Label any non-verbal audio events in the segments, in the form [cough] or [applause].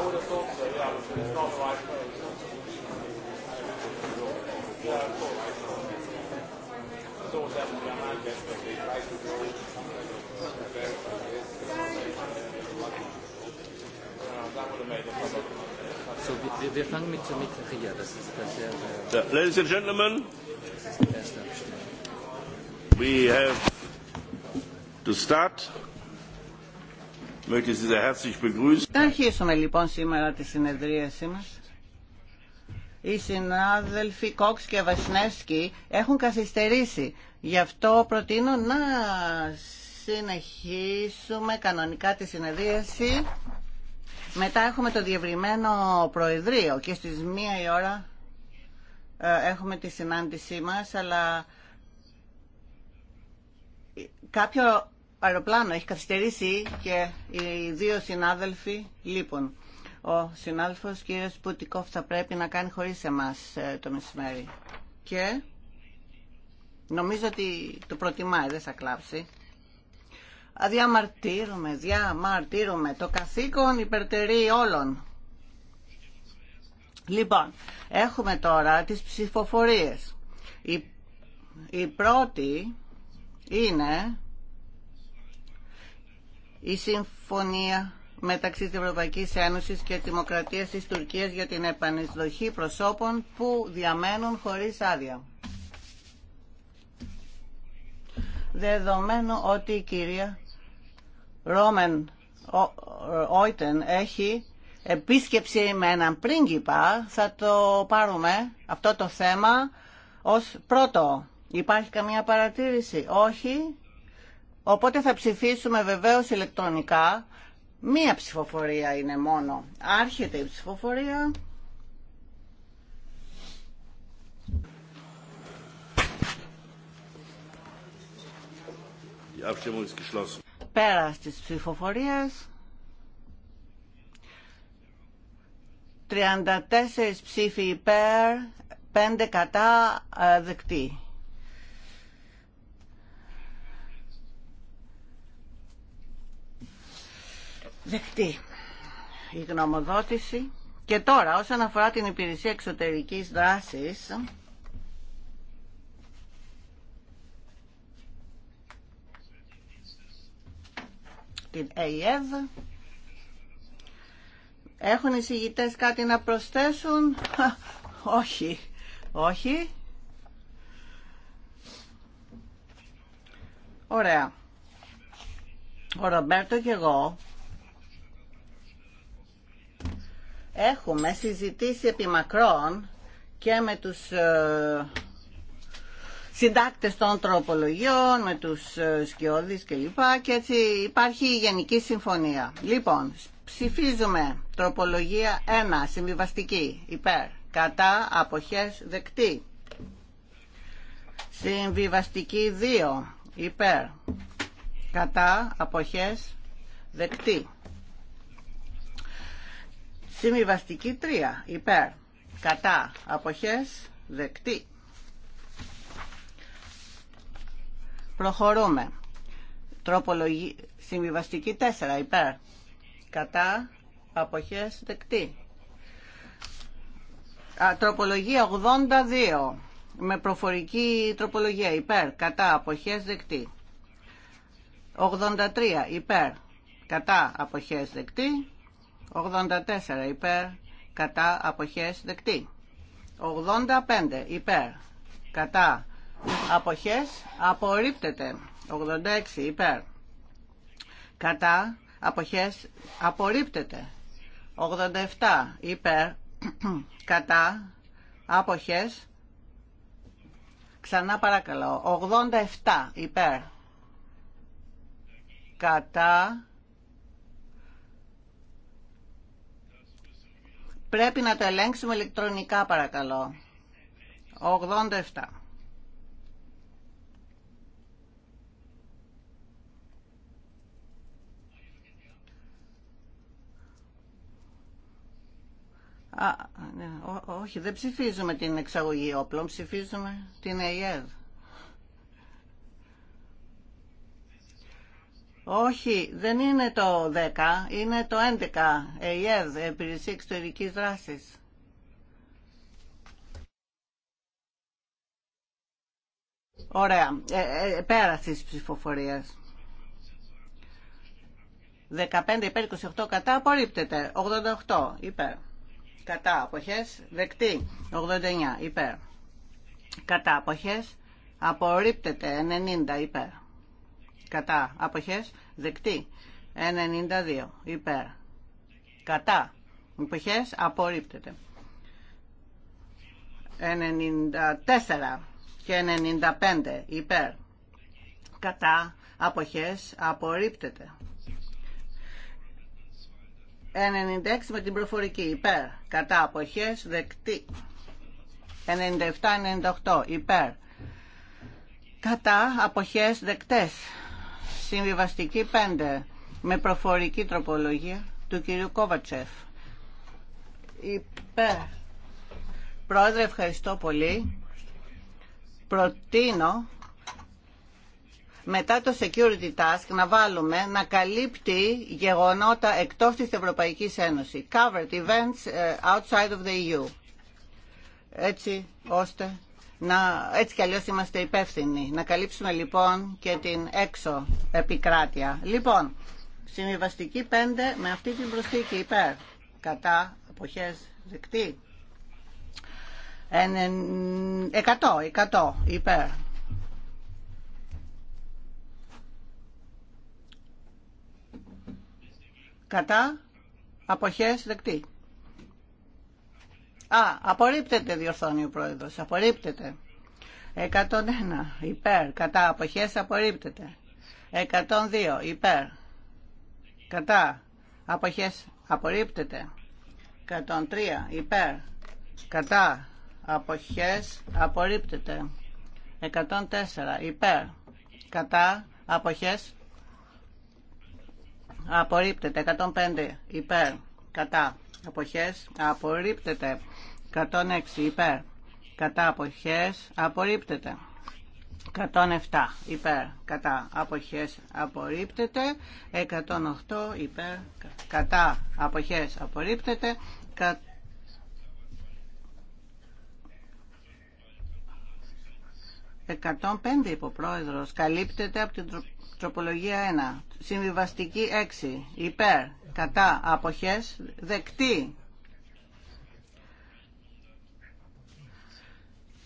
I would so, yeah, it's not right ladies and gentlemen, we have to start. Θα αρχίσουμε λοιπόν σήμερα τη συνεδρίαση μα, Οι συνάδελφοι Κόξ και Βασνεύσκη έχουν καθυστερήσει. Γι' αυτό προτείνω να συνεχίσουμε κανονικά τη συνεδρίαση. Μετά έχουμε το διευρυμένο Προεδρείο και στις μία η ώρα ε, έχουμε τη συνάντησή μας, αλλά κάποιο αεροπλάνο έχει καθυστερήσει και οι δύο συνάδελφοι λείπουν. Ο συνάδελφος κ. Πουτικόφ θα πρέπει να κάνει χωρίς εμάς ε, το μεσημέρι. Και νομίζω ότι το προτιμάει, δεν θα κλάψει. Διαμαρτύρουμε, διαμαρτύρουμε. Το καθήκον υπερτερεί όλων. Λοιπόν, έχουμε τώρα τις ψηφοφορίες. Η, η πρώτη είναι η συμφωνία μεταξύ της Ευρωπαϊκής Ένωσης και της Δημοκρατίας της Τουρκίας για την επανεισδοχή προσώπων που διαμένουν χωρίς άδεια. Δεδομένου ότι η κυρία Ρόμεν Όιτεν έχει επίσκεψη με έναν πρίγκιπα, θα το πάρουμε αυτό το θέμα ως πρώτο. Υπάρχει καμία παρατήρηση. Όχι. Οπότε θα ψηφίσουμε βεβαίως ηλεκτρονικά. Μία ψηφοφορία είναι μόνο. Άρχεται η ψηφοφορία. Πέρα στις ψηφοφορίες. 34 ψήφοι υπέρ, 5 κατά ε, δεκτή. δεκτή η γνωμοδότηση. Και τώρα, όσον αφορά την υπηρεσία εξωτερικής δράσης, την ΑΕΒ, έχουν οι συγητές κάτι να προσθέσουν. Όχι, όχι. Ωραία. Ο Ρομπέρτο και εγώ Έχουμε συζητήσει επί μακρόν και με τους ε, συντάκτες των τροπολογιών, με τους ε, σκιώδεις κλπ. Και έτσι υπάρχει η Γενική Συμφωνία. Λοιπόν, ψηφίζουμε τροπολογία 1, συμβιβαστική, υπέρ, κατά, αποχές, δεκτή. Συμβιβαστική 2, υπέρ, κατά, αποχές, δεκτή. Συμβιβαστική 3 υπέρ κατά αποχές δεκτή. Προχωρούμε. Τροπολογία, συμβιβαστική 4 υπέρ κατά αποχές δεκτή. Α, τροπολογία 82 με προφορική τροπολογία υπέρ κατά αποχές δεκτή. 83 υπέρ κατά αποχές δεκτή. 84 υπέρ κατά αποχές δεκτή. 85 υπέρ κατά αποχές απορρίπτεται. 86 υπέρ κατά αποχές απορρίπτεται. 87 υπέρ [clears throat] κατά αποχές ξανά παρακαλώ 87 υπέρ κατά Πρέπει να το ελέγξουμε ηλεκτρονικά παρακαλώ. 87. Α, ναι, όχι, δεν ψηφίζουμε την εξαγωγή όπλων, ψηφίζουμε την ΑΕΔ. Όχι, δεν είναι το 10, είναι το 11, ΕΙΕΔ, Επιρρησία Εξωτερικής Δράσης. Ωραία. Ε, ε, πέραση της ψηφοφορίας. 15 υπέρ, 28 κατά, απορρίπτεται. 88 υπέρ. Κατά, αποχέ. δεκτή. 89 υπέρ. Κατά, αποχέ. απορρίπτεται. 90 υπέρ κατά αποχές δεκτή 92 υπέρ κατά αποχές απορρίπτεται 94 και 95 υπέρ κατά αποχές απορρίπτεται 96 με την προφορική υπέρ κατά αποχές δεκτή 97-98 υπέρ κατά αποχές δεκτές Συμβιβαστική 5 με προφορική τροπολογία του κυρίου Κόβατσεφ. Υπέ. Πρόεδρε, ευχαριστώ πολύ. Προτείνω μετά το security task να βάλουμε να καλύπτει γεγονότα εκτός της Ευρωπαϊκής Ένωσης. Covered events ε, outside of the EU. Έτσι ώστε να, έτσι κι αλλιώς είμαστε υπεύθυνοι. Να καλύψουμε λοιπόν και την έξω επικράτεια. Λοιπόν, συμβιβαστική 5 με αυτή την προσθήκη υπέρ. Κατά αποχές δεκτή. 100, υπέρ. Κατά αποχές δεκτή. Α, απορρίπτεται διορθώνει ο πρόεδρο. απορρίπτεται. 101 υπέρ, κατά Κατά απορρίπτεται. 102 υπέρ, κατά Αποχέ απορρίπτεται. 103 υπέρ, κατά αποχέ, απορρίπτεται. 104 υπέρ, κατά αποχέ. απορρίπτεται. 105 υπέρ, κατά αποχές απορρίπτεται. 106 υπέρ. Κατά αποχές απορρίπτεται. 107 υπέρ. Κατά αποχές απορρίπτεται. 108 υπέρ. Κατά αποχές απορρίπτεται. 105 υποπρόεδρος καλύπτεται από την τροπολογία 1. Συμβιβαστική 6. Υπέρ. Κατά. Αποχές. Δεκτή.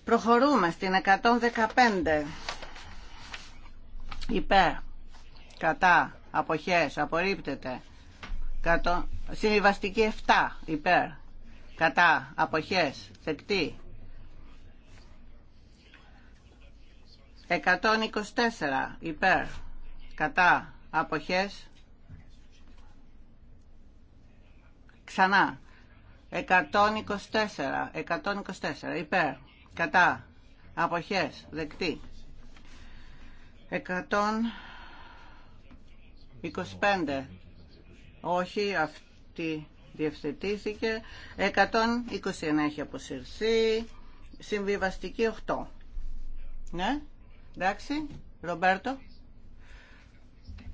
Προχωρούμε στην 115. Υπέρ. Κατά. Αποχές. Απορρίπτεται. Κατο... Συμβιβαστική 7. Υπέρ. Κατά. Αποχές. Δεκτή. 124. Υπέρ. Κατά. Αποχές. Ξανά. 124. 124. Υπέρ. Κατά. Αποχές. Δεκτή. 125. Όχι, αυτή διευθετήθηκε. 121 έχει αποσυρθεί. Συμβιβαστική 8. Ναι, εντάξει, Ρομπέρτο.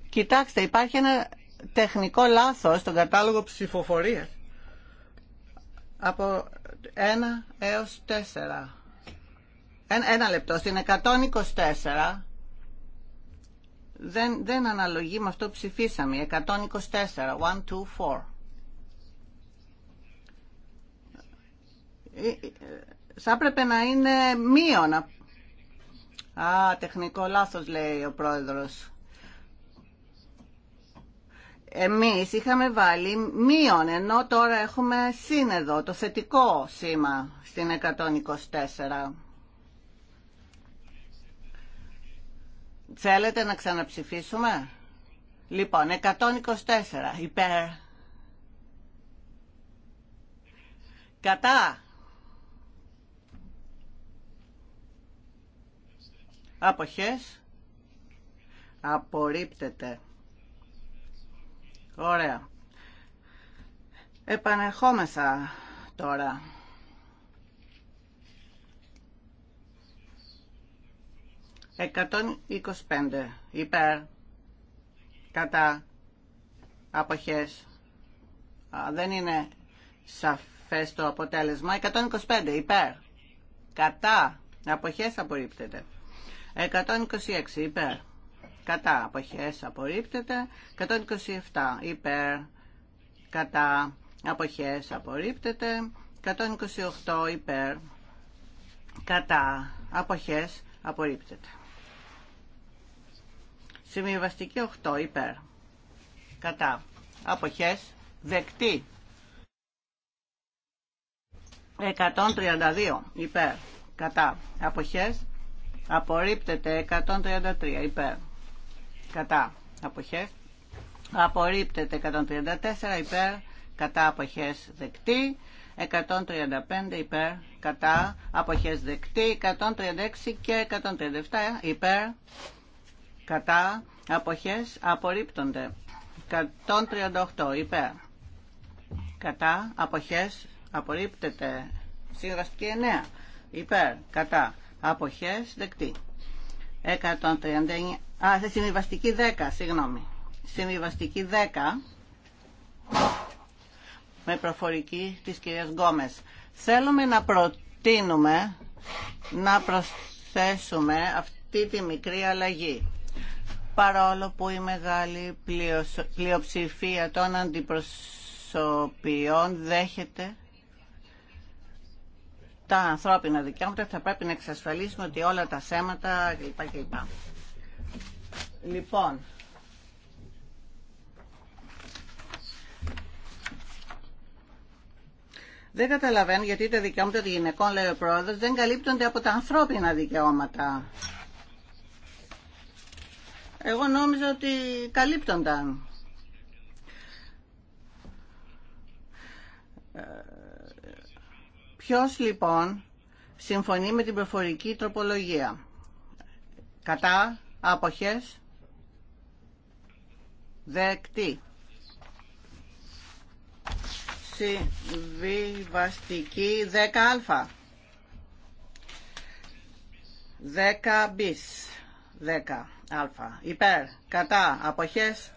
Κοιτάξτε, υπάρχει ένα τεχνικό λάθος στον κατάλογο ψηφοφορίας. Από 1 έως 4. Ένα λεπτό. Στην 124 δεν, δεν αναλογεί με αυτό που ψηφίσαμε. 124. 1, 2, 4. Θα έπρεπε να είναι μείον. Α, τεχνικό λάθος λέει ο πρόεδρος. Εμείς είχαμε βάλει μείον, ενώ τώρα έχουμε εδώ το θετικό σήμα στην 124. Θέλετε να ξαναψηφίσουμε. Λοιπόν, 124 υπέρ. Κατά. Αποχές. Απορρίπτεται. Ωραία. Επανερχόμεσα τώρα. 125 υπέρ κατά αποχές δεν είναι σαφές το αποτέλεσμα 125 υπέρ κατά αποχές απορρίπτεται 126 υπέρ κατά αποχές απορρίπτεται 127 υπέρ κατά αποχές απορρίπτεται 128 υπέρ κατά αποχές απορρίπτεται Συμβιβαστική 8 υπέρ. Κατά. Αποχές. Δεκτή. 132 υπέρ. Κατά. Αποχές. Απορρίπτεται 133 υπέρ. Κατά. Αποχές. Απορρίπτεται 134 υπέρ. Κατά. Αποχές. Δεκτή. 135 υπέρ κατά αποχές δεκτή, 136 και 137 υπέρ κατά, αποχές, απορρίπτονται. 138 υπέρ, κατά, αποχές, απορρίπτεται. Συμβαστική 9 υπέρ, κατά, αποχές, δεκτή. 139, α, συμβιβαστική 10, συγγνώμη. Συμβιβαστική 10 με προφορική της κυρίας Γκόμες. Θέλουμε να προτείνουμε να προσθέσουμε αυτή τη μικρή αλλαγή παρόλο που η μεγάλη πλειοψηφία των αντιπροσωπιών δέχεται τα ανθρώπινα δικαιώματα θα πρέπει να εξασφαλίσουμε ότι όλα τα θέματα κλπ. κλπ. Λοιπόν, δεν καταλαβαίνω γιατί τα δικαιώματα των γυναικών, λέει ο πρόεδρος, δεν καλύπτονται από τα ανθρώπινα δικαιώματα. Εγώ νόμιζα ότι καλύπτονταν. Ε, ποιος λοιπόν συμφωνεί με την προφορική τροπολογία. Κατά, άποχες, δεκτή. Συμβιβαστική 10α. 10 bis. 10 α. Υπέρ, κατά, αποχές,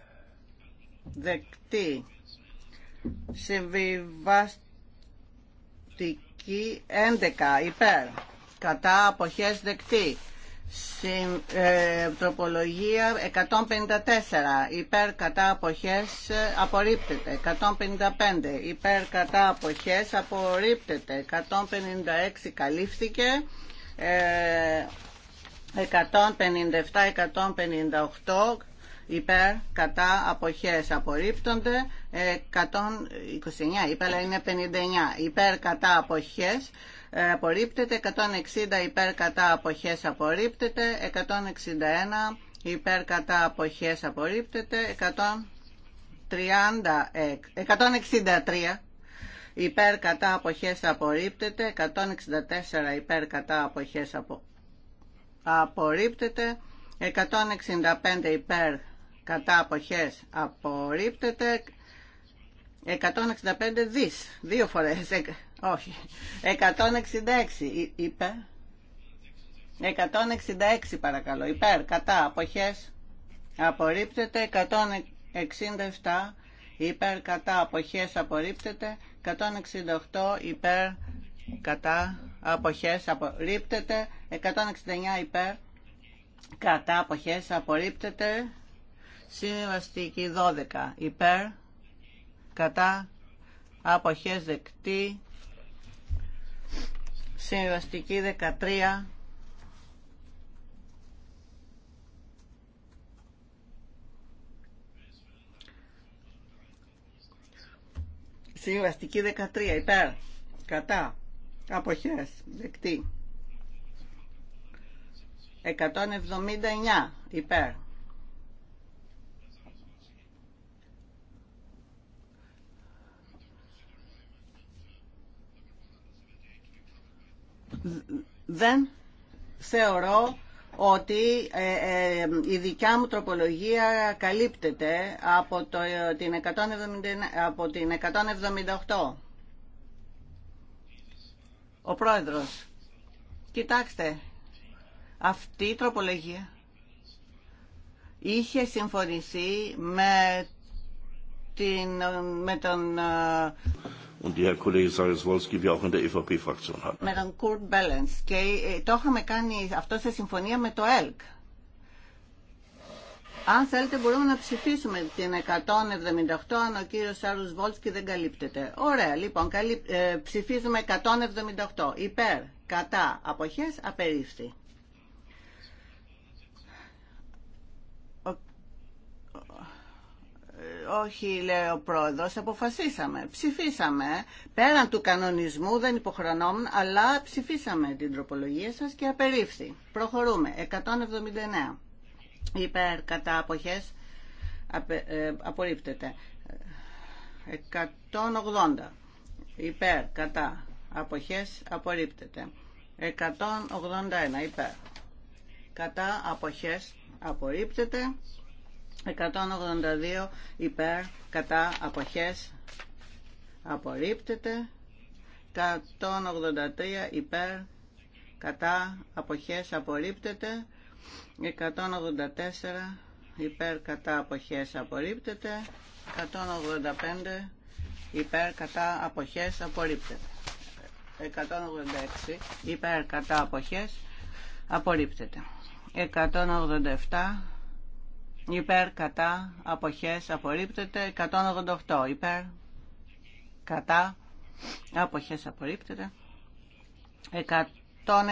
δεκτή. Συμβιβαστική 11, υπέρ, κατά, αποχές, δεκτή. ε, τροπολογία 154 υπέρ κατά αποχές απορρίπτεται 155 υπέρ κατά αποχές απορρίπτεται 156 καλύφθηκε ε, 157-158 υπέρ, κατά, αποχές απορρίπτονται 129 υπέρ, είναι 59 ε, υπέρ, κατά, αποχές απορρίπτεται 160 υπέρ, κατά, αποχές απορρίπτεται 161 ε, υπέρ, κατά, αποχές απορρίπτεται 130, 163 υπέρ κατά αποχές απορρίπτεται, 164 υπέρ κατά αποχές απο, απορρίπτεται 165 υπέρ κατά αποχές απορρίπτεται 165 δις δύο φορές όχι 166 υπέρ 166 παρακαλώ υπέρ κατά αποχές απορρίπτεται 167 υπέρ κατά αποχές απορρίπτεται 168 υπέρ κατά αποχές απορρίπτεται 169 υπέρ κατά αποχές απορρίπτεται συμβαστική 12 υπέρ κατά αποχές δεκτή συμβαστική 13 Συμβαστική 13 υπέρ. Κατά αποχές δεκτή 179 υπέρ δεν θεωρώ ότι ε, ε, η δικιά μου τροπολογία καλύπτεται από, το, την, 179, από την 178. Ο πρόεδρος, κοιτάξτε, αυτή η τροπολογία είχε συμφωνηθεί με, την, με τον... Ε, Und die Herr Kollege Saryusz-Wolski wir auch in der EVP-Fraktion haben. Με τον Kurt Balance. Και ε, το είχαμε κάνει αυτό σε συμφωνία με το ΕΛΚ. Αν θέλετε μπορούμε να ψηφίσουμε την 178 αν ο κύριος Σάρους Βόλσκι δεν καλύπτεται. Ωραία, λοιπόν, καλύπ... Ε, ψηφίζουμε 178. Υπέρ, κατά, αποχές, απερίφθη. όχι λέει ο πρόεδρος, αποφασίσαμε, ψηφίσαμε. Πέραν του κανονισμού δεν υποχρονόμουν, αλλά ψηφίσαμε την τροπολογία σας και απερίφθη. Προχωρούμε. 179. Ε, υπέρ κατά αποχές απορρίπτεται 180 υπέρ κατά αποχές απορρίπτεται 181 υπέρ κατά αποχές απορρίπτεται 182 υπέρ κατά αποχές απορρίπτεται 183 υπέρ κατά αποχές απορρίπτεται 184 υπέρ κατά αποχές απορρίπτεται 185 υπέρ κατά αποχές απορρίπτεται 186 υπέρ κατά αποχές απορρίπτεται 187 υπέρ κατά αποχές απορρίπτεται 188 υπέρ κατά αποχές απορρίπτεται των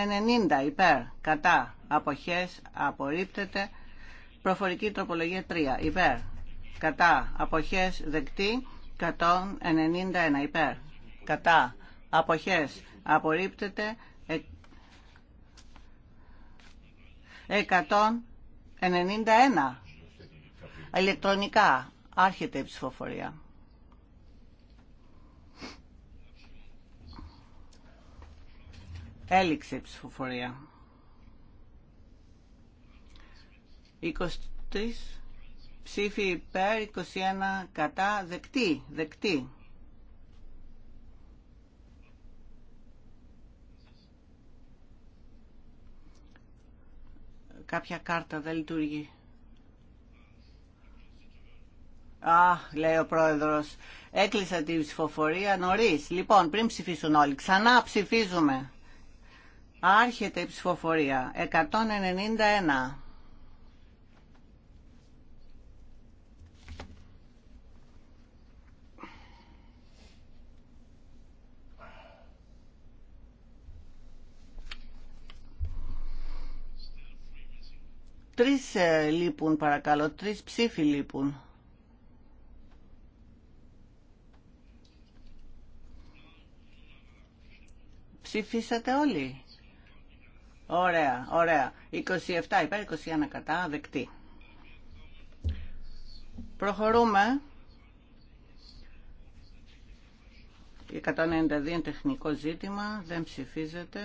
90 υπέρ, κατά, αποχές, απορρίπτεται. Προφορική τροπολογία 3 υπέρ, κατά, αποχές, δεκτή. 191 υπέρ, κατά, αποχές, απορρίπτεται. 191 ηλεκτρονικά άρχεται η ψηφοφορία. Έληξε η ψηφοφορία. 23 ψήφοι υπέρ, 21 κατά, δεκτή, δεκτή. Κάποια κάρτα δεν λειτουργεί. Α, λέει ο πρόεδρος, έκλεισα τη ψηφοφορία νωρίς. Λοιπόν, πριν ψηφίσουν όλοι, ξανά ψηφίζουμε. Άρχεται η ψηφοφορία. 191. Τρεις ε, λείπουν παρακαλώ, τρεις ψήφοι λείπουν. Ψηφίσατε όλοι. Ωραία, ωραία. 27 υπέρ, 21 κατά, δεκτή. Προχωρούμε. 192 τεχνικό ζήτημα, δεν ψηφίζεται.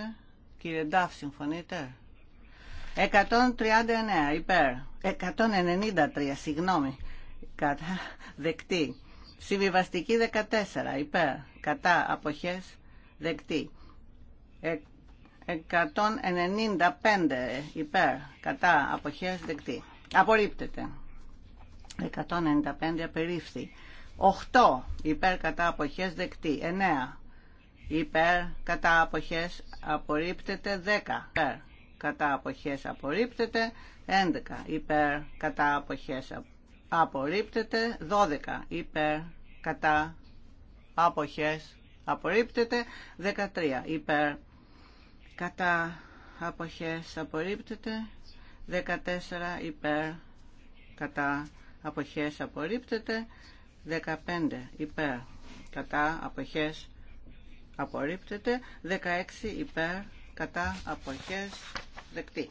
Κύριε Ντάφ, συμφωνείτε. 139 υπέρ, 193 συγγνώμη, κατά, δεκτή. Συμβιβαστική 14 υπέρ, κατά, αποχές, δεκτή. Ε, 195 υπέρ κατά αποχές δεκτή. Απορρίπτεται. 195 απερίφθη. 8 υπέρ κατά αποχές δεκτή. 9 υπέρ κατά αποχές απορρίπτεται. 10 υπέρ κατά αποχές απορρίπτεται. 11 υπέρ κατά αποχές απορρίπτεται. 12 υπέρ κατά αποχές απορρίπτεται. 13 υπέρ κατά αποχές απορρίπτεται 14 υπέρ κατά αποχές απορρίπτεται 15 υπέρ κατά αποχές απορρίπτεται 16 υπέρ κατά αποχές δεκτή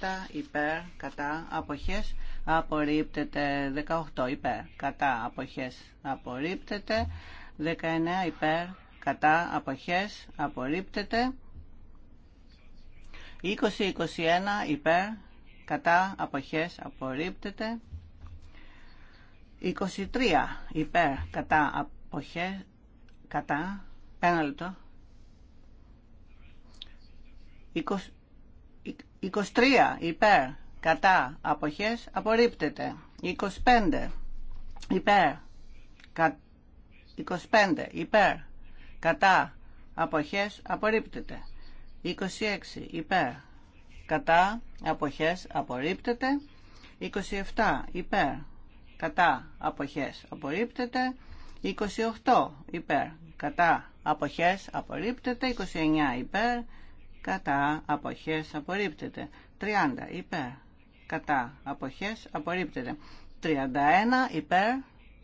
17 υπέρ κατά αποχές απορρίπτεται 18 υπέρ κατά αποχές απορρίπτεται 19 υπέρ κατά αποχές απορρίπτεται 20-21 υπέρ, κατά, αποχές, απορρίπτεται. 23 υπέρ, κατά, αποχές, κατά, ένα λεπτό. 20, 23 υπέρ, κατά, αποχές, απορρίπτεται. 25 υπέρ, κα, 25 υπέρ, κατά, αποχές, απορρίπτεται. 26 υπέρ κατά αποχές απορρίπτεται 27 υπέρ κατά αποχές απορρίπτεται 28 υπέρ κατά αποχές απορρίπτεται 29 υπέρ κατά αποχές απορρίπτεται 30 υπέρ κατά αποχές απορρίπτεται 31 υπέρ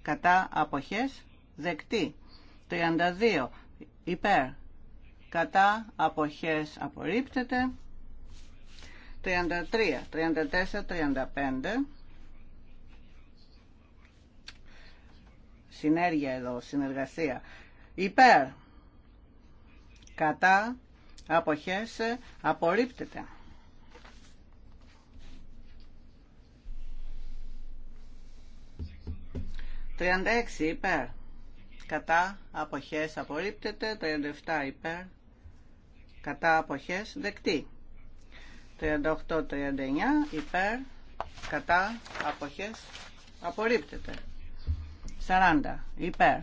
κατά αποχές δεκτή 32 υπέρ κατά αποχές απορρίπτεται 33, 34, 35 συνέργεια εδώ, συνεργασία υπέρ κατά αποχές απορρίπτεται 36, υπέρ. Κατά αποχές απορρίπτεται. 37 υπέρ κατά αποχές δεκτή 38-39 υπέρ κατά αποχές απορρίπτεται 40 υπέρ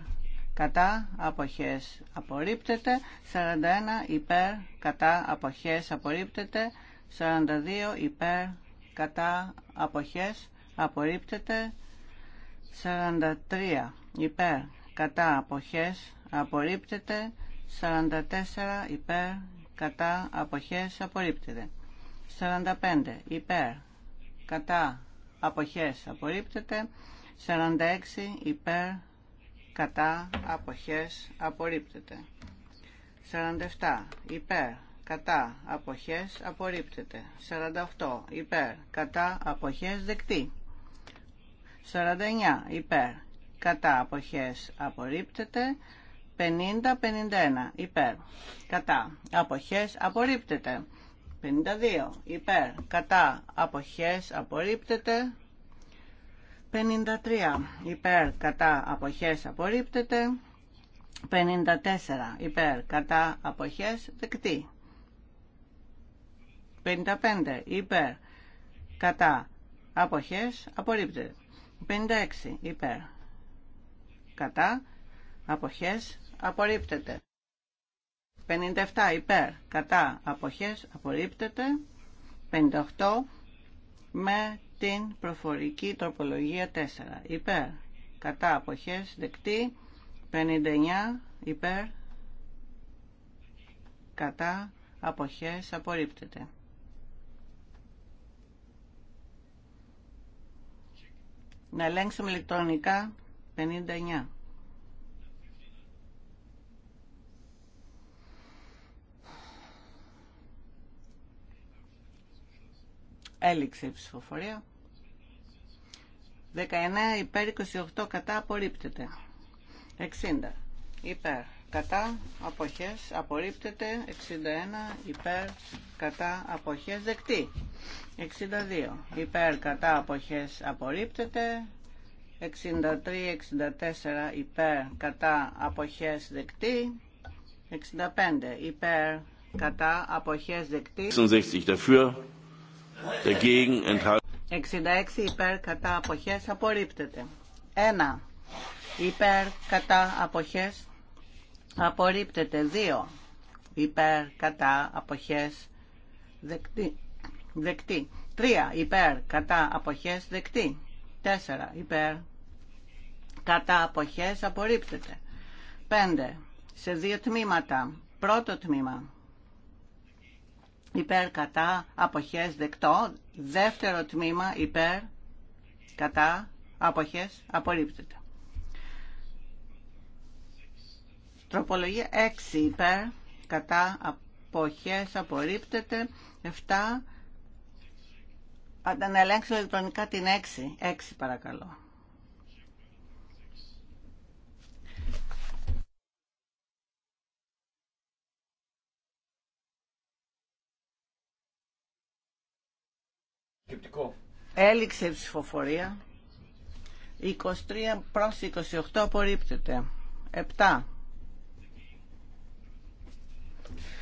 κατά αποχές απορρίπτεται 41 υπέρ κατά αποχές απορρίπτεται 42 υπέρ κατά αποχές απορρίπτεται 43 υπέρ κατά αποχές απορρίπτεται 44 υπέρ κατά αποχές απορρίπτεται. 45 υπέρ κατά αποχές απορρίπτεται. 46 υπέρ κατά αποχές απορρίπτεται. 47 υπέρ κατά αποχές απορρίπτεται. 48 υπέρ κατά αποχές δεκτή. 49 υπέρ κατά αποχές απορρίπτεται. 50-51 υπέρ κατά αποχές απορρίπτεται 52 υπέρ κατά αποχές απορρίπτεται 53 υπέρ κατά αποχές απορρίπτεται 54 υπέρ κατά αποχές δεκτή 55 υπέρ κατά αποχές απορρίπτεται 56 υπέρ κατά αποχές απορρίπτεται. 57 υπέρ κατά αποχές απορρίπτεται. 58 με την προφορική τροπολογία 4 υπέρ κατά αποχές δεκτή. 59 υπέρ κατά αποχές απορρίπτεται. Να ελέγξουμε ηλεκτρονικά 59. Έληξε η ψηφοφορία. 19 υπέρ 28 κατά απορρίπτεται. 60 υπέρ κατά αποχές απορρίπτεται. 61 υπέρ κατά αποχές δεκτή. 62 υπέρ κατά αποχές απορρίπτεται. 63-64 υπέρ κατά αποχές δεκτή. 65 υπέρ κατά αποχές δεκτή. 66 dafür dagegen enthalten. 66 υπέρ κατά αποχές απορρίπτεται. 1. Υπέρ κατά αποχές απορρίπτεται. 2. Υπέρ κατά αποχές δεκτή. 3. Υπέρ κατά αποχές δεκτή. 4. Υπέρ κατά αποχές απορρίπτεται. 5. Σε δύο τμήματα. Πρώτο τμήμα υπέρ κατά αποχές δεκτό, δεύτερο τμήμα υπέρ κατά αποχές απορρίπτεται. Τροπολογία 6 υπέρ κατά αποχές απορρίπτεται, 7 να ελέγξω ηλεκτρονικά την 6. 6 παρακαλώ. Έληξε η ψηφοφορία. 23 προς 28 απορρίπτεται. 7.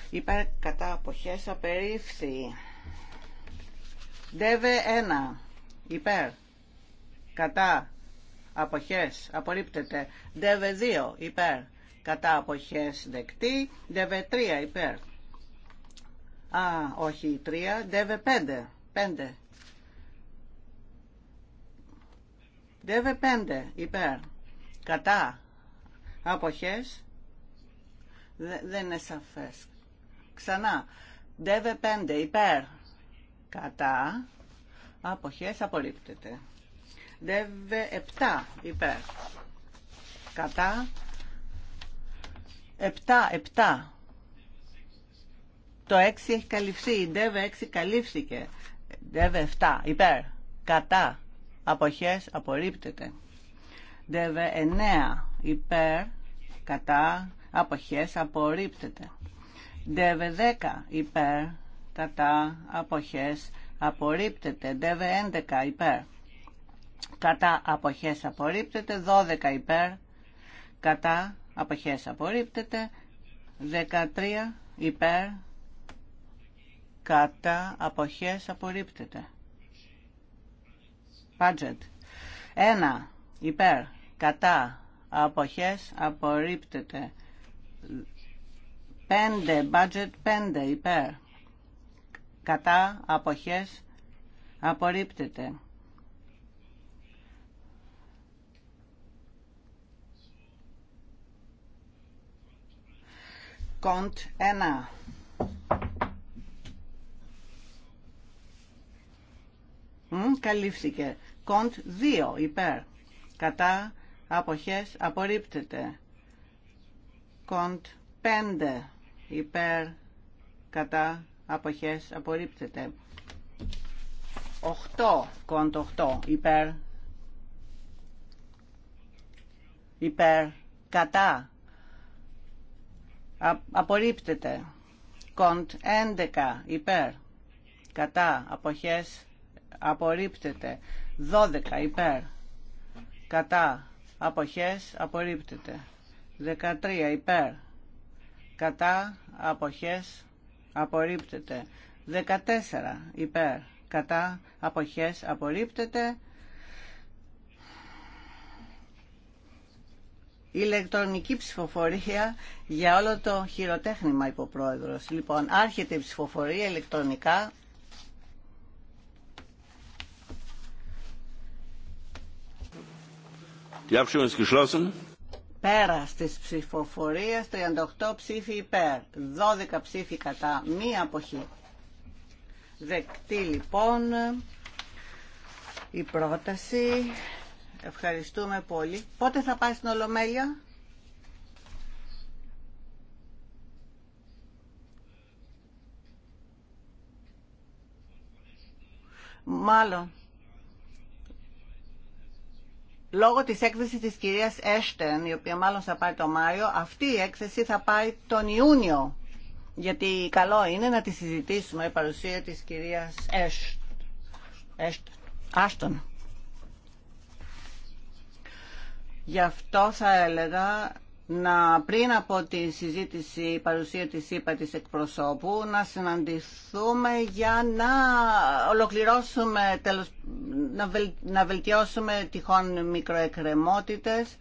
Υπέρ κατά αποχές απερίφθη. ΔΕΒΕ 1. Υπέρ. Κατά. Αποχές. Απορρίπτεται. ΔΕΒΕ 2. Υπέρ. Κατά αποχές δεκτή. ΔΕΒΕ 3. Υπέρ. Α, όχι 3. Δεβε 5. 5. ΔΕΒΕ 5 υπέρ κατά αποχές δεν είναι σαφές ξανά ΔΕΒΕ 5 υπέρ κατά αποχές απολύπτεται. ΔΕΒΕ 7 υπέρ κατά 7 7 το 6 έχει καλυφθεί, η ΔΕΒΕ 6 καλύφθηκε. ΔΕΒΕ 7, υπέρ, κατά, αποχές απορρίπτεται. ΔΕΒΕ 9 υπέρ κατά αποχές απορρίπτεται. ΔΕΒΕ 10 υπέρ κατά αποχές απορρίπτεται. ΔΕΒΕ 11 υπέρ κατά αποχές απορρίπτεται. 12 υπέρ κατά αποχές απορρίπτεται. Δεκατρία υπέρ κατά αποχές απορρίπτεται budget. Ένα, υπέρ, κατά, αποχές, απορρίπτεται. Πέντε, budget, πέντε, υπέρ, κατά, αποχές, απορρίπτεται. Κοντ, ένα, καλύφθηκε. Κοντ 2 υπέρ. Κατά αποχές απορρίπτεται. Κοντ 5 υπέρ. Κατά αποχές απορρίπτεται. 8 κοντ 8 υπέρ. Υπέρ. Κατά. Α, απορρίπτεται. Κοντ 11 υπέρ. Κατά αποχές απορρίπτεται 12 υπέρ κατά αποχές απορρίπτεται 13 υπέρ κατά αποχές απορρίπτεται 14 υπέρ κατά αποχές απορρίπτεται ηλεκτρονική ψηφοφορία για όλο το χειροτέχνημα υποπρόεδρος. Λοιπόν, άρχεται η ψηφοφορία ηλεκτρονικά Πέρα της ψηφοφορίας, 38 ψήφοι υπέρ, 12 ψήφοι κατά, μία αποχή. Δεκτεί λοιπόν η πρόταση. Ευχαριστούμε πολύ. Πότε θα πάει στην Ολομέλεια? Μάλλον λόγω της έκθεσης της κυρίας Έστεν, η οποία μάλλον θα πάει το Μάιο, αυτή η έκθεση θα πάει τον Ιούνιο. Γιατί καλό είναι να τη συζητήσουμε η παρουσία της κυρίας Έστερν. Γι' αυτό θα έλεγα να πριν από τη συζήτηση, η παρουσία της ΥΠΑ της εκπροσώπου, να συναντηθούμε για να ολοκληρώσουμε, να, να βελτιώσουμε τυχόν μικροεκκρεμότητες,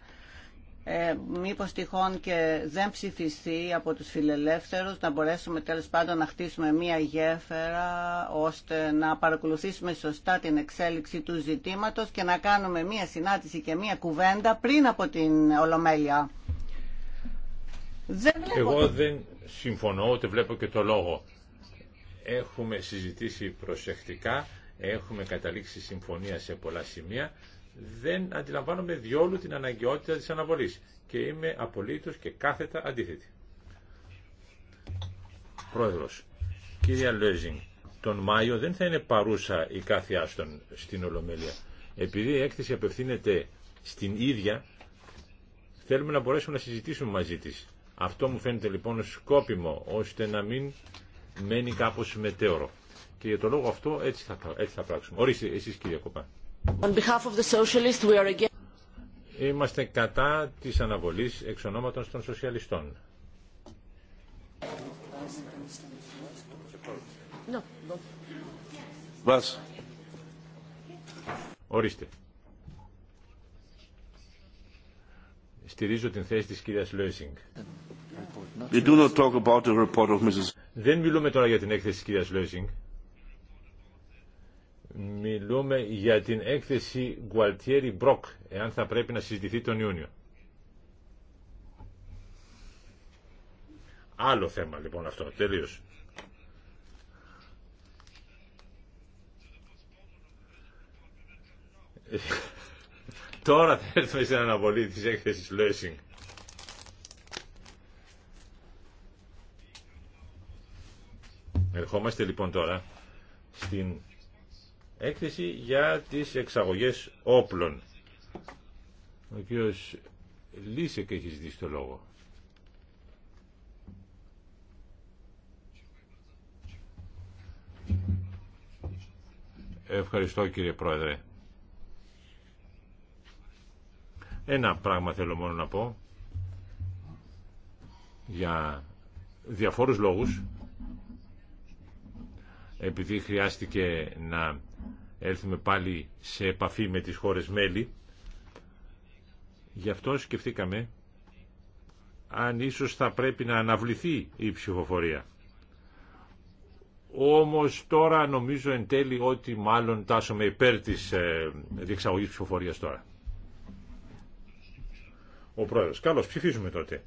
ε, μήπως τυχόν και δεν ψηφιστεί από τους φιλελεύθερους, να μπορέσουμε τέλος πάντων να χτίσουμε μία γέφυρα, ώστε να παρακολουθήσουμε σωστά την εξέλιξη του ζητήματος και να κάνουμε μία συνάντηση και μία κουβέντα πριν από την Ολομέλεια. Δεν Εγώ δεν συμφωνώ, ούτε βλέπω και το λόγο. Έχουμε συζητήσει προσεκτικά, έχουμε καταλήξει συμφωνία σε πολλά σημεία. Δεν αντιλαμβάνομαι διόλου την αναγκαιότητα της αναβολής και είμαι απολύτως και κάθετα αντίθετη. Πρόεδρος, κυρία Λέζινγκ, τον Μάιο δεν θα είναι παρούσα η κάθε άστον στην Ολομέλεια. Επειδή η έκθεση απευθύνεται στην ίδια, θέλουμε να μπορέσουμε να συζητήσουμε μαζί της. Αυτό μου φαίνεται λοιπόν σκόπιμο ώστε να μην μένει κάπως μετέωρο. Και για τον λόγο αυτό έτσι θα, έτσι θα πράξουμε. Ορίστε εσείς κύριε Κοπά. On behalf of the we are again... Είμαστε κατά της αναβολής εξ ονόματος των σοσιαλιστών. Ορίστε. Στηρίζω την θέση της κυρίας Λόισινγκ. Δεν μιλούμε τώρα για την έκθεση της κυρίας Μιλούμε για την έκθεση Γκουαλτιέρη Μπροκ, εάν θα πρέπει να συζητηθεί τον Ιούνιο. Άλλο θέμα λοιπόν αυτό, τελείω. [laughs] τώρα θα έρθουμε στην αναβολή της έκθεσης Λέσινγκ. Ερχόμαστε λοιπόν τώρα στην έκθεση για τις εξαγωγές όπλων. Ο κύριος Λίσεκ έχει ζητήσει το λόγο. Ευχαριστώ κύριε Πρόεδρε. Ένα πράγμα θέλω μόνο να πω για διαφόρους λόγους επειδή χρειάστηκε να έρθουμε πάλι σε επαφή με τις χώρες μέλη, γι' αυτό σκεφτήκαμε αν ίσως θα πρέπει να αναβληθεί η ψηφοφορία. Όμως τώρα νομίζω εν τέλει ότι μάλλον τάσομαι υπέρ της ε, διεξαγωγής ψηφοφορίας τώρα. Ο πρόεδρος. Καλώς, ψηφίζουμε τότε.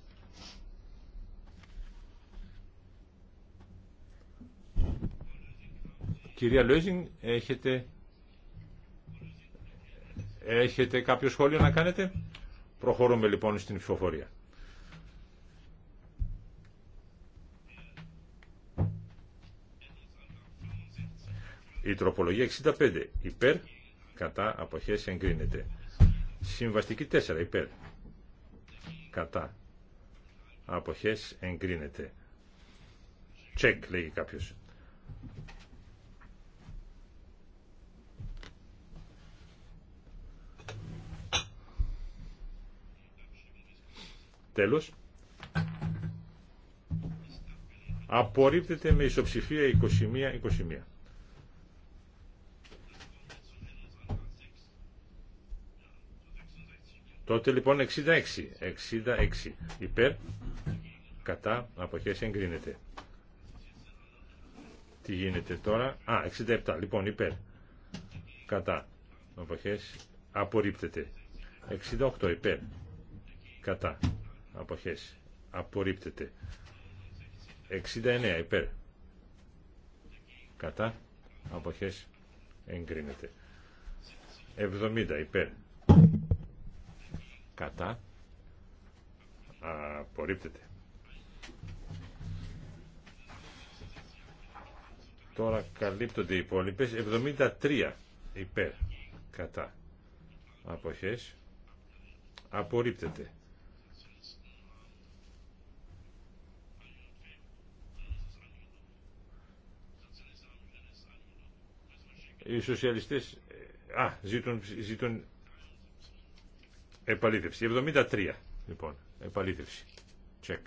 Κυρία Λόιζιν, έχετε... έχετε κάποιο σχόλιο να κάνετε. Προχωρούμε λοιπόν στην ψηφοφορία. Η τροπολογία 65 υπέρ, κατά, αποχές εγκρίνεται. Συμβαστική 4 υπέρ, κατά, αποχές εγκρίνεται. Τσεκ λέει κάποιος. Τέλος. Απορρίπτεται με ισοψηφία 21-21. Τότε λοιπόν 66. 66 υπέρ, κατά, αποχές εγκρίνεται. Τι γίνεται τώρα. Α, 67. Λοιπόν, υπέρ. Κατά. Αποχές απορρίπτεται. 68 υπέρ. Κατά αποχές απορρίπτεται 69 υπέρ κατά αποχές εγκρίνεται 70 υπέρ κατά απορρίπτεται τώρα καλύπτονται οι υπόλοιπες 73 υπέρ κατά αποχές απορρίπτεται Οι σοσιαλιστές ζητούν, ζητούν επαλήθευση. 73 λοιπόν, επαλήθευση. Τσεκ.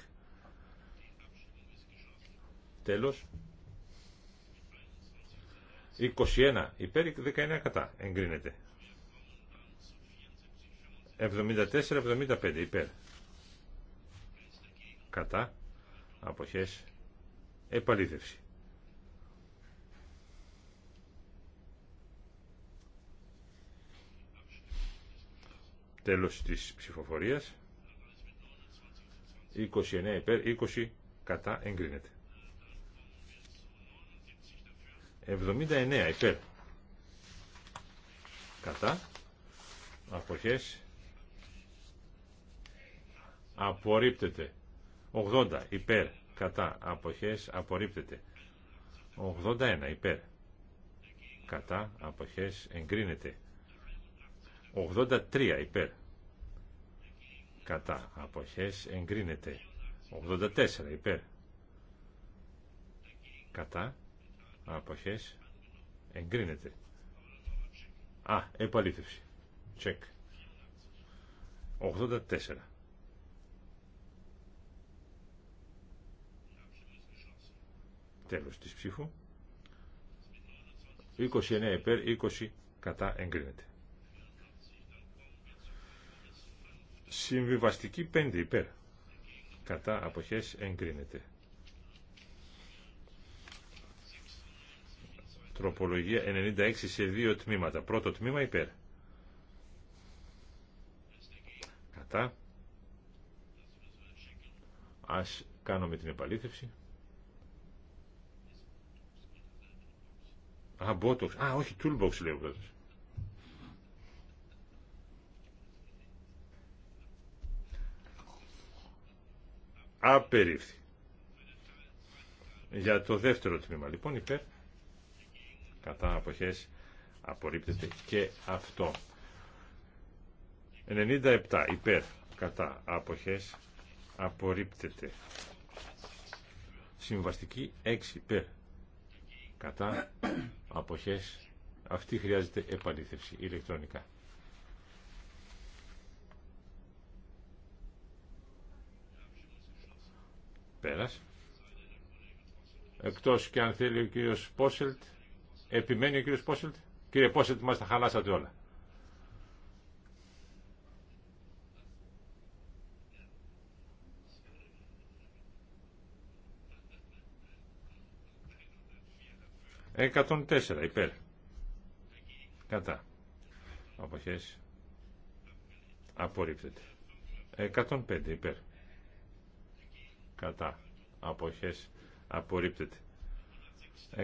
Τέλος. 21 υπέρ 19 κατά. Εγκρίνεται. 74-75 υπέρ. Κατά. Αποχές. Επαλήθευση. Τέλος της ψηφοφορίας. 29 υπέρ, 20 κατά εγκρίνεται. 79 υπέρ. Κατά. Αποχές. Απορρίπτεται. 80 υπέρ. Κατά. Αποχές. Απορρίπτεται. 81 υπέρ. Κατά. Αποχές. Εγκρίνεται. 83 υπέρ. Κατά αποχές εγκρίνεται. 84 υπέρ. Κατά αποχές εγκρίνεται. Α, επαλήθευση. Τσεκ. 84. Τέλος της ψήφου. 29 υπέρ, 20 κατά εγκρίνεται. Συμβιβαστική πέντε υπέρ. Κατά αποχές εγκρίνεται. Τροπολογία 96 σε δύο τμήματα. Πρώτο τμήμα υπέρ. Κατά. Ας κάνουμε την επαλήθευση. Α, Α, όχι, Toolbox λέει ο Απερίφθη. Για το δεύτερο τμήμα λοιπόν υπέρ κατά αποχές απορρίπτεται και αυτό. 97 υπέρ κατά αποχές απορρίπτεται. Συμβαστική 6 υπέρ κατά αποχές αυτή χρειάζεται επαλήθευση ηλεκτρονικά. Πέρας. Εκτός και αν θέλει ο κύριος Πόσελτ. Επιμένει ο κύριος Πόσελτ. Κύριε Πόσελτ, μας τα χαλάσατε όλα. Εκατόν τέσσερα, υπέρ. Κατά. Αποχές. Απορρίπτεται. 105 υπέρ κατά αποχές απορρίπτεται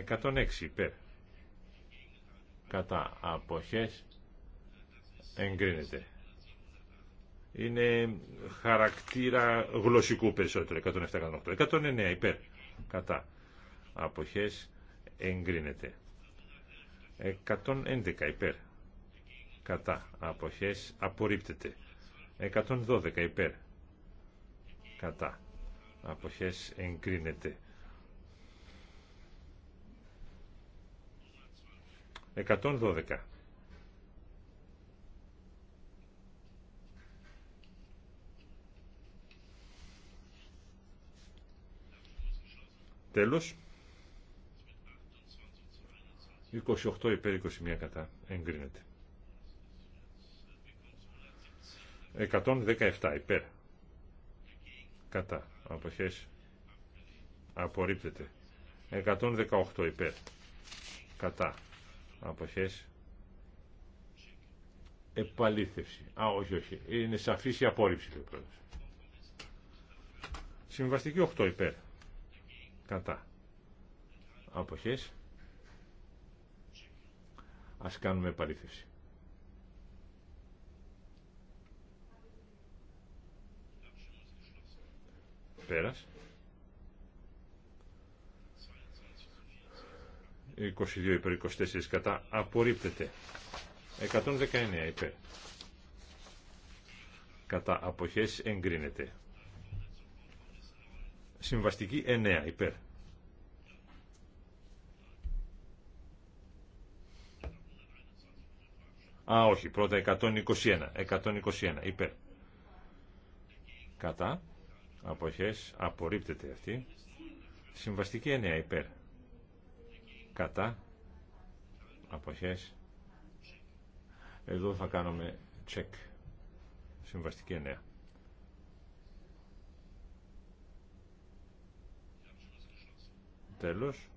106 υπέρ κατά αποχές εγκρίνεται είναι χαρακτήρα γλωσσικού περισσότερο 107-108 109 υπέρ κατά αποχές εγκρίνεται 111 υπέρ κατά αποχές απορρίπτεται 112 υπέρ κατά αποχές εγκρίνεται 112 Τέλος 28 υπέρ 21 κατά εγκρίνεται 117 υπέρ κατά αποχές απορρίπτεται 118 υπέρ κατά αποχές επαλήθευση α όχι όχι είναι σαφής η απόρριψη συμβαστική 8 υπέρ κατά αποχές ας κάνουμε επαλήθευση 22 υπέρ 24 κατά απορρίπτεται 119 υπέρ κατά αποχές εγκρίνεται συμβαστική 9 υπέρ Α, όχι, πρώτα 121. 121, υπέρ. Κατά αποχές απορρίπτεται αυτή συμβαστική 9 υπέρ κατά αποχές εδώ θα κάνουμε check συμβαστική 9 τέλος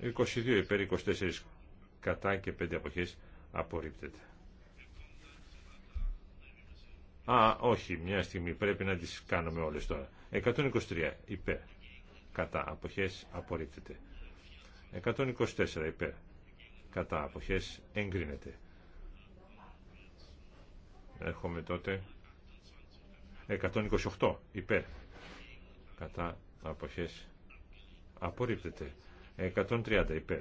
22 υπέρ 24 κατά και 5 αποχές απορρίπτεται Α, όχι, μια στιγμή πρέπει να τις κάνουμε όλες τώρα. 123 υπέρ. Κατά αποχές απορρίπτεται. 124 υπέρ. Κατά αποχές εγκρίνεται. Έρχομαι τότε. 128 υπέρ. Κατά αποχές απορρίπτεται. 130 υπέρ.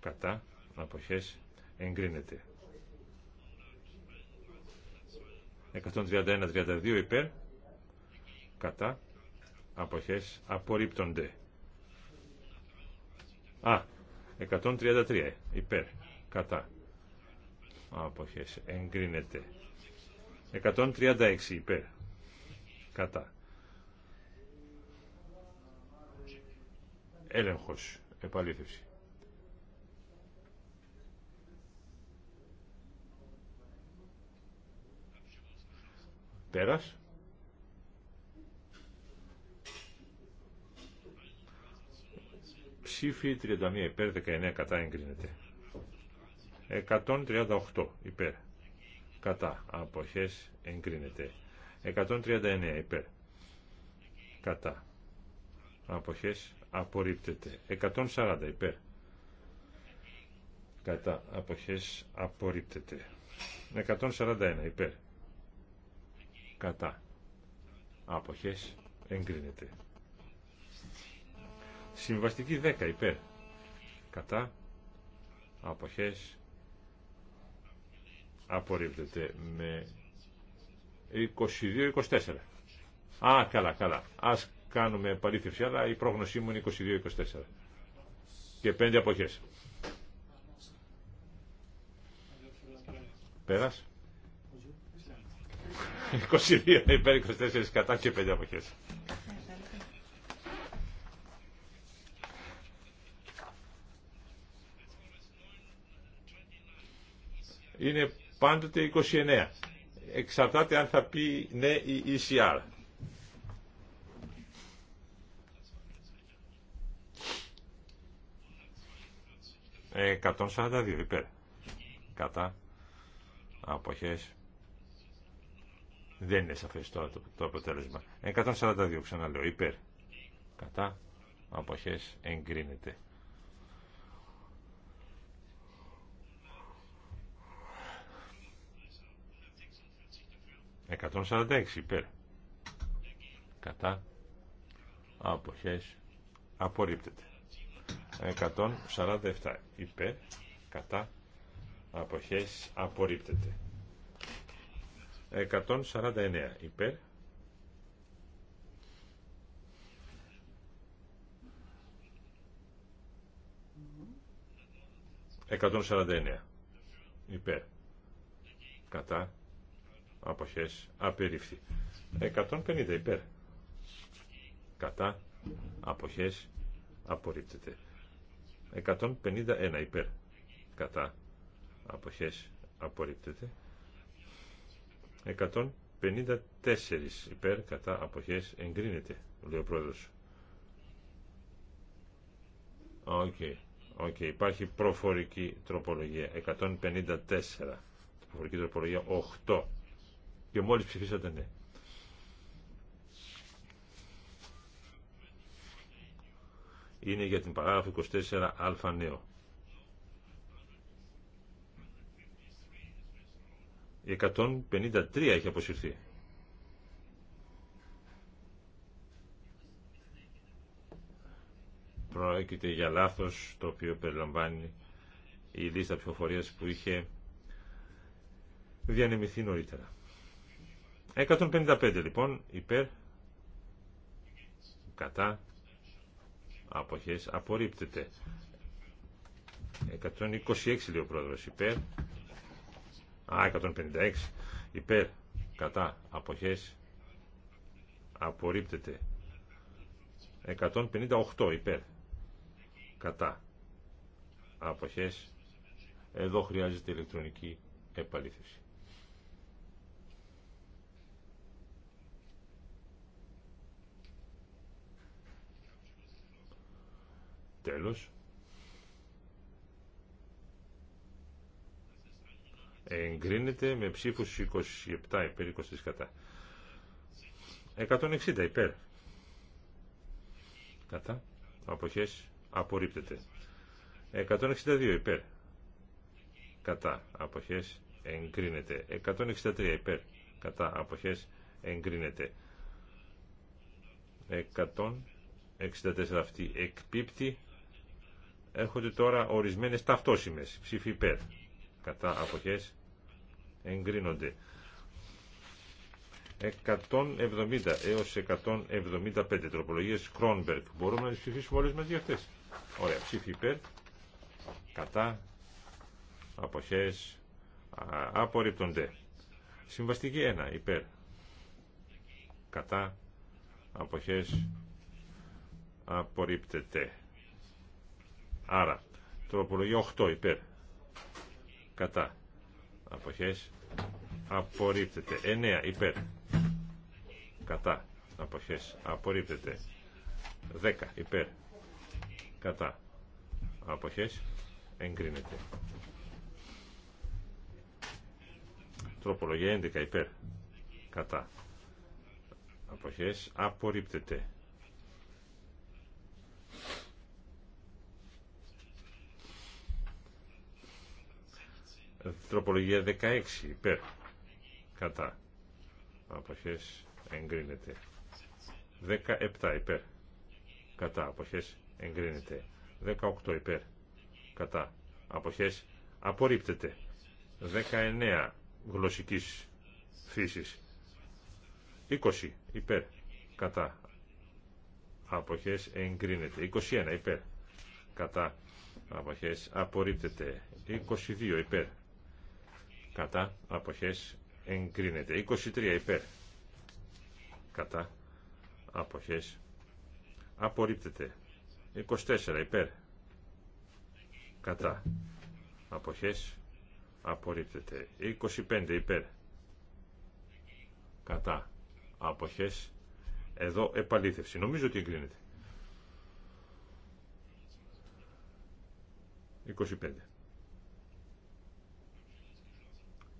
Κατά αποχές εγκρίνεται. 131-32 υπέρ κατά αποχές απορρίπτονται α 133 υπέρ κατά αποχές εγκρίνεται 136 υπέρ κατά έλεγχος επαλήθευση Πέρας. Ψήφι 31 υπέρ 19 κατά εγκρίνεται. 138 υπέρ κατά αποχές εγκρίνεται. 139 υπέρ κατά αποχές απορρίπτεται. 140 υπέρ κατά αποχές απορρίπτεται. 141 υπέρ κατά αποχές εγκρίνεται συμβαστική 10 υπέρ κατά αποχές απορρίπτεται με 22-24 α καλά καλά ας κάνουμε παρήθευση αλλά η πρόγνωσή μου είναι 22-24 και 5 αποχές πέρας 22 υπέρ 24 κατά και 5 αποχές. Είναι πάντοτε 29. Εξαρτάται αν θα πει ναι ή ECR. Ε, 142 υπέρ. Κατά. Αποχές. Δεν είναι σαφές τώρα το, αποτέλεσμα. 142 ξαναλέω. Υπέρ. Κατά. Αποχές εγκρίνεται. 146, υπέρ. Κατά. Αποχές. Απορρίπτεται. 147 υπέρ. Κατά. Αποχές. Απορρίπτεται. 149 υπέρ 149 υπέρ κατά αποχές απερίφθη 150 υπέρ κατά αποχές απορρίπτεται 151 υπέρ κατά αποχές απορρίπτεται 154 υπέρ κατά αποχές εγκρίνεται, λέει ο πρόεδρος. Οκ, okay, okay. υπάρχει προφορική τροπολογία, 154, προφορική τροπολογία 8 και μόλις ψηφίσατε ναι. Είναι για την παράγραφο 24α νέο. 153 έχει αποσυρθεί. Πρόκειται για λάθος το οποίο περιλαμβάνει η λίστα ψηφοφορίας που είχε διανεμηθεί νωρίτερα. 155 λοιπόν υπέρ κατά αποχές απορρίπτεται. 126 λέει ο πρόεδρος υπέρ Α156 υπέρ κατά αποχές απορρίπτεται 158 υπέρ κατά αποχές εδώ χρειάζεται ηλεκτρονική επαλήθευση τέλος εγκρίνεται με ψήφους 27 υπέρ 20 κατά. 160 υπέρ. Κατά. Αποχές απορρίπτεται. 162 υπέρ. Κατά. Αποχές εγκρίνεται. 163 υπέρ. Κατά. Αποχές εγκρίνεται. 164 αυτή εκπίπτει. Έρχονται τώρα ορισμένες ταυτόσημες. ψήφοι υπέρ. Κατά. Αποχές εγκρίνονται. 170 έως 175 τροπολογίες Κρόνμπερκ. Μπορούμε να τις ψηφίσουμε όλες μαζί αυτές. Ωραία, ψήφι υπέρ, κατά, αποχές, απορρίπτονται. Συμβαστική 1, υπέρ, κατά, αποχές, απορρίπτεται. Άρα, τροπολογία 8, υπέρ, κατά, αποχές απορρίπτεται 9 υπέρ κατά αποχές απορρίπτεται 10 υπέρ κατά αποχές εγκρίνεται τροπολογία 11 υπέρ κατά αποχές απορρίπτεται Τροπολογία 16 υπέρ. Κατά. Αποχές εγκρίνεται. 17 υπέρ. Κατά. Αποχές εγκρίνεται. 18 υπέρ. Κατά. Αποχές απορρίπτεται. 19 γλωσσικής φύσης. 20 υπέρ. Κατά. Αποχές εγκρίνεται. 21 υπέρ. Κατά. Αποχές απορρίπτεται. 22 υπέρ κατά αποχές εγκρίνεται 23 υπέρ κατά αποχές απορρίπτεται 24 υπέρ κατά αποχές απορρίπτεται 25 υπέρ κατά αποχές εδώ επαλήθευση νομίζω ότι εγκρίνεται 25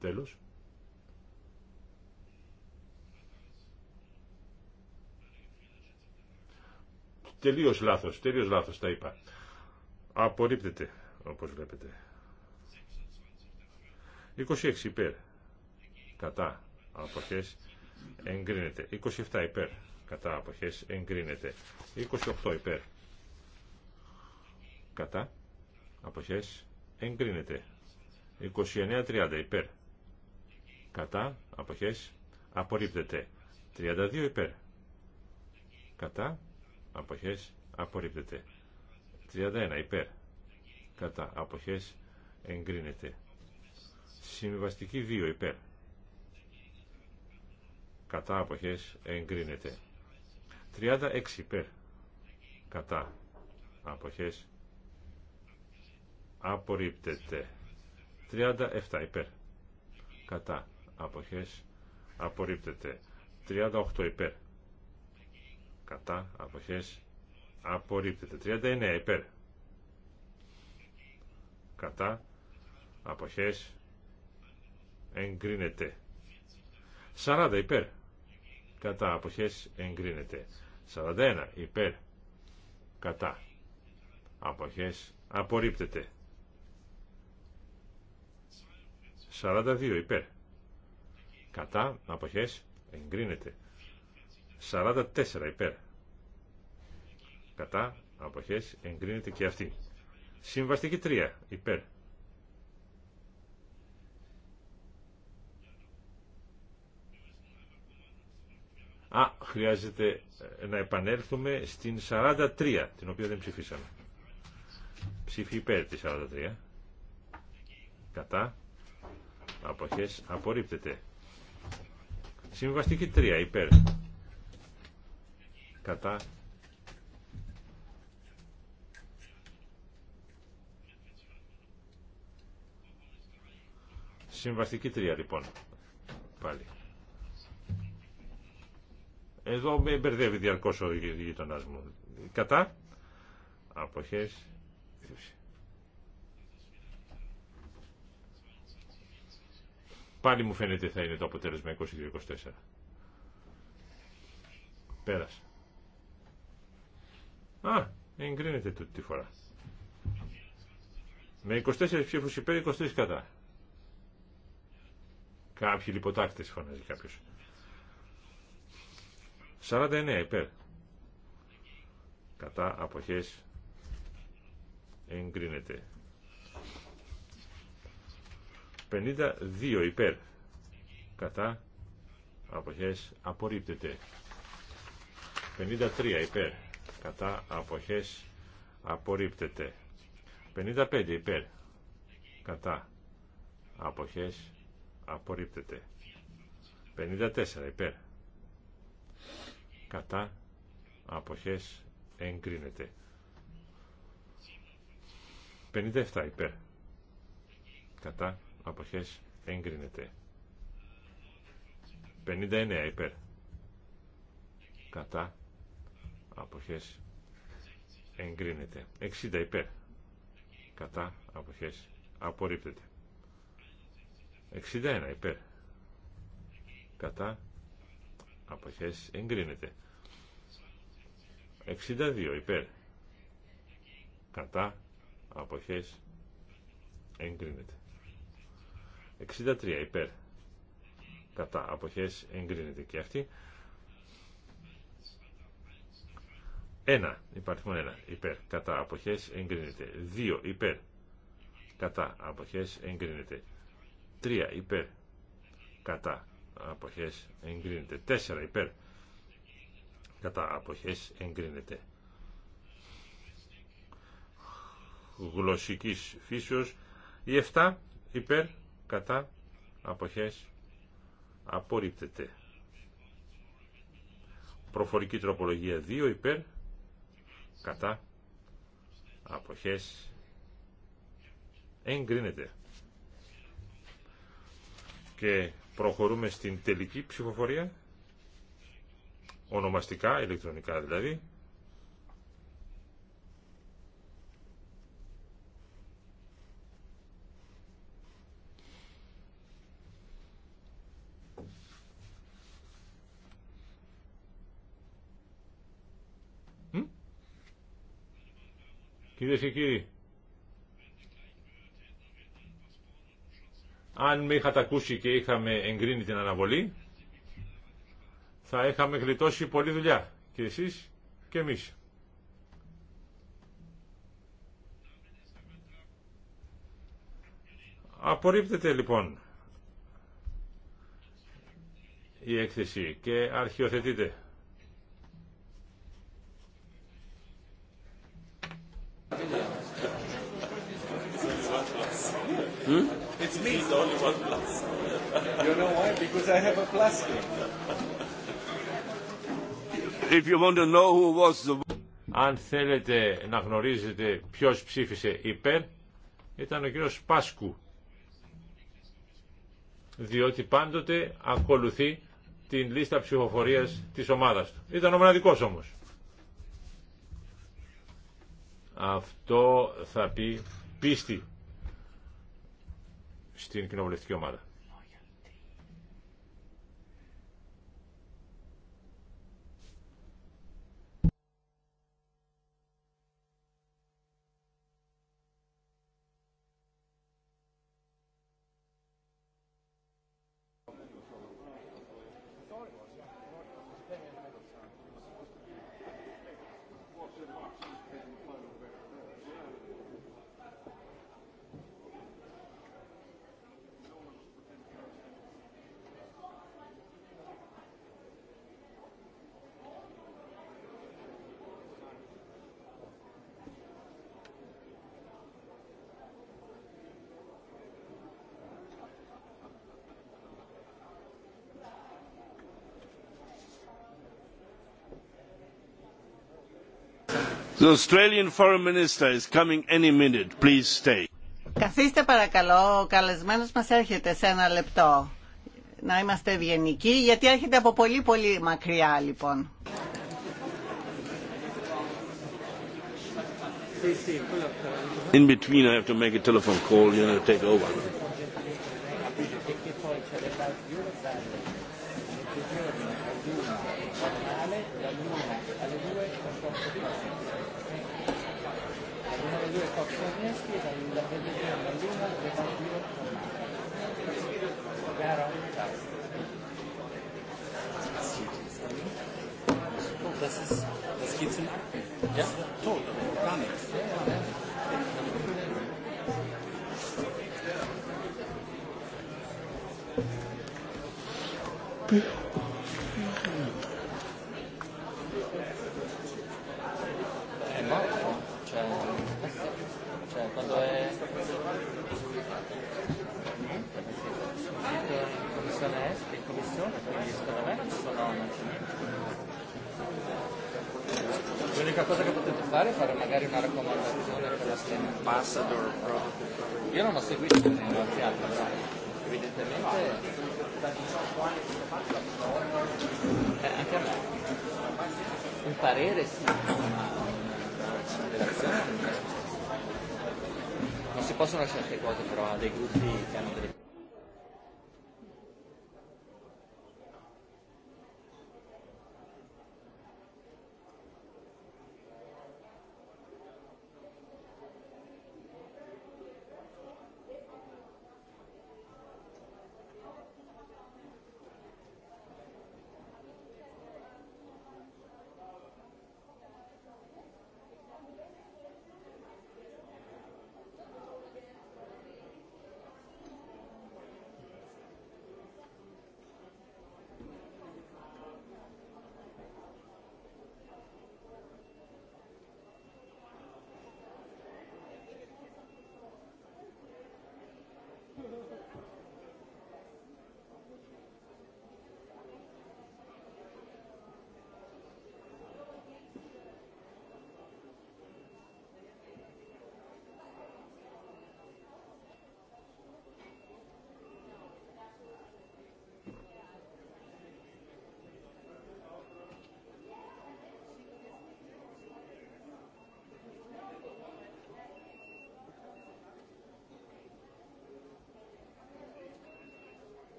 Τέλος. Τελείως λάθος, τελείως λάθος τα είπα. Απορρίπτεται, όπως βλέπετε. 26 υπέρ. Κατά αποχές εγκρίνεται. 27 υπέρ. Κατά αποχές εγκρίνεται. 28 υπέρ. Κατά αποχές εγκρίνεται. 29-30 υπέρ κατά, αποχές, απορρίπτεται. 32 υπέρ, κατά, αποχές, απορρίπτεται. 31 υπέρ, κατά, αποχές, εγκρίνεται. Συμβαστική 2 υπέρ, κατά, αποχές, εγκρίνεται. 36 υπέρ, κατά, αποχές, απορρίπτεται. 37 υπέρ, κατά, αποχές απορρίπτεται 38 υπέρ κατά αποχές απορρίπτεται 39 υπέρ κατά αποχές εγκρίνεται 40 υπέρ κατά αποχές εγκρίνεται 41 υπέρ κατά αποχές απορρίπτεται 42 υπέρ κατά αποχές εγκρίνεται 44 υπέρ κατά αποχές εγκρίνεται και αυτή συμβαστική 3 υπέρ Α, χρειάζεται ε, να επανέλθουμε στην 43, την οποία δεν ψηφίσαμε. Ψήφι υπέρ τη 43. Κατά. Αποχές απορρίπτεται. Συμβαστική 3 υπέρ. Κατά. Συμβαστική 3 λοιπόν. Πάλι. Εδώ με μπερδεύει διαρκώς ο γειτονάς μου. Κατά. Αποχές. Πάλι μου φαίνεται θα είναι το αποτέλεσμα 22-24. Πέρασε. Α, εγκρίνεται τούτη τη φορά. Με 24 ψήφους υπέρ, 23 κατά. Κάποιοι λιποτάκτες φωνάζει κάποιος. 49 υπέρ. Κατά αποχές εγκρίνεται. 52 υπέρ κατά αποχές απορρίπτεται 53 υπέρ κατά αποχές απορρίπτεται 55 υπέρ κατά αποχές απορρίπτεται 54 υπέρ κατά αποχές εγκρίνεται 57 υπέρ κατά αποχές εγκρίνεται 59 υπέρ κατά αποχές εγκρίνεται 60 υπέρ κατά αποχές απορρίπτεται 61 υπέρ κατά αποχές εγκρίνεται 62 υπέρ κατά αποχές εγκρίνεται 63 υπέρ κατά αποχές εγκρίνεται και αυτή. 1 υπάρχουν 1 υπέρ κατά αποχές εγκρίνεται. 2 υπέρ κατά αποχές εγκρίνεται. 3 υπέρ κατά αποχές εγκρίνεται. 4 υπέρ κατά αποχές εγκρίνεται. Γλωσσικής φύσεως η 7 υπέρ κατά αποχές απορρίπτεται προφορική τροπολογία 2 υπέρ κατά αποχές εγκρίνεται και προχωρούμε στην τελική ψηφοφορία ονομαστικά, ηλεκτρονικά δηλαδή Κυρίε και κύριοι, αν με είχατε ακούσει και είχαμε εγκρίνει την αναβολή, θα είχαμε γλιτώσει πολλή δουλειά. Και εσείς και εμείς. Απορρίπτεται λοιπόν η έκθεση και αρχιοθετείτε. Hmm? It's me, plus. [laughs] you know why? Because I have a plus If you want to know who was the... Αν θέλετε να γνωρίζετε ποιος ψήφισε υπέρ, ήταν ο κύριος Πάσκου. Διότι πάντοτε ακολουθεί την λίστα ψηφοφορίας της ομάδας του. Ήταν ο μοναδικός όμως. Αυτό θα πει πίστη στην κοινοβουλευτική ομάδα. The Australian Foreign Minister is coming any minute. Please stay. Καθίστε παρακαλώ, ο καλεσμένος μας έρχεται σε ένα λεπτό. Να είμαστε ευγενικοί, γιατί έρχεται από πολύ πολύ μακριά λοιπόν. In between I have to make a telephone call, you know, take over. Das ist, das geht zum Akten. Ja? des groupes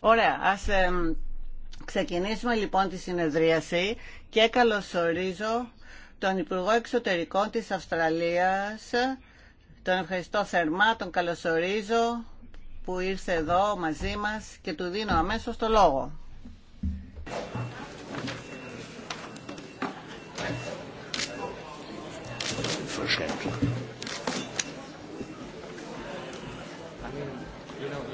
Ωραία, ας ξεκινήσουμε λοιπόν τη συνεδρίαση και καλωσορίζω τον Υπουργό Εξωτερικών της Αυστραλίας. Τον ευχαριστώ θερμά, τον καλωσορίζω που ήρθε εδώ μαζί μας και του δίνω αμέσως το λόγο.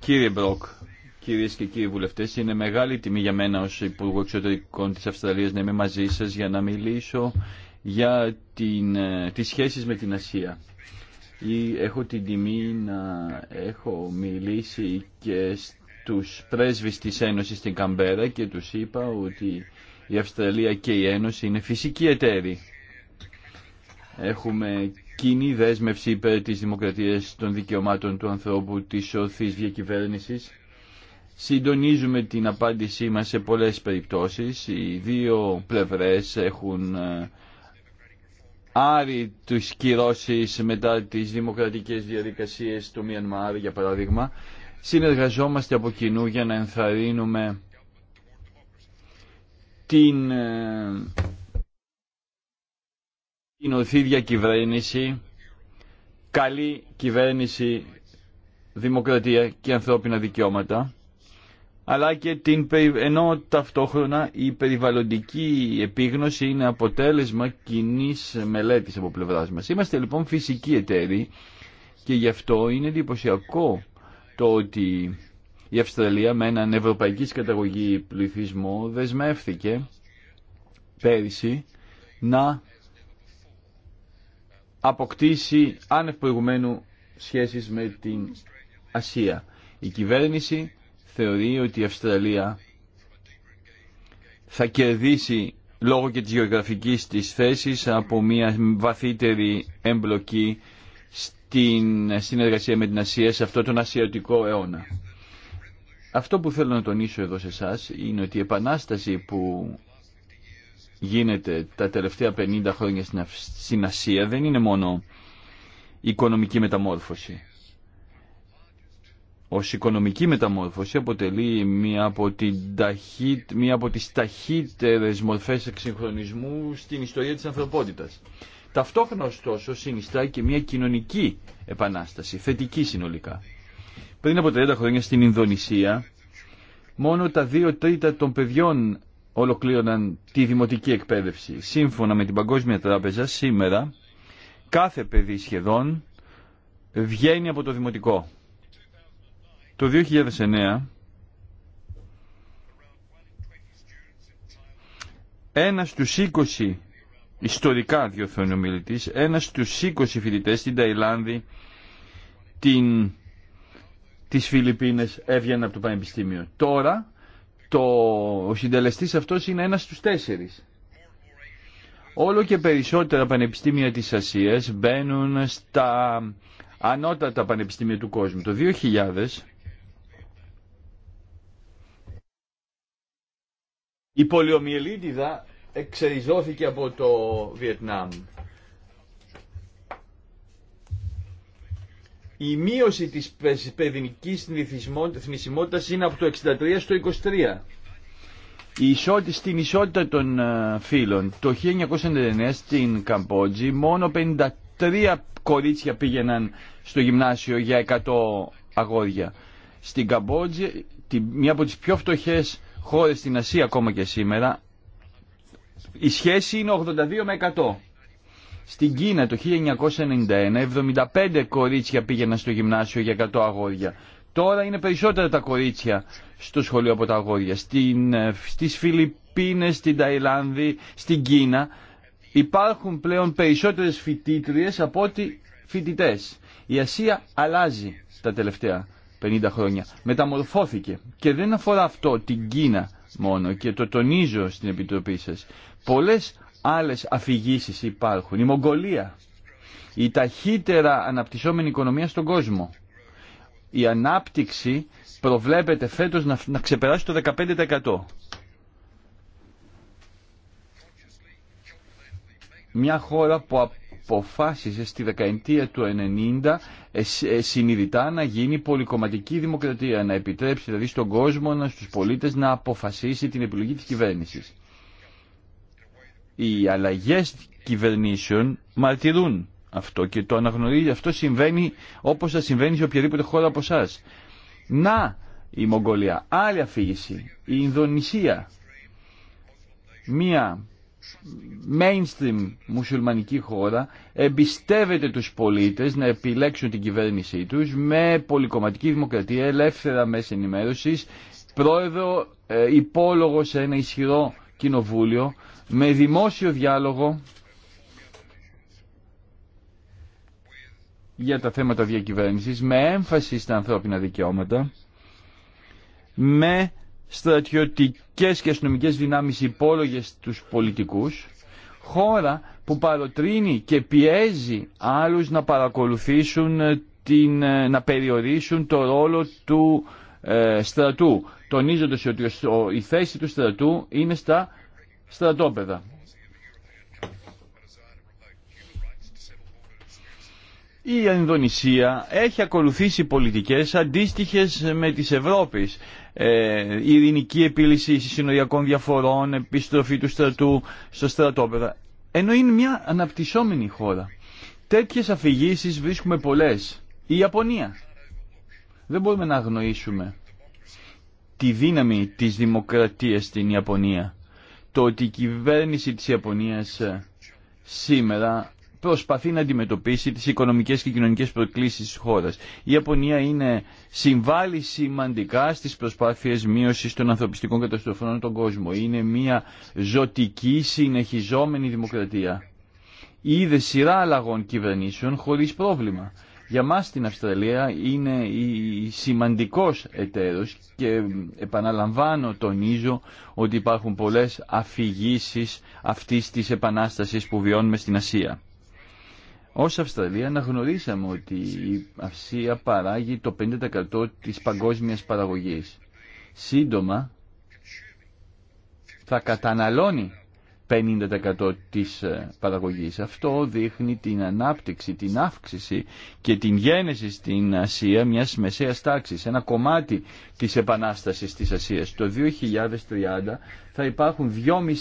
Κύριε Μπροκ, κυρίε και κύριοι βουλευτέ, είναι μεγάλη τιμή για μένα ω Υπουργό Εξωτερικών τη Αυστραλία να είμαι μαζί σα για να μιλήσω για την, ε, τις σχέσεις με την Ασία. Ή έχω την τιμή να έχω μιλήσει και στους πρέσβεις της Ένωσης στην Καμπέρα και τους είπα ότι η Αυστραλία και η Ένωση είναι φυσικοί εταίροι. Έχουμε κοινή δέσμευση υπέρ της δημοκρατίας των δικαιωμάτων του ανθρώπου της ορθής διακυβέρνησης. Συντονίζουμε την απάντησή μας σε πολλές περιπτώσεις. Οι δύο πλευρές έχουν ε, άρει τους κυρώσεις μετά τις δημοκρατικές διαδικασίες του Μιανμάρ, για παράδειγμα. Συνεργαζόμαστε από κοινού για να ενθαρρύνουμε την ε, η νορθή διακυβέρνηση, καλή κυβέρνηση, δημοκρατία και ανθρώπινα δικαιώματα, αλλά και την, ενώ ταυτόχρονα η περιβαλλοντική επίγνωση είναι αποτέλεσμα κοινή μελέτης από πλευράς μας. Είμαστε λοιπόν φυσικοί εταίροι και γι' αυτό είναι εντυπωσιακό το ότι η Αυστραλία με έναν ευρωπαϊκή καταγωγή πληθυσμό δεσμεύθηκε πέρυσι να αποκτήσει άνευ προηγουμένου σχέσεις με την Ασία. Η κυβέρνηση θεωρεί ότι η Αυστραλία θα κερδίσει λόγω και της γεωγραφικής της θέσης από μια βαθύτερη εμπλοκή στην συνεργασία με την Ασία σε αυτό τον ασιατικό αιώνα. Αυτό που θέλω να τονίσω εδώ σε εσά είναι ότι η επανάσταση που γίνεται τα τελευταία 50 χρόνια στην Ασία δεν είναι μόνο οικονομική μεταμόρφωση. Ω οικονομική μεταμόρφωση αποτελεί μία από, την ταχύ, μία από τις ταχύτερες μορφές εξυγχρονισμού στην ιστορία της ανθρωπότητας. Ταυτόχρονα ωστόσο συνιστά και μία κοινωνική επανάσταση, θετική συνολικά. Πριν από 30 χρόνια στην Ινδονησία, μόνο τα δύο τρίτα των παιδιών ολοκλήρωναν τη δημοτική εκπαίδευση. Σύμφωνα με την Παγκόσμια Τράπεζα, σήμερα κάθε παιδί σχεδόν βγαίνει από το δημοτικό. Το 2009 ένας στου 20 ιστορικά διορθώνει ο μιλητής, ένας στους 20 φοιτητές στην Ταϊλάνδη, την, τις Φιλιππίνες έβγαινε από το Πανεπιστήμιο. Τώρα το, ο συντελεστής αυτός είναι ένας στους τέσσερις. Όλο και περισσότερα πανεπιστήμια της Ασίας μπαίνουν στα ανώτατα πανεπιστήμια του κόσμου. Το 2000 η πολιομιελίτιδα εξεριζώθηκε από το Βιετνάμ. η μείωση της παιδινικής θνησιμότητας είναι από το 63 στο 23. Η στην ισότητα των ε, φίλων, το 1999 στην Καμπότζη μόνο 53 κορίτσια πήγαιναν στο γυμνάσιο για 100 αγόρια. Στην Καμπότζη, μία από τις πιο φτωχές χώρες στην Ασία ακόμα και σήμερα, η σχέση είναι 82 με 100. Στην Κίνα το 1991 75 κορίτσια πήγαιναν στο γυμνάσιο για 100 αγόρια. Τώρα είναι περισσότερα τα κορίτσια στο σχολείο από τα αγόρια. Στην, ε, στις Φιλιππίνες, στην Ταϊλάνδη, στην Κίνα υπάρχουν πλέον περισσότερες φοιτήτριες από ότι φοιτητέ. Η Ασία αλλάζει τα τελευταία 50 χρόνια. Μεταμορφώθηκε και δεν αφορά αυτό την Κίνα μόνο και το τονίζω στην Επιτροπή σας. Πολλές άλλες αφηγήσεις υπάρχουν. Η Μογγολία, η ταχύτερα αναπτυσσόμενη οικονομία στον κόσμο. Η ανάπτυξη προβλέπεται φέτος να, να ξεπεράσει το 15%. Μια χώρα που αποφάσισε στη δεκαετία του 90 ε, ε, συνειδητά να γίνει πολυκομματική δημοκρατία, να επιτρέψει δηλαδή στον κόσμο, να στους πολίτες να αποφασίσει την επιλογή της κυβέρνησης. Οι αλλαγές κυβερνήσεων μαρτυρούν αυτό και το αναγνωρίζει αυτό συμβαίνει όπως θα συμβαίνει σε οποιαδήποτε χώρα από εσά. Να η Μογγολία, άλλη αφήγηση, η Ινδονησία, μία mainstream μουσουλμανική χώρα εμπιστεύεται τους πολίτες να επιλέξουν την κυβέρνησή τους με πολυκομματική δημοκρατία, ελεύθερα μέσα ενημέρωσης, πρόεδρο ε, υπόλογο σε ένα ισχυρό κοινοβούλιο με δημόσιο διάλογο για τα θέματα διακυβέρνησης, με έμφαση στα ανθρώπινα δικαιώματα, με στρατιωτικές και αστυνομικέ δυνάμεις υπόλογες τους πολιτικούς, χώρα που παροτρύνει και πιέζει άλλους να παρακολουθήσουν, την, να περιορίσουν το ρόλο του ε, στρατού, τονίζοντας ότι η θέση του στρατού είναι στα στρατόπεδα. Η Ινδονησία έχει ακολουθήσει πολιτικές αντίστοιχες με τις Ευρώπης. Ε, η ειρηνική επίλυση συνοριακών διαφορών, επιστροφή του στρατού στο στρατόπεδα. Ενώ είναι μια αναπτυσσόμενη χώρα. Τέτοιες αφηγήσει βρίσκουμε πολλές. Η Ιαπωνία. Δεν μπορούμε να αγνοήσουμε τη δύναμη της δημοκρατίας στην Ιαπωνία το ότι η κυβέρνηση της Ιαπωνίας ε, σήμερα προσπαθεί να αντιμετωπίσει τις οικονομικές και κοινωνικές προκλήσεις της χώρας. Η Ιαπωνία είναι συμβάλλει σημαντικά στις προσπάθειες μείωσης των ανθρωπιστικών καταστροφών στον κόσμο. Είναι μια ζωτική, συνεχιζόμενη δημοκρατία. Είδε σειρά αλλαγών κυβερνήσεων χωρίς πρόβλημα. Για μας την Αυστραλία είναι η σημαντικός εταίρος και επαναλαμβάνω τονίζω ότι υπάρχουν πολλές αφηγήσει αυτής της επανάστασης που βιώνουμε στην Ασία. Ως Αυστραλία αναγνωρίσαμε ότι η Ασία παράγει το 50% της παγκόσμιας παραγωγής. Σύντομα θα καταναλώνει 50% της ε, παραγωγής. Αυτό δείχνει την ανάπτυξη, την αύξηση και την γένεση στην Ασία μιας μεσαίας τάξης. Ένα κομμάτι της επανάστασης της Ασίας. Το 2030 θα υπάρχουν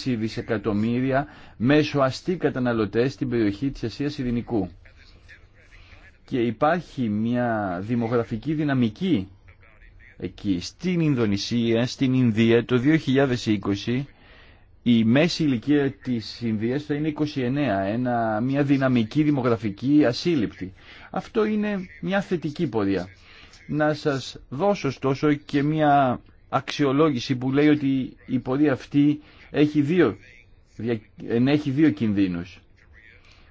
2,5 δισεκατομμύρια μέσω μέσοαστοί καταναλωτές στην περιοχή της Ασίας Ειρηνικού. Και υπάρχει μια δημογραφική δυναμική εκεί. Στην Ινδονησία, στην Ινδία το 2020 η μέση ηλικία τη Ινδία θα είναι 29, ένα, μια δυναμική δημογραφική ασύλληπτη. Αυτό είναι μια θετική πορεία. Να σας δώσω ωστόσο και μια αξιολόγηση που λέει ότι η πορεία αυτή έχει δύο, ενέχει δύο κινδύνους.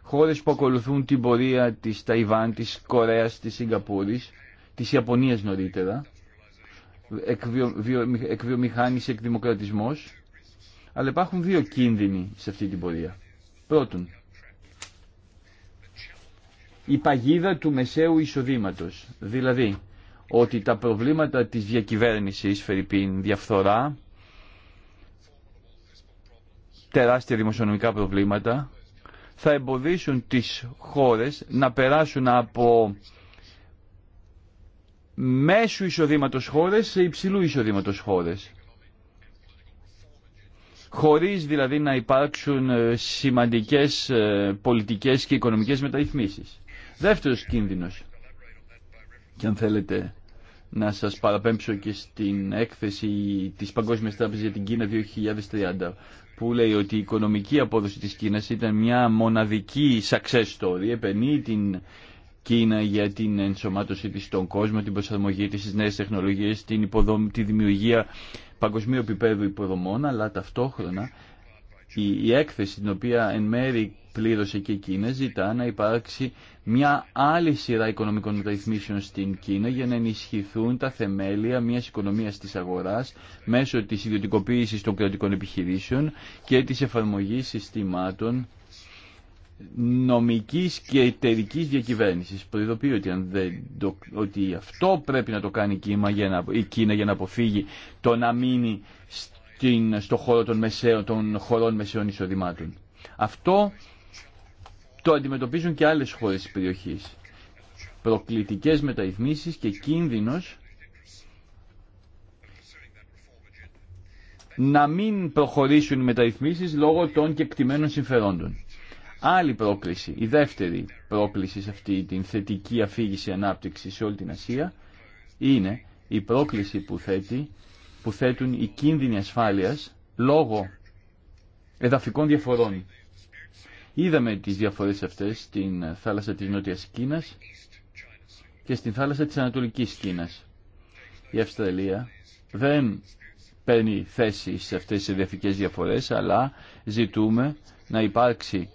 Χώρες που ακολουθούν την πορεία της Ταϊβάν, της Κορέας, της Σιγκαπούρης, της Ιαπωνίας νωρίτερα, εκβιο, εκβιομηχάνηση, εκδημοκρατισμός, αλλά υπάρχουν δύο κίνδυνοι σε αυτή την πορεία. Πρώτον, η παγίδα του μεσαίου εισοδήματο, Δηλαδή, ότι τα προβλήματα της διακυβέρνησης, Φερρυπίν, διαφθορά, τεράστια δημοσιονομικά προβλήματα, θα εμποδίσουν τις χώρες να περάσουν από μέσου εισοδήματος χώρες σε υψηλού εισοδήματος χώρες χωρίς δηλαδή να υπάρξουν ε, σημαντικές ε, πολιτικές και οικονομικές μεταρρυθμίσεις. Δεύτερος κίνδυνος, και αν θέλετε να σας παραπέμψω και στην έκθεση της Παγκόσμιας Τράπεζας για την Κίνα 2030, που λέει ότι η οικονομική απόδοση της Κίνας ήταν μια μοναδική success story, επενεί την Κίνα για την ενσωμάτωση της στον κόσμο, την προσαρμογή της στις νέες τεχνολογίες, την υποδόμη, τη δημιουργία παγκοσμίου επίπεδου υποδομών, αλλά ταυτόχρονα η, έκθεση την οποία εν μέρη πλήρωσε και η Κίνα ζητά να υπάρξει μια άλλη σειρά οικονομικών μεταρρυθμίσεων στην Κίνα για να ενισχυθούν τα θεμέλια μιας οικονομίας της αγοράς μέσω της ιδιωτικοποίησης των κρατικών επιχειρήσεων και της εφαρμογής συστημάτων νομικής και εταιρικής διακυβέρνησης. Προειδοποιεί ότι, ότι αυτό πρέπει να το κάνει Κίνα για να, η Κίνα για να αποφύγει το να μείνει στην, στο χώρο των, μεσαίων, των χωρών μεσαίων εισοδημάτων. Αυτό το αντιμετωπίζουν και άλλες χώρες της περιοχής. Προκλητικές μεταρρυθμίσεις και κίνδυνος να μην προχωρήσουν οι μεταρρυθμίσεις λόγω των κεκτημένων συμφερόντων. Άλλη πρόκληση, η δεύτερη πρόκληση σε αυτή την θετική αφήγηση ανάπτυξη σε όλη την Ασία είναι η πρόκληση που, θέτει, που θέτουν οι κίνδυνοι ασφάλειας λόγω εδαφικών διαφορών. Είδαμε τις διαφορές αυτές στην θάλασσα της Νότιας Κίνας και στην θάλασσα της Ανατολικής Κίνας. Η Αυστραλία δεν παίρνει θέση σε αυτές τις εδαφικές διαφορές, αλλά ζητούμε να υπάρξει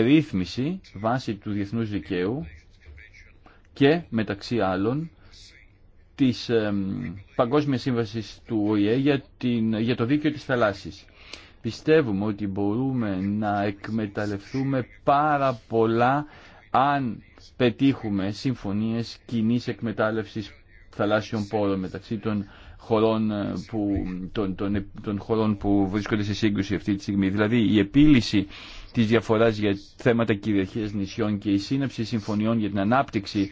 ρύθμιση βάσει του διεθνούς δικαίου και μεταξύ άλλων της ε, Παγκόσμιας Σύμβασης του ΟΗΕ για, την, για το δίκαιο της θαλάσσης. Πιστεύουμε ότι μπορούμε να εκμεταλλευτούμε πάρα πολλά αν πετύχουμε συμφωνίες κοινή εκμετάλλευσης θαλάσσιων πόρων μεταξύ των χωρών ε, που, των, των, των χωρών που βρίσκονται σε σύγκρουση αυτή τη στιγμή. Δηλαδή η επίλυση της διαφοράς για θέματα κυριαρχίας νησιών και η σύναψη συμφωνιών για την ανάπτυξη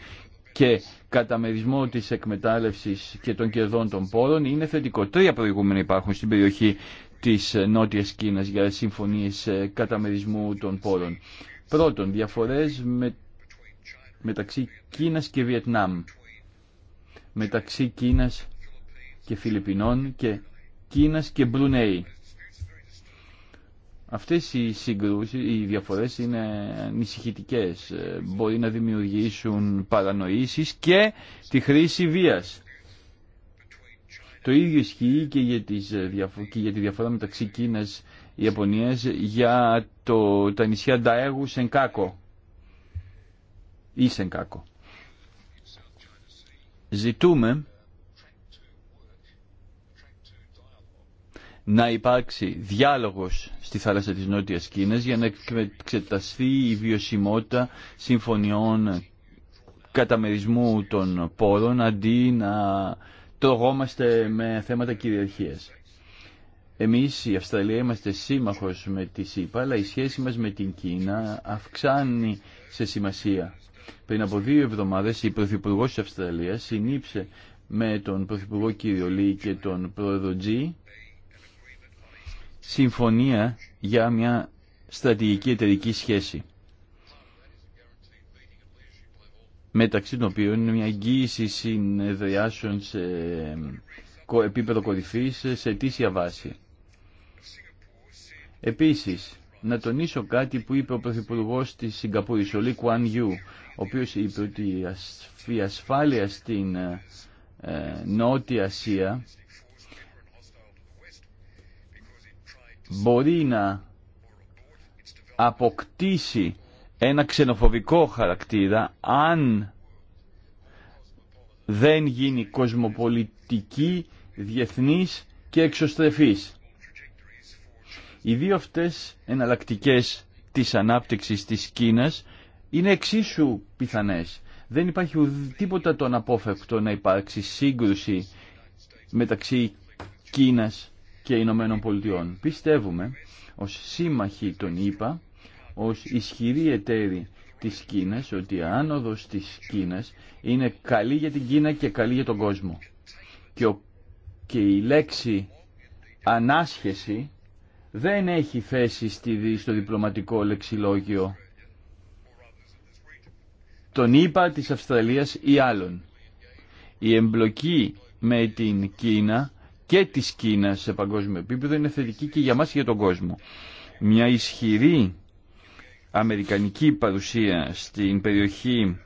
και καταμερισμό της εκμετάλλευσης και των κερδών των πόρων είναι θετικό. Τρία προηγούμενα υπάρχουν στην περιοχή της Νότιας Κίνας για συμφωνίες ε, καταμερισμού των πόρων. Πρώτον, διαφορές μεταξύ Κίνας και Βιετνάμ, μεταξύ Κίνας και Φιλιππινών και Κίνας και Μπρουνέη. Αυτές οι συγκρούσεις, οι διαφορές είναι ανησυχητικέ. Ε, μπορεί να δημιουργήσουν παρανοήσεις και τη χρήση βίας. Το ίδιο ισχύει και για, τις, ε, τη διαφορά μεταξύ Κίνας και Ιαπωνίας για το, τα νησιά Νταέγου Σενκάκο ή Σενκάκο. Ζητούμε να υπάρξει διάλογος στη θάλασσα της Νότιας Κίνας για να εξεταστεί η βιωσιμότητα συμφωνιών καταμερισμού των πόρων αντί να τρογόμαστε με θέματα κυριαρχίας. Εμείς η Αυστραλία είμαστε σύμμαχος με τη ΣΥΠΑ, αλλά η σχέση μας με την Κίνα αυξάνει σε σημασία. Πριν από δύο εβδομάδες η Πρωθυπουργός της Αυστραλίας συνήψε με τον Πρωθυπουργό κύριο και τον Πρόεδρο Τζι συμφωνία για μια στρατηγική εταιρική σχέση. Μεταξύ των οποίων είναι μια εγγύηση συνεδριάσεων σε επίπεδο κορυφής σε αιτήσια βάση. Επίσης, να τονίσω κάτι που είπε ο Πρωθυπουργό τη Σιγκαπούρη, ο Λί Γιού, ο οποίο είπε ότι η ασφάλεια στην ε, Νότια Ασία μπορεί να αποκτήσει ένα ξενοφοβικό χαρακτήρα αν δεν γίνει κοσμοπολιτική, διεθνής και εξωστρεφής. Οι δύο αυτές εναλλακτικές της ανάπτυξης της Κίνας είναι εξίσου πιθανές. Δεν υπάρχει τίποτα το αναπόφευκτο να υπάρξει σύγκρουση μεταξύ Κίνας και Ηνωμένων Πολιτειών. Πιστεύουμε ως σύμμαχοι των ΗΠΑ, ως ισχυροί εταίροι της Κίνας, ότι η άνοδος της Κίνας είναι καλή για την Κίνα και καλή για τον κόσμο. Και, ο, και η λέξη ανάσχεση δεν έχει θέση στη, στο διπλωματικό λεξιλόγιο τον ΙΠΑ της Αυστραλίας ή άλλων. Η εμπλοκή με την Κίνα και της Κίνας σε παγκόσμιο επίπεδο είναι θετική και για μας και για τον κόσμο. Μια ισχυρή αμερικανική παρουσία στην περιοχή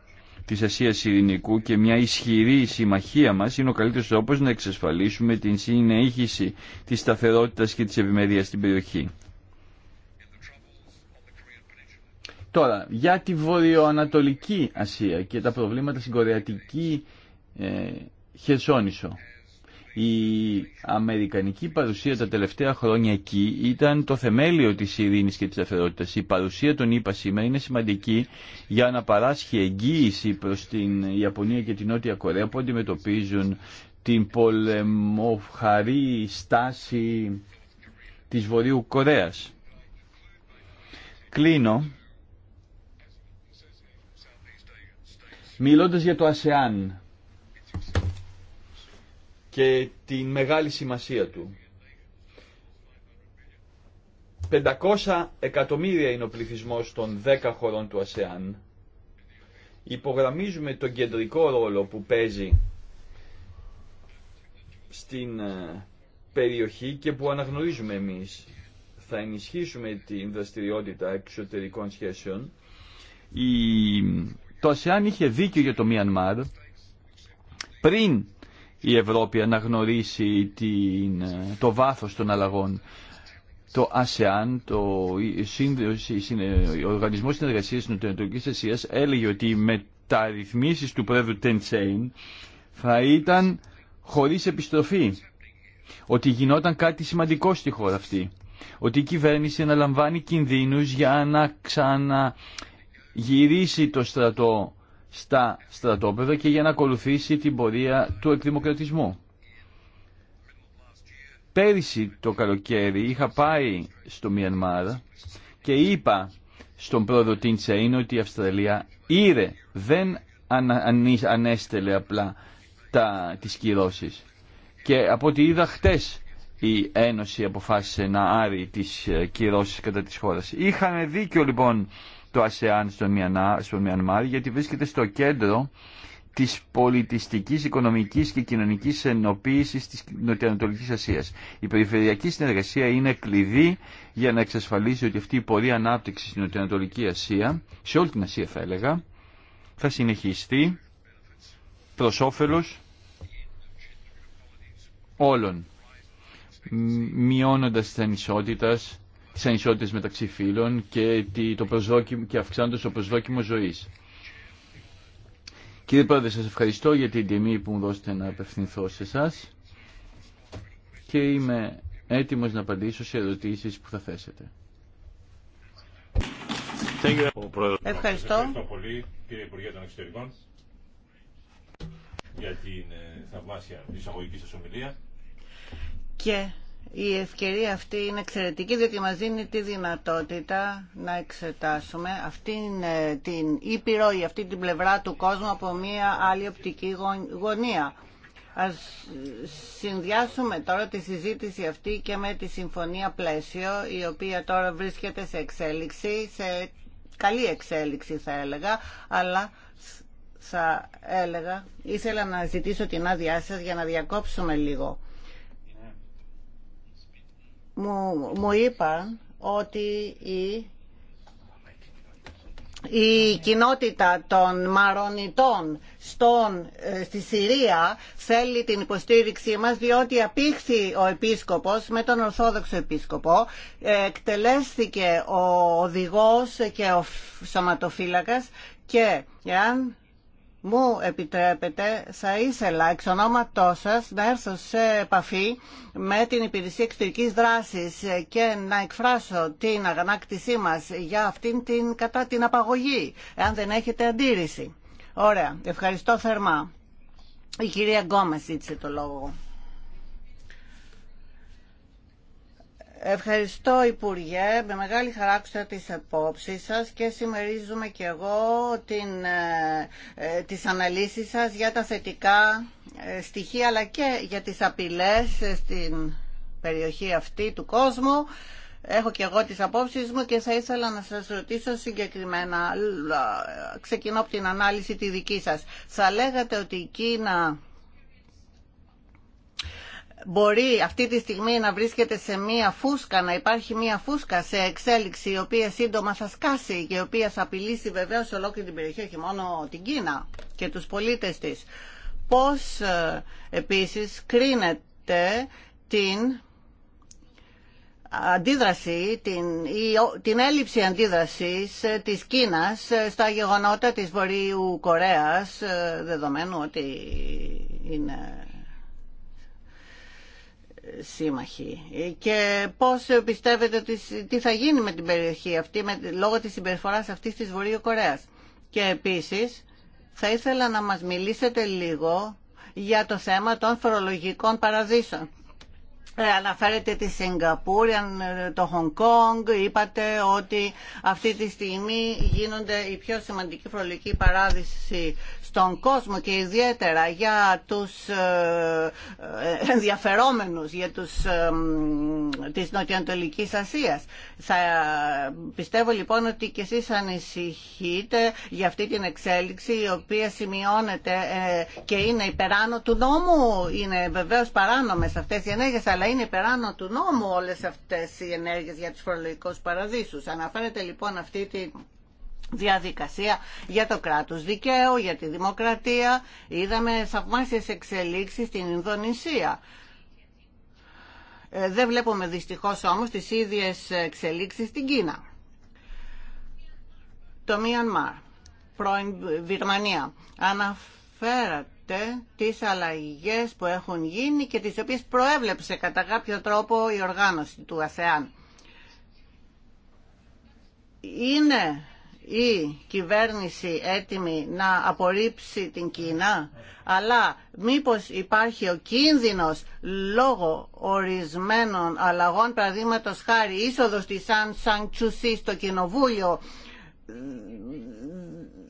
της Ασίας Ειρηνικού και μια ισχυρή συμμαχία μας είναι ο καλύτερος τρόπος να εξασφαλίσουμε την συνέχιση της σταθερότητας και της ευημερίας στην περιοχή. Τώρα, για τη Βορειοανατολική Ασία και τα προβλήματα στην Κορεατική ε, Χερσόνησο. Η αμερικανική παρουσία τα τελευταία χρόνια εκεί ήταν το θεμέλιο της ειρήνης και της Αφαιρότητα, Η παρουσία των ΗΠΑ σήμερα είναι σημαντική για να παράσχει εγγύηση προς την Ιαπωνία και την Νότια Κορέα που αντιμετωπίζουν την πολεμοχαρή στάση της Βορείου Κορέας. Κλείνω μιλώντας για το ΑΣΕΑΝ και την μεγάλη σημασία του. 500 εκατομμύρια είναι ο πληθυσμό των 10 χωρών του ΑΣΕΑΝ. Υπογραμμίζουμε τον κεντρικό ρόλο που παίζει στην ε, περιοχή και που αναγνωρίζουμε εμείς. Θα ενισχύσουμε την δραστηριότητα εξωτερικών σχέσεων. Η... Το ΑΣΕΑΝ είχε δίκιο για το Μιανμάρ πριν η Ευρώπη αναγνωρίσει την, το βάθος των αλλαγών. Το ΑΣΕΑΝ, το ο Οργανισμός Συνεργασίας Νοτιοανατολικής Ασίας, έλεγε ότι οι μεταρρυθμίσεις του πρόεδρου Τεντσέιν θα ήταν χωρίς επιστροφή. Ότι γινόταν κάτι σημαντικό στη χώρα αυτή. Ότι η κυβέρνηση αναλαμβάνει κινδύνους για να ξαναγυρίσει το στρατό στα στρατόπεδα και για να ακολουθήσει την πορεία του εκδημοκρατισμού. Πέρυσι το καλοκαίρι είχα πάει στο Μιανμάρ και είπα στον πρόεδρο Τιντσέιν ότι η Αυστραλία ήρε, δεν ανέστελε απλά τα, τις κυρώσεις. Και από ό,τι είδα χτες η Ένωση αποφάσισε να άρει τις ε, κυρώσεις κατά της χώρας. Είχαν δίκιο λοιπόν το ΑΣΕΑΝ στον, Μιανά, Μιανμάρ γιατί βρίσκεται στο κέντρο της πολιτιστικής, οικονομικής και κοινωνικής ενοποίησης της Νοτιοανατολικής Ασίας. Η περιφερειακή συνεργασία είναι κλειδί για να εξασφαλίσει ότι αυτή η πορεία ανάπτυξης στην Νοτιοανατολική Ασία, σε όλη την Ασία θα έλεγα, θα συνεχιστεί προς όφελο, όλων, μειώνοντας τις ανισότητες, τις ανισότητες μεταξύ φύλων και, το προσδόκιμο, και αυξάνοντας το προσδόκιμο ζωής. Κύριε Πρόεδρε, σας ευχαριστώ για την τιμή που μου δώσετε να απευθυνθώ σε εσά και είμαι έτοιμος να απαντήσω σε ερωτήσεις που θα θέσετε. Ευχαριστώ. ευχαριστώ πολύ κύριε Υπουργέ των Εξωτερικών για την ε, θαυμάσια εισαγωγική σας ομιλία. Και η ευκαιρία αυτή είναι εξαιρετική διότι μας δίνει τη δυνατότητα να εξετάσουμε αυτήν ε, την ήπειρο ή αυτή την πλευρά του κόσμου από μία άλλη οπτική γωνία. Ας συνδυάσουμε τώρα τη συζήτηση αυτή και με τη συμφωνία πλαίσιο η οποία τώρα βρίσκεται σε εξέλιξη, σε καλή εξέλιξη θα έλεγα, αλλά θα έλεγα ήθελα να ζητήσω την άδειά σας για να διακόψουμε λίγο μου, μου είπαν ότι η, η κοινότητα των μαρονιτών στον, ε, στη Συρία θέλει την υποστήριξή μας διότι απήχθη ο επίσκοπος με τον Ορθόδοξο επίσκοπο εκτελέστηκε ο οδηγός και ο σωματοφύλακας και εάν μου επιτρέπετε, θα ήθελα εξ ονόματό σα να έρθω σε επαφή με την Υπηρεσία εξωτερική Δράσης και να εκφράσω την αγανάκτησή μας για αυτήν την κατά την απαγωγή, εάν δεν έχετε αντίρρηση. Ωραία. Ευχαριστώ θερμά. Η κυρία Γκόμες ζήτησε το λόγο. Ευχαριστώ Υπουργέ, με μεγάλη χαρά άκουσα τις απόψεις σας και συμμερίζουμε και εγώ την, ε, ε, τις αναλύσεις σας για τα θετικά ε, στοιχεία αλλά και για τις απειλές ε, στην περιοχή αυτή του κόσμου. Έχω και εγώ τις απόψεις μου και θα ήθελα να σας ρωτήσω συγκεκριμένα, ξεκινώ από την ανάλυση τη δική σας. Θα λέγατε ότι η Κίνα μπορεί αυτή τη στιγμή να βρίσκεται σε μία φούσκα, να υπάρχει μία φούσκα σε εξέλιξη η οποία σύντομα θα σκάσει και η οποία θα απειλήσει βεβαίως ολόκληρη την περιοχή, όχι μόνο την Κίνα και τους πολίτες της. Πώς ε, επίσης κρίνεται την αντίδραση, την, η, την έλλειψη αντίδρασης ε, της Κίνας ε, στα γεγονότα της Βορείου Κορέας, δεδομένου ότι είναι σύμμαχοι και πώς πιστεύετε ότι, τι θα γίνει με την περιοχή αυτή με, λόγω της συμπεριφοράς αυτής της Βορείου Και επίσης θα ήθελα να μας μιλήσετε λίγο για το θέμα των φορολογικών παραδείσων. Ε, αναφέρετε τη Σιγκαπούρη, ε, το Χονγκ Κόνγκ, είπατε ότι αυτή τη στιγμή γίνονται οι πιο σημαντικοί φορολογικοί παράδεισοι στον κόσμο και ιδιαίτερα για τους ε, ε, ενδιαφερόμενους για τους, ε, της Νοτιοανατολικής Ασίας. Θα, πιστεύω λοιπόν ότι και εσείς ανησυχείτε για αυτή την εξέλιξη η οποία σημειώνεται και είναι υπεράνω του νόμου. Είναι βεβαίως παράνομες αυτές οι ενέργειες αλλά είναι υπεράνω του νόμου όλες αυτές οι ενέργειες για τους φορολογικούς παραδείσους. Αναφέρεται λοιπόν αυτή την διαδικασία για το κράτος δικαίου, για τη δημοκρατία. Είδαμε θαυμάσιες εξελίξεις στην Ινδονησία. Ε, δεν βλέπουμε δυστυχώς όμως τις ίδιες εξελίξεις στην Κίνα. Το Μιανμάρ, πρώην Βιρμανία, αναφέρατε τις αλλαγές που έχουν γίνει και τις οποίες προέβλεψε κατά κάποιο τρόπο η οργάνωση του ΑΣΕΑΝ. Είναι η κυβέρνηση έτοιμη να απορρίψει την Κίνα, αλλά μήπως υπάρχει ο κίνδυνος λόγω ορισμένων αλλαγών, παραδείγματο χάρη είσοδος της Σαν Σαν στο Κοινοβούλιο,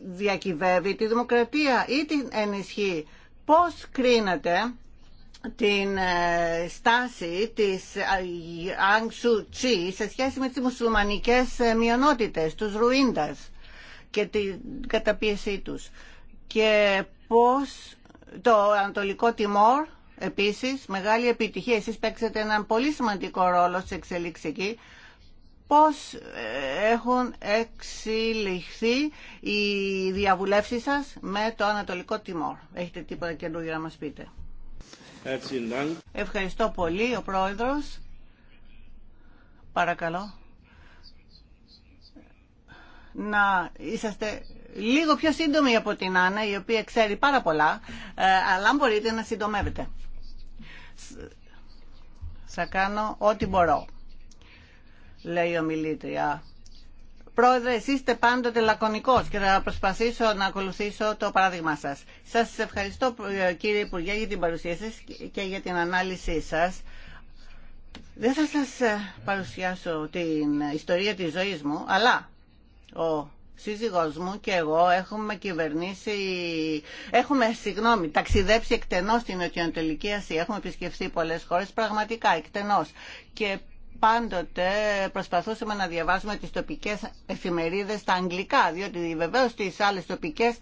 διακυβεύει τη δημοκρατία ή την ενισχύει. Πώς κρίνεται την ε, στάση της Αγ ε, Τσι σε σχέση με τις μουσουλμανικές ε, μειονότητες, τους Ρουίντας και την καταπίεσή τους. Και πώς το Ανατολικό Τιμόρ, επίσης, μεγάλη επιτυχία. Εσείς παίξετε έναν πολύ σημαντικό ρόλο σε εξελίξη εκεί. Πώς έχουν εξελιχθεί οι διαβουλεύσεις σας με το Ανατολικό Τιμόρ. Έχετε τίποτα καινούργια να μας πείτε. Ευχαριστώ πολύ, ο Πρόεδρος. Παρακαλώ. Να είσαστε λίγο πιο σύντομοι από την Άννα, η οποία ξέρει πάρα πολλά, ε, αλλά αν μπορείτε να συντομεύετε. Θα κάνω ό,τι μπορώ, λέει ο μιλήτρια. Πρόεδρε, εσείς είστε πάντοτε λακωνικός και θα προσπαθήσω να ακολουθήσω το παράδειγμα σας. Σας ευχαριστώ ε, κύριε Υπουργέ για την παρουσία σας και για την ανάλυση σας. Δεν θα σας ε, παρουσιάσω την ιστορία της ζωής μου, αλλά ο σύζυγός μου και εγώ έχουμε κυβερνήσει, έχουμε, συγγνώμη, ταξιδέψει εκτενώς στην Νοτιοανατολική Ασία. Έχουμε επισκεφθεί πολλές χώρες, πραγματικά εκτενώς πάντοτε προσπαθούσαμε να διαβάζουμε τις τοπικές εφημερίδες στα αγγλικά, διότι βεβαίως στις άλλες τοπικές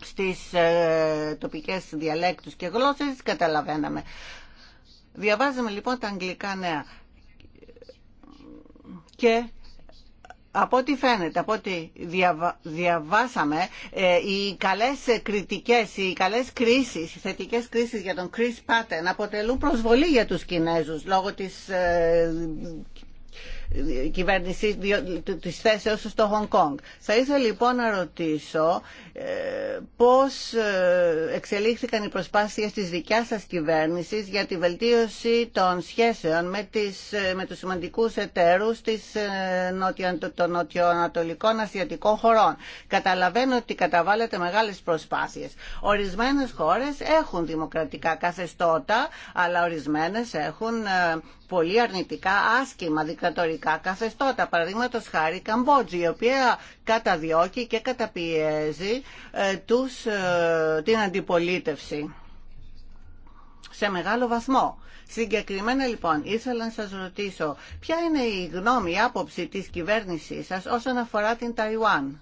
στις ε, τοπικές διαλέκτους και γλώσσες καταλαβαίναμε. Διαβάζαμε λοιπόν τα αγγλικά νέα και από ό,τι φαίνεται, από ό,τι διαβάσαμε, ε, οι καλές κριτικές, οι καλές κρίσεις, οι θετικές κρίσεις για τον Chris να αποτελούν προσβολή για τους Κινέζους λόγω της ε, κυβέρνηση της θέσεως στο Χονγκ Κόνγκ. Θα ήθελα λοιπόν να ρωτήσω ε, πώς ε, εξελίχθηκαν οι προσπάθειες της δικιάς σας κυβέρνησης για τη βελτίωση των σχέσεων με, τις, ε, με τους σημαντικούς εταίρους της, των νοτιοανατολικών ασιατικών χωρών. Καταλαβαίνω ότι καταβάλλετε μεγάλες προσπάθειες. Ορισμένες χώρες έχουν δημοκρατικά καθεστώτα, αλλά ορισμένες έχουν πολύ αρνητικά άσχημα δικτατορικά ιστορικά καθεστώτα. Παραδείγματος χάρη Καμπότζη, η οποία καταδιώκει και καταπιέζει ε, τους, ε, την αντιπολίτευση σε μεγάλο βαθμό. Συγκεκριμένα λοιπόν ήθελα να σας ρωτήσω ποια είναι η γνώμη, η άποψη της κυβέρνησής σας όσον αφορά την Ταϊουάν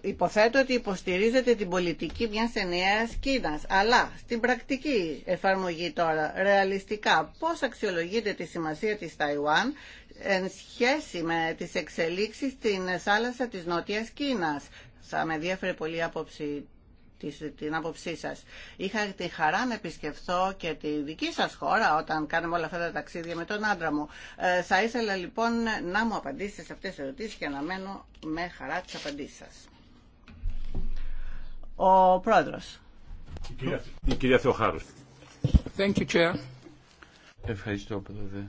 υποθέτω ότι υποστηρίζεται την πολιτική μια ενιαία Κίνα. αλλά στην πρακτική εφαρμογή τώρα, ρεαλιστικά, πώς αξιολογείται τη σημασία της Ταϊουάν εν σχέση με τις εξελίξεις στην θάλασσα της Νότιας Κίνας. Θα με ενδιαφέρει πολύ η άποψη την άποψή σα. Είχα τη χαρά να επισκεφθώ και τη δική σας χώρα όταν κάνουμε όλα αυτά τα ταξίδια με τον άντρα μου. Ε, θα ήθελα λοιπόν να μου απαντήσετε σε αυτές τις ερωτήσεις και μένω με χαρά τι απαντήσει σα. Ο πρόεδρο. Η κυρία, Θεοχάρου. Thank you, Chair. Ευχαριστώ, πρόεδρε.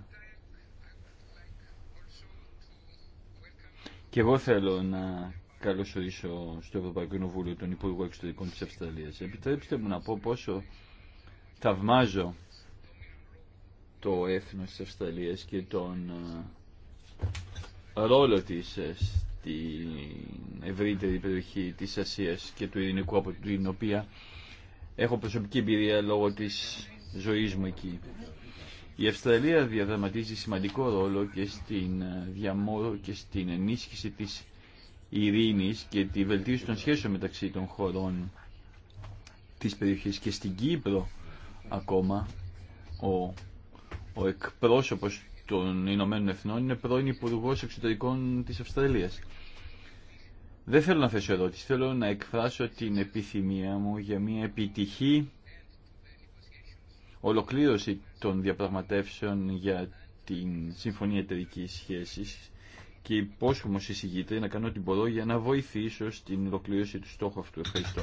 Και εγώ θέλω να ορίσω στο Ευρωπαϊκό Κοινοβούλιο τον Υπουργό Εξωτερικών της Αυστραλίας. Επιτρέψτε μου να πω πόσο θαυμάζω το έθνο της Αυστραλίας και τον ε, ρόλο της ε, στην ευρύτερη περιοχή της Ασίας και του Ειρηνικού από την οποία έχω προσωπική εμπειρία λόγω της ζωής μου εκεί. Η Αυστραλία διαδραματίζει σημαντικό ρόλο και στην, ε, διαμόρφωση και στην ενίσχυση της και τη βελτίωση των σχέσεων μεταξύ των χωρών της περιοχής και στην Κύπρο ακόμα ο, ο εκπρόσωπος των Ηνωμένων Εθνών είναι πρώην Υπουργό Εξωτερικών της Αυστραλίας. Δεν θέλω να θέσω ερώτηση, θέλω να εκφράσω την επιθυμία μου για μια επιτυχή ολοκλήρωση των διαπραγματεύσεων για την Συμφωνία Εταιρικής Σχέσης και υπόσχομαι ως εισηγήτρια να κάνω ό,τι μπορώ για να βοηθήσω στην ολοκλήρωση του στόχου αυτού. Ευχαριστώ.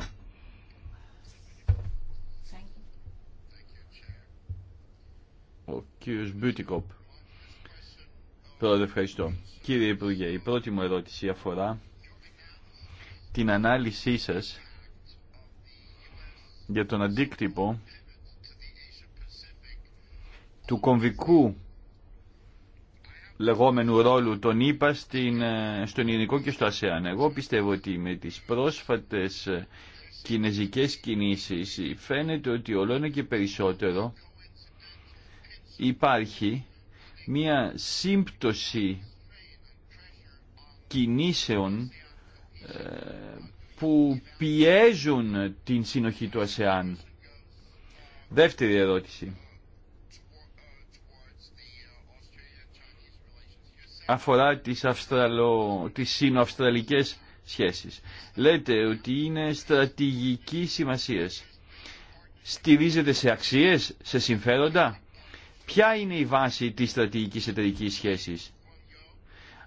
Ο κύριος Μπιουτικόπ. Πρόεδρε, ευχαριστώ. Κύριε Υπουργέ, η πρώτη μου ερώτηση αφορά την ανάλυση σας για τον αντίκτυπο του κομβικού λεγόμενου ρόλου τον είπα στην, ε, στον Ειρηνικό και στο ΑΣΕΑΝ. Εγώ πιστεύω ότι με τις πρόσφατες ε, κινέζικες κινήσεις φαίνεται ότι ολόνα και περισσότερο υπάρχει μία σύμπτωση κινήσεων ε, που πιέζουν την συνοχή του ΑΣΕΑΝ. Δεύτερη ερώτηση. αφορά τις, Αυστραλο... τις σύνοαυστραλικές σχέσεις. Λέτε ότι είναι στρατηγική σημασία. Στηρίζεται σε αξίες, σε συμφέροντα. Ποια είναι η βάση της στρατηγικής εταιρικής σχέσης.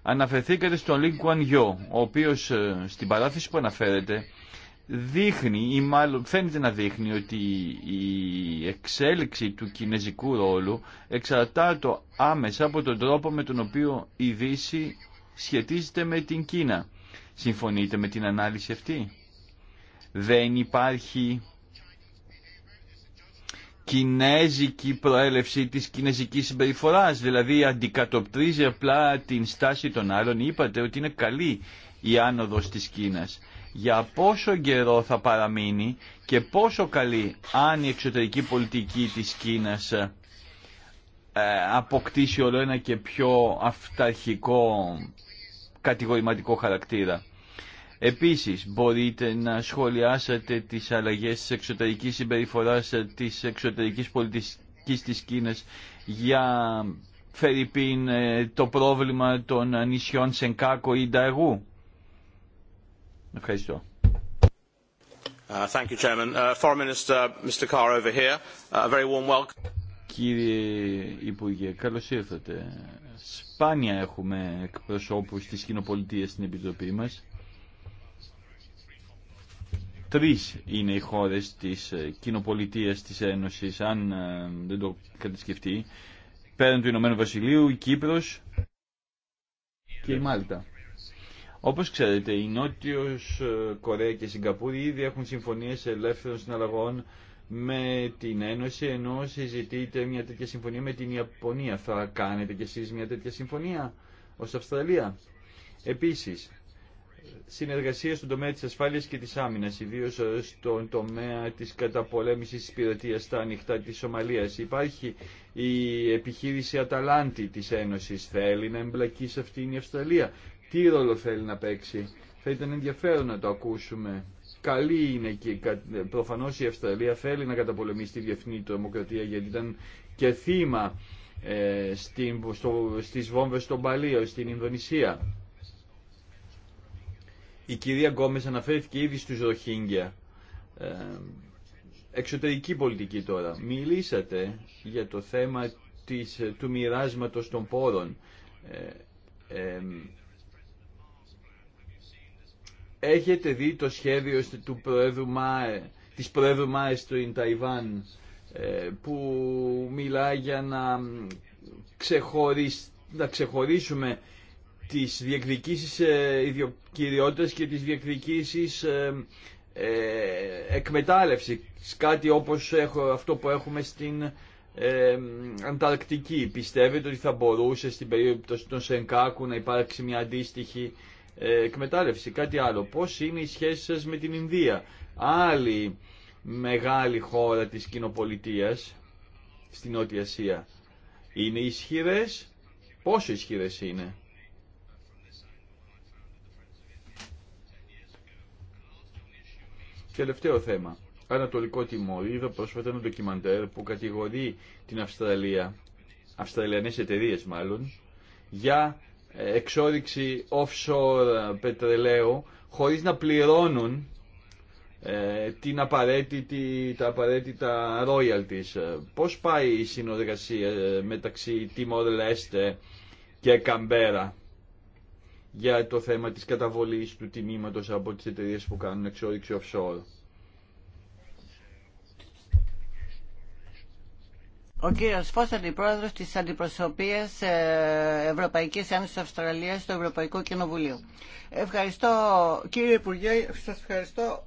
Αναφερθήκατε στον Κουαν Γιο, ο οποίος ε, στην παράθεση που αναφέρεται δείχνει ή μάλλον φαίνεται να δείχνει ότι η εξέλιξη του κινέζικου ρόλου εξαρτάται άμεσα από τον τρόπο με τον οποίο η Δύση σχετίζεται με την Κίνα. Συμφωνείτε με την ανάλυση αυτή. Δεν υπάρχει κινέζικη προέλευση της κινέζικης συμπεριφορά, δηλαδή αντικατοπτρίζει απλά την στάση των άλλων. Είπατε ότι είναι καλή η άνοδος της Κίνας για πόσο καιρό θα παραμείνει και πόσο καλή αν η εξωτερική πολιτική της Κίνας ε, αποκτήσει όλο ένα και πιο αυταρχικό κατηγορηματικό χαρακτήρα. Επίσης, μπορείτε να σχολιάσετε τις αλλαγές της εξωτερικής συμπεριφοράς ε, της εξωτερικής πολιτικής της Κίνας για φερειπίν ε, το πρόβλημα των νησιών Σενκάκο ή Νταεγού. Ευχαριστώ. Κύριε Υπουργέ, καλώς ήρθατε. Σπάνια έχουμε εκπροσώπους της κοινοπολιτείας στην Επιτροπή μας. Τρεις είναι οι χώρες της κοινοπολιτείας της Ένωσης, αν ε, δεν το κατασκεφτεί. Πέραν του Ηνωμένου Βασιλείου, η Κύπρος και η Μάλτα. Όπως ξέρετε, η Νότιος ε, Κορέα και η Σιγκαπούρη ήδη έχουν συμφωνίες ελεύθερων συναλλαγών με την Ένωση, ενώ συζητείτε μια τέτοια συμφωνία με την Ιαπωνία. Θα κάνετε κι εσείς μια τέτοια συμφωνία ως Αυστραλία. Επίσης, συνεργασία στον τομέα της ασφάλειας και της άμυνας, ιδίω ε, στον τομέα της καταπολέμησης της πειρατεία στα ανοιχτά της Σομαλίας. Υπάρχει η επιχείρηση Αταλάντη της Ένωσης. Θέλει να εμπλακεί σε αυτήν η Αυστραλία τι ρόλο θέλει να παίξει. Θα ήταν ενδιαφέρον να το ακούσουμε. Καλή είναι και προφανώς η Αυστραλία θέλει να καταπολεμήσει τη διεθνή τρομοκρατία γιατί ήταν και θύμα ε, στην, στο, στις βόμβες στον Παλίο, στην Ινδονησία. Η κυρία Γκόμες αναφέρθηκε ήδη στους Ροχίνγκια. Ε, εξωτερική πολιτική τώρα. Μιλήσατε για το θέμα της, του μοιράσματο των πόρων. Ε, ε Έχετε δει το σχέδιο του Προέδρου Μάε, της Προέδρου Μάε στο Ινταϊβάν ε, που μιλάει για να, ξεχωρίσουμε τις διεκδικήσεις ε, ιδιοκυριότητας και τις διεκδικήσεις ε, εκμετάλλευση κάτι όπως αυτό που έχουμε στην Ανταρκτική. Πιστεύετε ότι θα μπορούσε στην περίπτωση των Σενκάκου να υπάρξει μια αντίστοιχη εκμετάλλευση. Κάτι άλλο, πώς είναι οι σχέσεις σα με την Ινδία. Άλλη μεγάλη χώρα της κοινοπολιτεία στην Νότια Ασία. Είναι ισχυρε πόσο ισχυρε είναι. Τελευταίο θέμα. Ανατολικό Τιμόρ. Είδα πρόσφατα ένα ντοκιμαντέρ που κατηγορεί την Αυστραλία, αυστραλιανές εταιρείε μάλλον, για εξόριξη offshore ε, πετρελαίου χωρίς να πληρώνουν ε, την απαραίτητη, τα απαραίτητα royalties. Ε, πώς πάει η συνεργασία μεταξύ Timor Leste και Καμπέρα για το θέμα της καταβολής του τιμήματος από τις εταιρείε που κάνουν εξόριξη offshore. Ο κύριος Φως, αντιπρόεδρος τη Αντιπροσωπείας ε, Ευρωπαϊκής Ένωσης Αυστραλίας του ευρωπαϊκό Κοινοβουλίου. Ευχαριστώ κύριε Υπουργέ, σας ευχαριστώ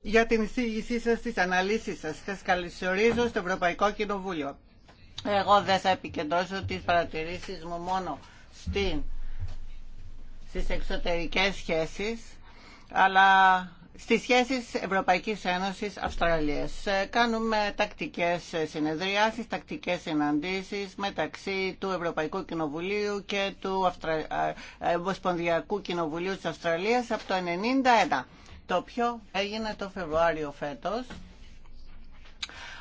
για την εισήγησή σας, τις αναλύσεις σας. Σας καλωσορίζω στο Ευρωπαϊκό Κοινοβούλιο. Εγώ δεν θα επικεντρώσω τις παρατηρήσεις μου μόνο στην, στις εξωτερικές σχέσεις, αλλά στις σχέσεις Ευρωπαϊκής Ένωσης Αυστραλίας. Ε, κάνουμε τακτικές συνεδριάσεις, τακτικές συναντήσεις μεταξύ του Ευρωπαϊκού Κοινοβουλίου και του Αυστρα... Ε, ε, Κοινοβουλίου της Αυστραλίας από το 1991. Το πιο έγινε το Φεβρουάριο φέτος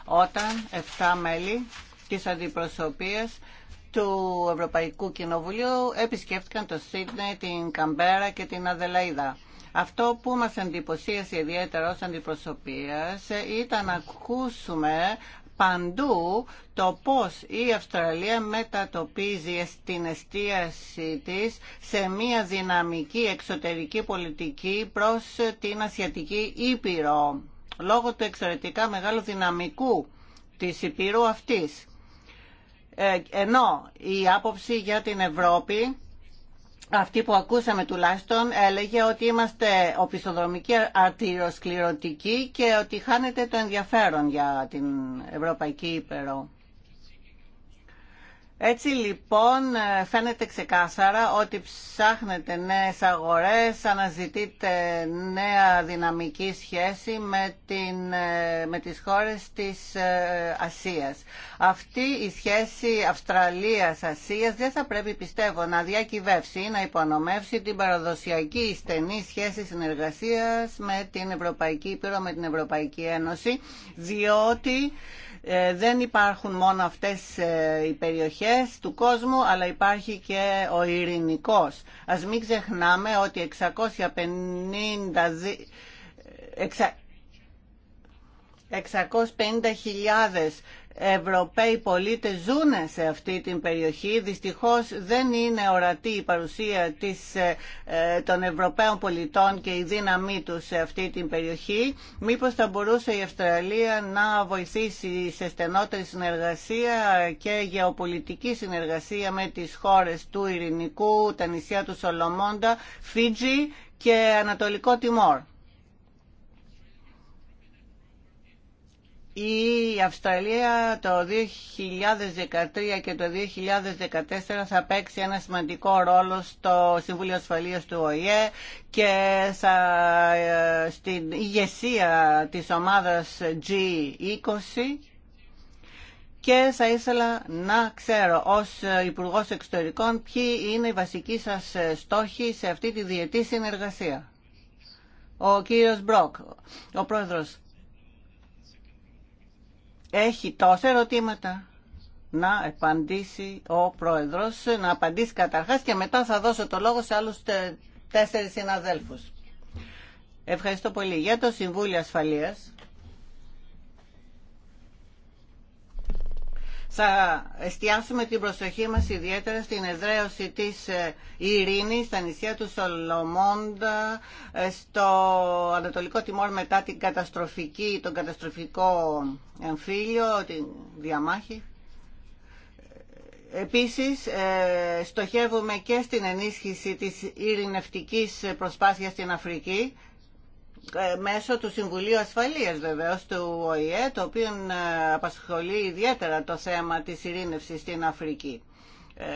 όταν 7 μέλη της αντιπροσωπείας του Ευρωπαϊκού Κοινοβουλίου επισκέφτηκαν το Σίδνεϊ, την Καμπέρα και την Αδελαίδα. Αυτό που μας εντυπωσίασε ιδιαίτερα ως αντιπροσωπείας ήταν να ακούσουμε παντού το πώς η Αυστραλία μετατοπίζει την εστίαση της σε μια δυναμική εξωτερική πολιτική προς την Ασιατική Ήπειρο λόγω του εξαιρετικά μεγάλου δυναμικού της Ήπειρου αυτής. Ε, ενώ η άποψη για την Ευρώπη αυτή που ακούσαμε τουλάχιστον έλεγε ότι είμαστε οπισθοδρομικοί αρτηροσκληρωτικοί και ότι χάνεται το ενδιαφέρον για την Ευρωπαϊκή Ήπερο. Έτσι λοιπόν ε, φαίνεται ξεκάθαρα ότι ψάχνετε νέες αγορές, αναζητείτε νέα δυναμική σχέση με, την, ε, με τις χώρες της ε, Ασίας. Αυτή η σχέση Αυστραλίας-Ασίας δεν θα πρέπει πιστεύω να διακυβεύσει ή να υπονομεύσει την παραδοσιακή στενή σχέση συνεργασίας με την Ευρωπαϊκή Ήπειρο, με την Ευρωπαϊκή Ένωση, διότι ε, δεν υπάρχουν μόνο αυτές ε, οι περιοχές του κόσμου, αλλά υπάρχει και ο ειρηνικός. Ας μην ξεχνάμε ότι 650 650.000 Ευρωπαίοι πολίτες ζουν σε αυτή την περιοχή. Δυστυχώς δεν είναι ορατή η παρουσία της, ε, των Ευρωπαίων πολιτών και η δύναμή τους σε αυτή την περιοχή. Μήπως θα μπορούσε η Αυστραλία να βοηθήσει σε στενότερη συνεργασία και γεωπολιτική συνεργασία με τις χώρες του Ειρηνικού, τα νησιά του Σολομόντα, Φίτζι και Ανατολικό Τιμόρ. Η Αυστραλία το 2013 και το 2014 θα παίξει ένα σημαντικό ρόλο στο Συμβούλιο Ασφαλείας του ΟΗΕ και ε, στην ηγεσία της ομάδας G20 και θα ήθελα να ξέρω ως υπουργό Εξωτερικών ποιοι είναι οι βασικοί σας στόχοι σε αυτή τη διετή συνεργασία. Ο κύριος Μπροκ, ο πρόεδρος έχει τόσα ερωτήματα να απαντήσει ο Πρόεδρος, να απαντήσει καταρχάς και μετά θα δώσω το λόγο σε άλλους τέσσερις συναδέλφους. Ευχαριστώ πολύ. Για το Συμβούλιο Ασφαλείας θα εστιάσουμε την προσοχή μας ιδιαίτερα στην εδραίωση της ε, ειρήνης στα νησιά του Σολομόντα, ε, στο Ανατολικό Τιμόρ μετά την καταστροφική, τον καταστροφικό εμφύλιο, την διαμάχη. Επίσης, ε, στοχεύουμε και στην ενίσχυση της ειρηνευτικής προσπάθειας στην Αφρική ε, μέσω του Συμβουλίου Ασφαλείας βεβαίως του ΟΗΕ, το οποίο ε, απασχολεί ιδιαίτερα το θέμα της ειρήνευσης στην Αφρική. Ε,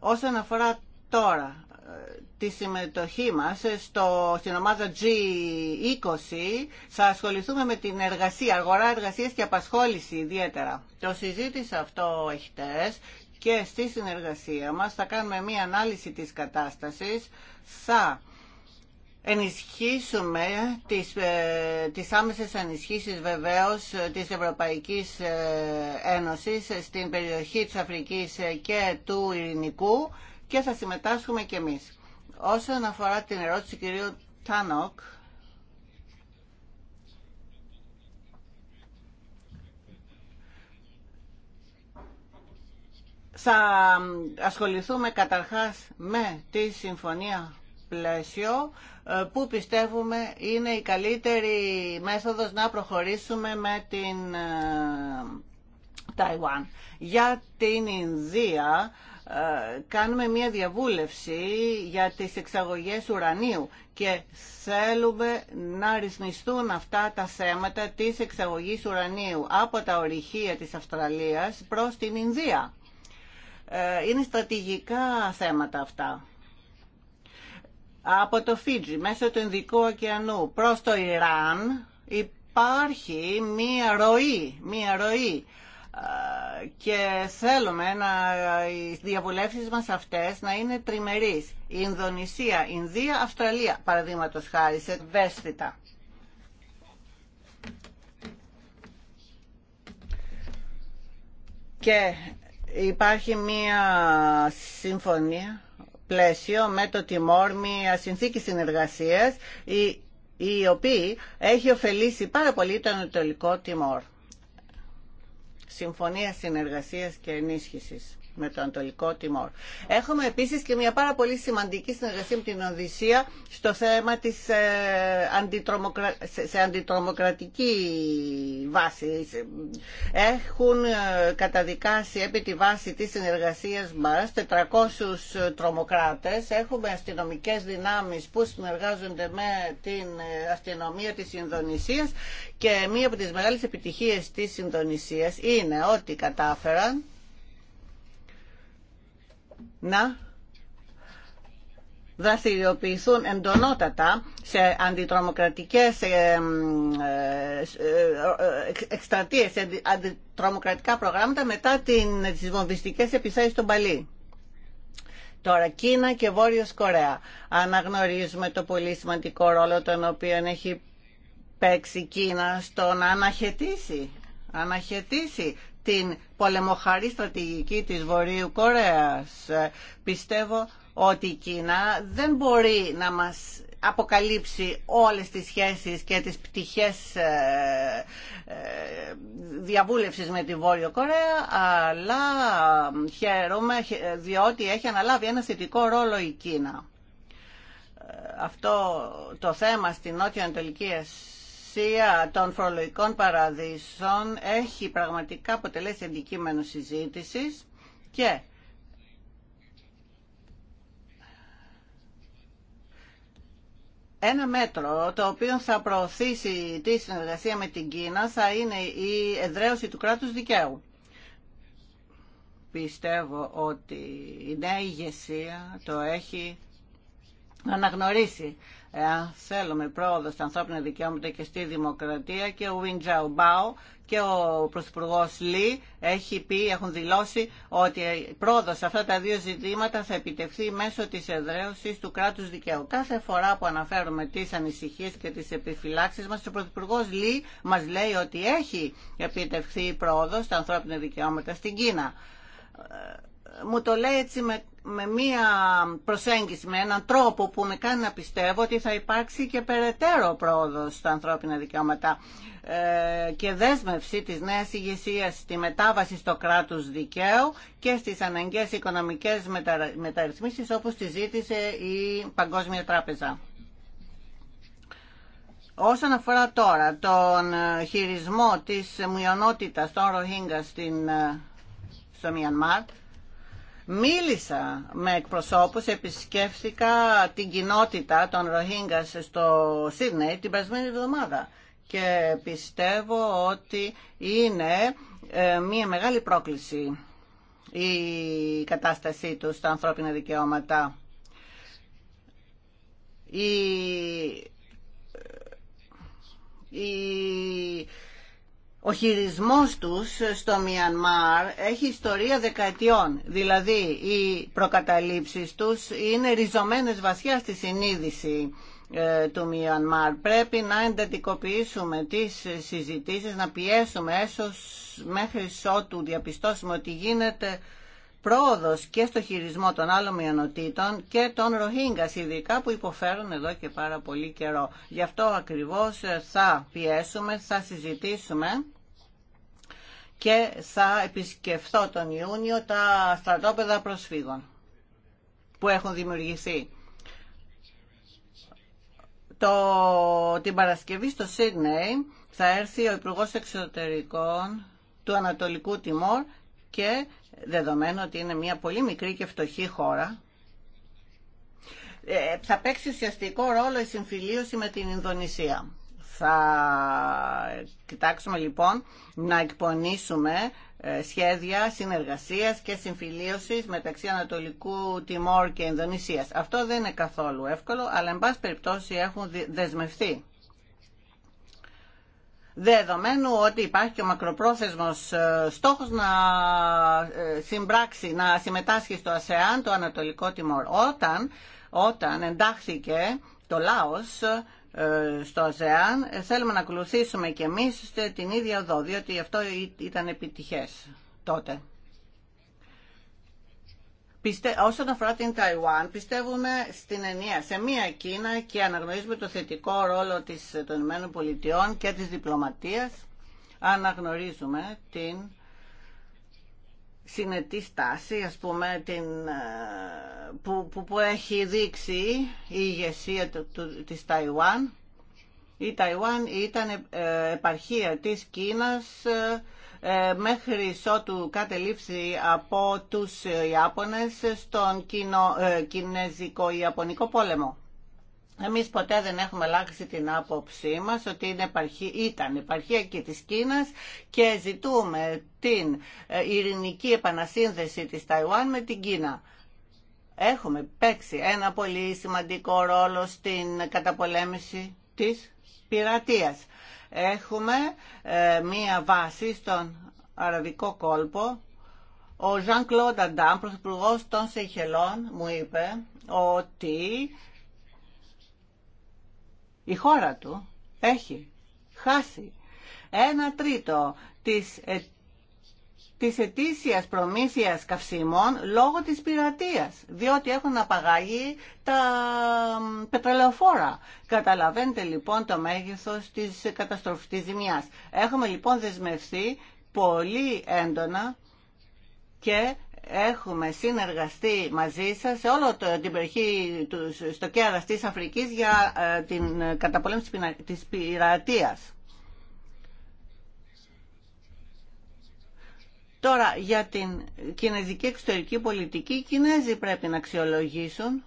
όσον αφορά τώρα ε, τη συμμετοχή μας στο, στην ομάδα G20 θα ασχοληθούμε με την εργασία, αγορά εργασίας και απασχόληση ιδιαίτερα. Το συζήτησα αυτό εχθές και στη συνεργασία μας θα κάνουμε μία ανάλυση της κατάστασης. Θα ενισχύσουμε τις, ε, τις άμεσες ενισχύσεις βεβαίως της Ευρωπαϊκής ε, Ένωσης στην περιοχή της Αφρικής ε, και του Ειρηνικού και θα συμμετάσχουμε και εμείς. Όσον αφορά την ερώτηση του κυρίου Τάνοκ, θα ασχοληθούμε καταρχάς με τη Συμφωνία πλαίσιο ε, που πιστεύουμε είναι η καλύτερη μέθοδος να προχωρήσουμε με την ε, Ταϊουάν. Για την Ινδία ε, κάνουμε μια διαβούλευση για τις εξαγωγές ουρανίου και θέλουμε να ρυθμιστούν αυτά τα θέματα της εξαγωγής ουρανίου από τα ορυχεία της Αυστραλίας προς την Ινδία. Είναι στρατηγικά θέματα αυτά από το Φίτζι μέσω του Ινδικού ωκεανού προς το Ιράν υπάρχει μία ροή, μία ροή και θέλουμε να, οι διαβουλεύσεις μας αυτές να είναι τριμερείς. Η Ινδονησία, Ινδία, Αυστραλία, παραδείγματο χάρη σε βέστητα. Και υπάρχει μία συμφωνία πλαίσιο με το τιμόρ μια συνθήκη συνεργασίας η, η οποία έχει ωφελήσει πάρα πολύ το ανατολικό τιμόρ. Συμφωνία συνεργασίας και ενίσχυσης με το Ανατολικό Τιμόρ. Έχουμε επίσης και μια πάρα πολύ σημαντική συνεργασία με την Οδυσσία στο θέμα της ε, αντιτρομοκρατική βάση. Έχουν ε, καταδικάσει επί τη βάση της συνεργασίας μας 400 τρομοκράτες. Έχουμε αστυνομικές δυνάμεις που συνεργάζονται με την ε, αστυνομία της Ινδονησίας και μία από τις μεγάλες επιτυχίες της Ινδονησίας είναι ότι κατάφεραν να δραστηριοποιηθούν εντονότατα σε αντιτρομοκρατικές ε, ε, ε, εκστρατείες, σε αντιτρομοκρατικά προγράμματα μετά τις βομβιστικές επιθέσεις στον Παλί. Τώρα, Κίνα και Βόρειος Κορέα. Αναγνωρίζουμε το πολύ σημαντικό ρόλο τον οποίο έχει παίξει Κίνα στο να αναχαιτήσει, αναχαιτήσει την πολεμοχαρή στρατηγική της Βορείου Κορέας. Ε, πιστεύω ότι η Κίνα δεν μπορεί να μας αποκαλύψει όλες τις σχέσεις και τις πτυχές ε, ε, διαβούλευσης με τη Βόρειο Κορέα, αλλά χαίρομαι διότι έχει αναλάβει ένα θετικό ρόλο η Κίνα. Αυτό το θέμα στην Νότια Ανατολική σημασία των φορολογικών παραδείσων έχει πραγματικά αποτελέσει αντικείμενο συζήτησης και Ένα μέτρο το οποίο θα προωθήσει τη συνεργασία με την Κίνα θα είναι η εδραίωση του κράτους δικαίου. Πιστεύω ότι η νέα ηγεσία το έχει αναγνωρίσει. Εάν θέλουμε πρόοδο στα ανθρώπινα δικαιώματα και στη δημοκρατία και ο Βίντζαου Τζαουμπάου και ο Πρωθυπουργό Λί έχει πει, έχουν δηλώσει ότι πρόοδο σε αυτά τα δύο ζητήματα θα επιτευχθεί μέσω τη εδραίωση του κράτου δικαίου. Κάθε φορά που αναφέρουμε τι ανησυχίε και τι επιφυλάξει μα, ο Πρωθυπουργό Λί μα λέει ότι έχει επιτευχθεί πρόοδο στα ανθρώπινα δικαιώματα στην Κίνα. Ε, μου το λέει έτσι με με μία προσέγγιση, με έναν τρόπο που με κάνει να πιστεύω ότι θα υπάρξει και περαιτέρω πρόοδος στα ανθρώπινα δικαιώματα ε, και δέσμευση της νέας ηγεσία στη μετάβαση στο κράτος δικαίου και στις αναγκαίες οικονομικές μεταρρυθμίσεις όπως τη ζήτησε η Παγκόσμια Τράπεζα. Όσον αφορά τώρα τον ε, χειρισμό της μειονότητας των Ροχίνγκα στην, ε, στο Μιανμάρ, Μίλησα με εκπροσώπους, επισκέφθηκα την κοινότητα των Ροχίνγκας στο Σίδνεϊ την περασμένη εβδομάδα και πιστεύω ότι είναι ε, μία μεγάλη πρόκληση η κατάστασή του στα ανθρώπινα δικαιώματα. Η, η ο χειρισμός τους στο Μιανμάρ έχει ιστορία δεκαετιών. Δηλαδή οι προκαταλήψεις τους είναι ριζωμένες βασιά στη συνείδηση ε, του Μιανμάρ. Πρέπει να εντατικοποιήσουμε τις συζητήσεις, να πιέσουμε έσως μέχρι ότου διαπιστώσουμε ότι γίνεται πρόοδος και στο χειρισμό των άλλων μειονοτήτων και των Ροχίνγκας, ειδικά που υποφέρουν εδώ και πάρα πολύ καιρό. Γι' αυτό ακριβώς θα πιέσουμε, θα συζητήσουμε και θα επισκεφθώ τον Ιούνιο τα στρατόπεδα προσφύγων που έχουν δημιουργηθεί. Το, την Παρασκευή στο Σίδνεϊ θα έρθει ο Υπουργό Εξωτερικών του Ανατολικού Τιμόρ και δεδομένου ότι είναι μια πολύ μικρή και φτωχή χώρα ε, θα παίξει ουσιαστικό ρόλο η συμφιλίωση με την Ινδονησία. Θα κοιτάξουμε λοιπόν να εκπονήσουμε ε, σχέδια συνεργασίας και συμφιλίωσης μεταξύ Ανατολικού Τιμόρ και Ινδονησίας. Αυτό δεν είναι καθόλου εύκολο, αλλά εν πάση περιπτώσει έχουν δεσμευθεί. Δεδομένου ότι υπάρχει και ο μακροπρόθεσμος ε, στόχος να ε, συμπράξει, να συμμετάσχει στο ΑΣΕΑΝ το Ανατολικό Τιμόρ. Όταν, όταν εντάχθηκε το Λάος στο ΑΖΕΑΝ, θέλουμε να ακολουθήσουμε και εμείς την ίδια οδό, διότι αυτό ήταν επιτυχές τότε. Πιστε... Όσον αφορά την Ταϊουάν, πιστεύουμε στην ενία, σε μία Κίνα και αναγνωρίζουμε το θετικό ρόλο της, των ΗΠΑ και της διπλωματίας. Αναγνωρίζουμε την συνετή στάση, ας πούμε, την, ε, που, που, που έχει δείξει η ηγεσία του, της Ταϊουάν. Η Ταϊουάν ήταν ε, επαρχία της Κίνας ε, μέχρι ότου κατελήψει από τους Ιάπωνες στον Κινέζικο-Ιαπωνικό πόλεμο. Εμείς ποτέ δεν έχουμε αλλάξει την άποψή μας ότι είναι ήταν επαρχία και της Κίνας και ζητούμε την ε, ειρηνική επανασύνδεση της Ταϊουάν με την Κίνα. Έχουμε παίξει ένα πολύ σημαντικό ρόλο στην καταπολέμηση της πειρατείας. Έχουμε ε, μία βάση στον αραβικό κόλπο. Ο Ζαν Κλόντ Αντάμ, πρωθυπουργός των Σεχελών, μου είπε ότι η χώρα του έχει χάσει ένα τρίτο της, ε, της ετήσιας προμήθειας καυσίμων λόγω της πειρατείας, διότι έχουν απαγάγει τα πετρελαιοφόρα. Καταλαβαίνετε λοιπόν το μέγεθος της καταστροφής ζημιάς. Έχουμε λοιπόν δεσμευθεί πολύ έντονα και έχουμε συνεργαστεί μαζί σας σε όλο το, την περιοχή του, στο κέρα της Αφρικής για ε, την καταπολέμηση της πειρατείας. Τώρα για την κινέζικη εξωτερική πολιτική, οι Κινέζοι πρέπει να αξιολογήσουν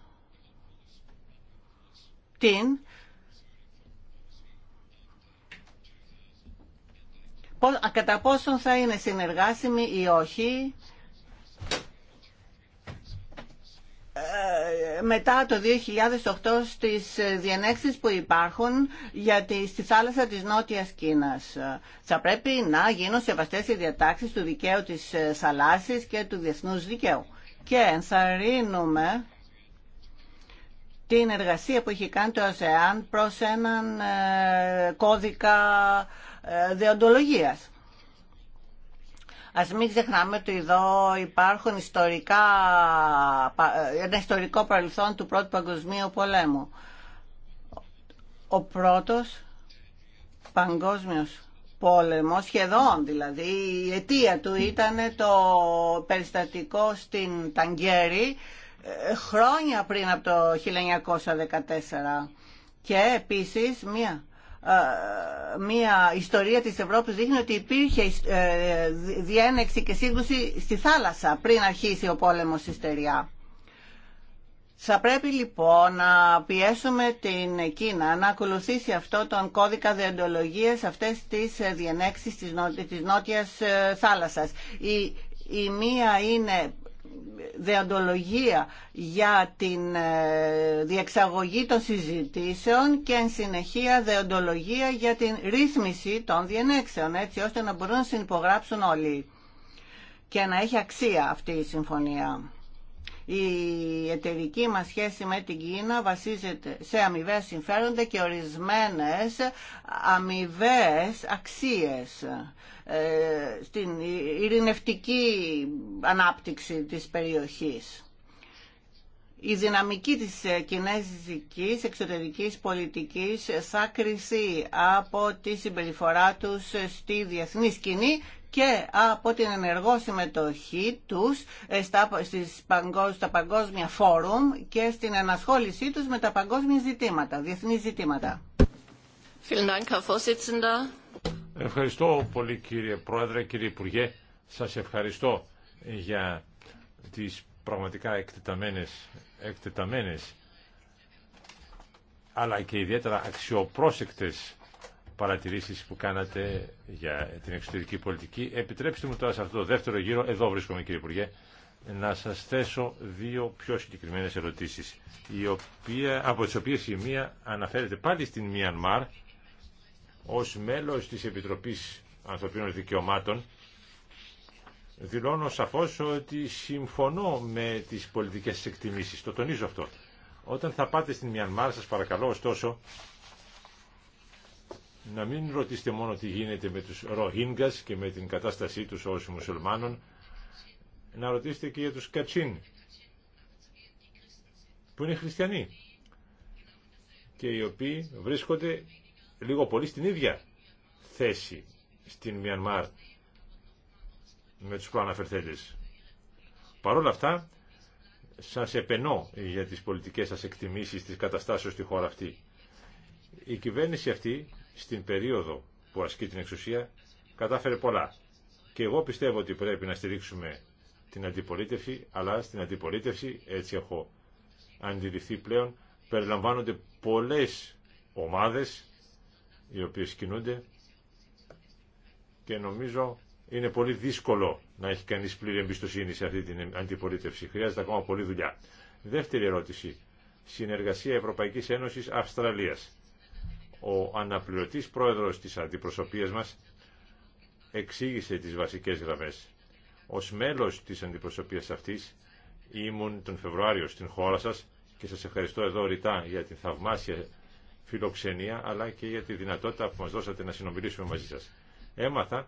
την κατά πόσον θα είναι συνεργάσιμη ή όχι μετά το 2008 στις διενέξεις που υπάρχουν για τη, στη θάλασσα της Νότιας Κίνας. Θα πρέπει να γίνουν σεβαστές οι διατάξεις του δικαίου της ε, θαλάσσης και του διεθνούς δικαίου. Και ενθαρρύνουμε την εργασία που έχει κάνει το ΑΣΕΑΝ προς έναν ε, κώδικα ε, δεοντολογίας. Ας μην ξεχνάμε ότι εδώ υπάρχουν ιστορικά, ένα ιστορικό παρελθόν του Πρώτου Παγκοσμίου Πολέμου. Ο πρώτος παγκόσμιος πόλεμος, σχεδόν δηλαδή, η αιτία του ήταν το περιστατικό στην Ταγκέρη ε, χρόνια πριν από το 1914 και επίσης μία ε, μία ιστορία της Ευρώπης δείχνει ότι υπήρχε ε, διένεξη και σύγκρουση στη θάλασσα πριν αρχίσει ο πόλεμος στη στεριά. Θα πρέπει λοιπόν να πιέσουμε την Κίνα να ακολουθήσει αυτό τον κώδικα διοντολογίας αυτές τις ε, διενέξεις της, νότιας θάλασσας. Η, η μία είναι δεοντολογία για την ε, διεξαγωγή των συζητήσεων και εν συνεχεία δεοντολογία για την ρύθμιση των διενέξεων έτσι ώστε να μπορούν να συνυπογράψουν όλοι και να έχει αξία αυτή η συμφωνία. Η εταιρική μας σχέση με την Κίνα βασίζεται σε αμοιβέ συμφέροντα και ορισμένες αμοιβέ αξίες ε, στην ειρηνευτική ανάπτυξη της περιοχής η δυναμική της κινέζικης εξωτερικής πολιτικής θα από τη συμπεριφορά τους στη διεθνή σκηνή και από την ενεργό συμμετοχή τους στα, στις, παγκόσμια φόρουμ και στην ενασχόλησή τους με τα παγκόσμια ζητήματα, διεθνή ζητήματα. Ευχαριστώ πολύ κύριε Πρόεδρε, κύριε Υπουργέ. Σας ευχαριστώ για τις πραγματικά εκτεταμένες εκτεταμένες αλλά και ιδιαίτερα αξιοπρόσεκτες παρατηρήσεις που κάνατε για την εξωτερική πολιτική. Επιτρέψτε μου τώρα σε αυτό το δεύτερο γύρο, εδώ βρίσκομαι κύριε Υπουργέ, να σας θέσω δύο πιο συγκεκριμένες ερωτήσεις, η οποία, από τις οποίες η μία αναφέρεται πάλι στην Μιανμάρ ως μέλος της Επιτροπής Ανθρωπίνων Δικαιωμάτων δηλώνω σαφώς ότι συμφωνώ με τις πολιτικές εκτιμήσεις. Το τονίζω αυτό. Όταν θα πάτε στην Μιανμάρ, σας παρακαλώ ωστόσο, να μην ρωτήσετε μόνο τι γίνεται με τους Ροχίνγκας και με την κατάστασή τους ως μουσουλμάνων, να ρωτήσετε και για τους Κατσίν, που είναι χριστιανοί και οι οποίοι βρίσκονται λίγο πολύ στην ίδια θέση στην Μιανμάρ με τους προαναφερθέντες. Παρ' όλα αυτά, σας επενώ για τις πολιτικές σας εκτιμήσεις της καταστάσεως στη χώρα αυτή. Η κυβέρνηση αυτή, στην περίοδο που ασκεί την εξουσία, κατάφερε πολλά. Και εγώ πιστεύω ότι πρέπει να στηρίξουμε την αντιπολίτευση, αλλά στην αντιπολίτευση, έτσι έχω αντιληφθεί πλέον, περιλαμβάνονται πολλές ομάδες οι οποίες κινούνται και νομίζω είναι πολύ δύσκολο να έχει κανείς πλήρη εμπιστοσύνη σε αυτή την αντιπολίτευση. Χρειάζεται ακόμα πολύ δουλειά. Δεύτερη ερώτηση. Συνεργασία Ευρωπαϊκής Ένωσης Αυστραλίας. Ο αναπληρωτής πρόεδρος της αντιπροσωπείας μας εξήγησε τις βασικές γραμμές. Ως μέλος της αντιπροσωπείας αυτής ήμουν τον Φεβρουάριο στην χώρα σας και σας ευχαριστώ εδώ ρητά για την θαυμάσια φιλοξενία αλλά και για τη δυνατότητα που μα δώσατε να συνομιλήσουμε μαζί σας. Έμαθα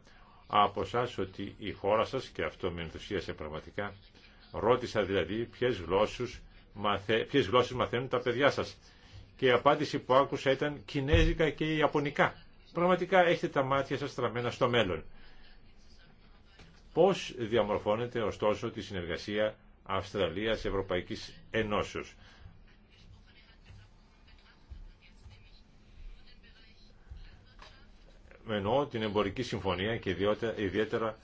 από εσά ότι η χώρα σας, και αυτό με ενθουσίασε πραγματικά, ρώτησα δηλαδή ποιες γλώσσες, γλώσσες μαθαίνουν τα παιδιά σας. Και η απάντηση που άκουσα ήταν κινέζικα και ιαπωνικά. Πραγματικά έχετε τα μάτια σας στραμμένα στο μέλλον. Πώς διαμορφώνεται ωστόσο τη συνεργασία Αυστραλίας Ευρωπαϊκής Ενώσεως. εννοώ την εμπορική συμφωνία και ιδιαίτερα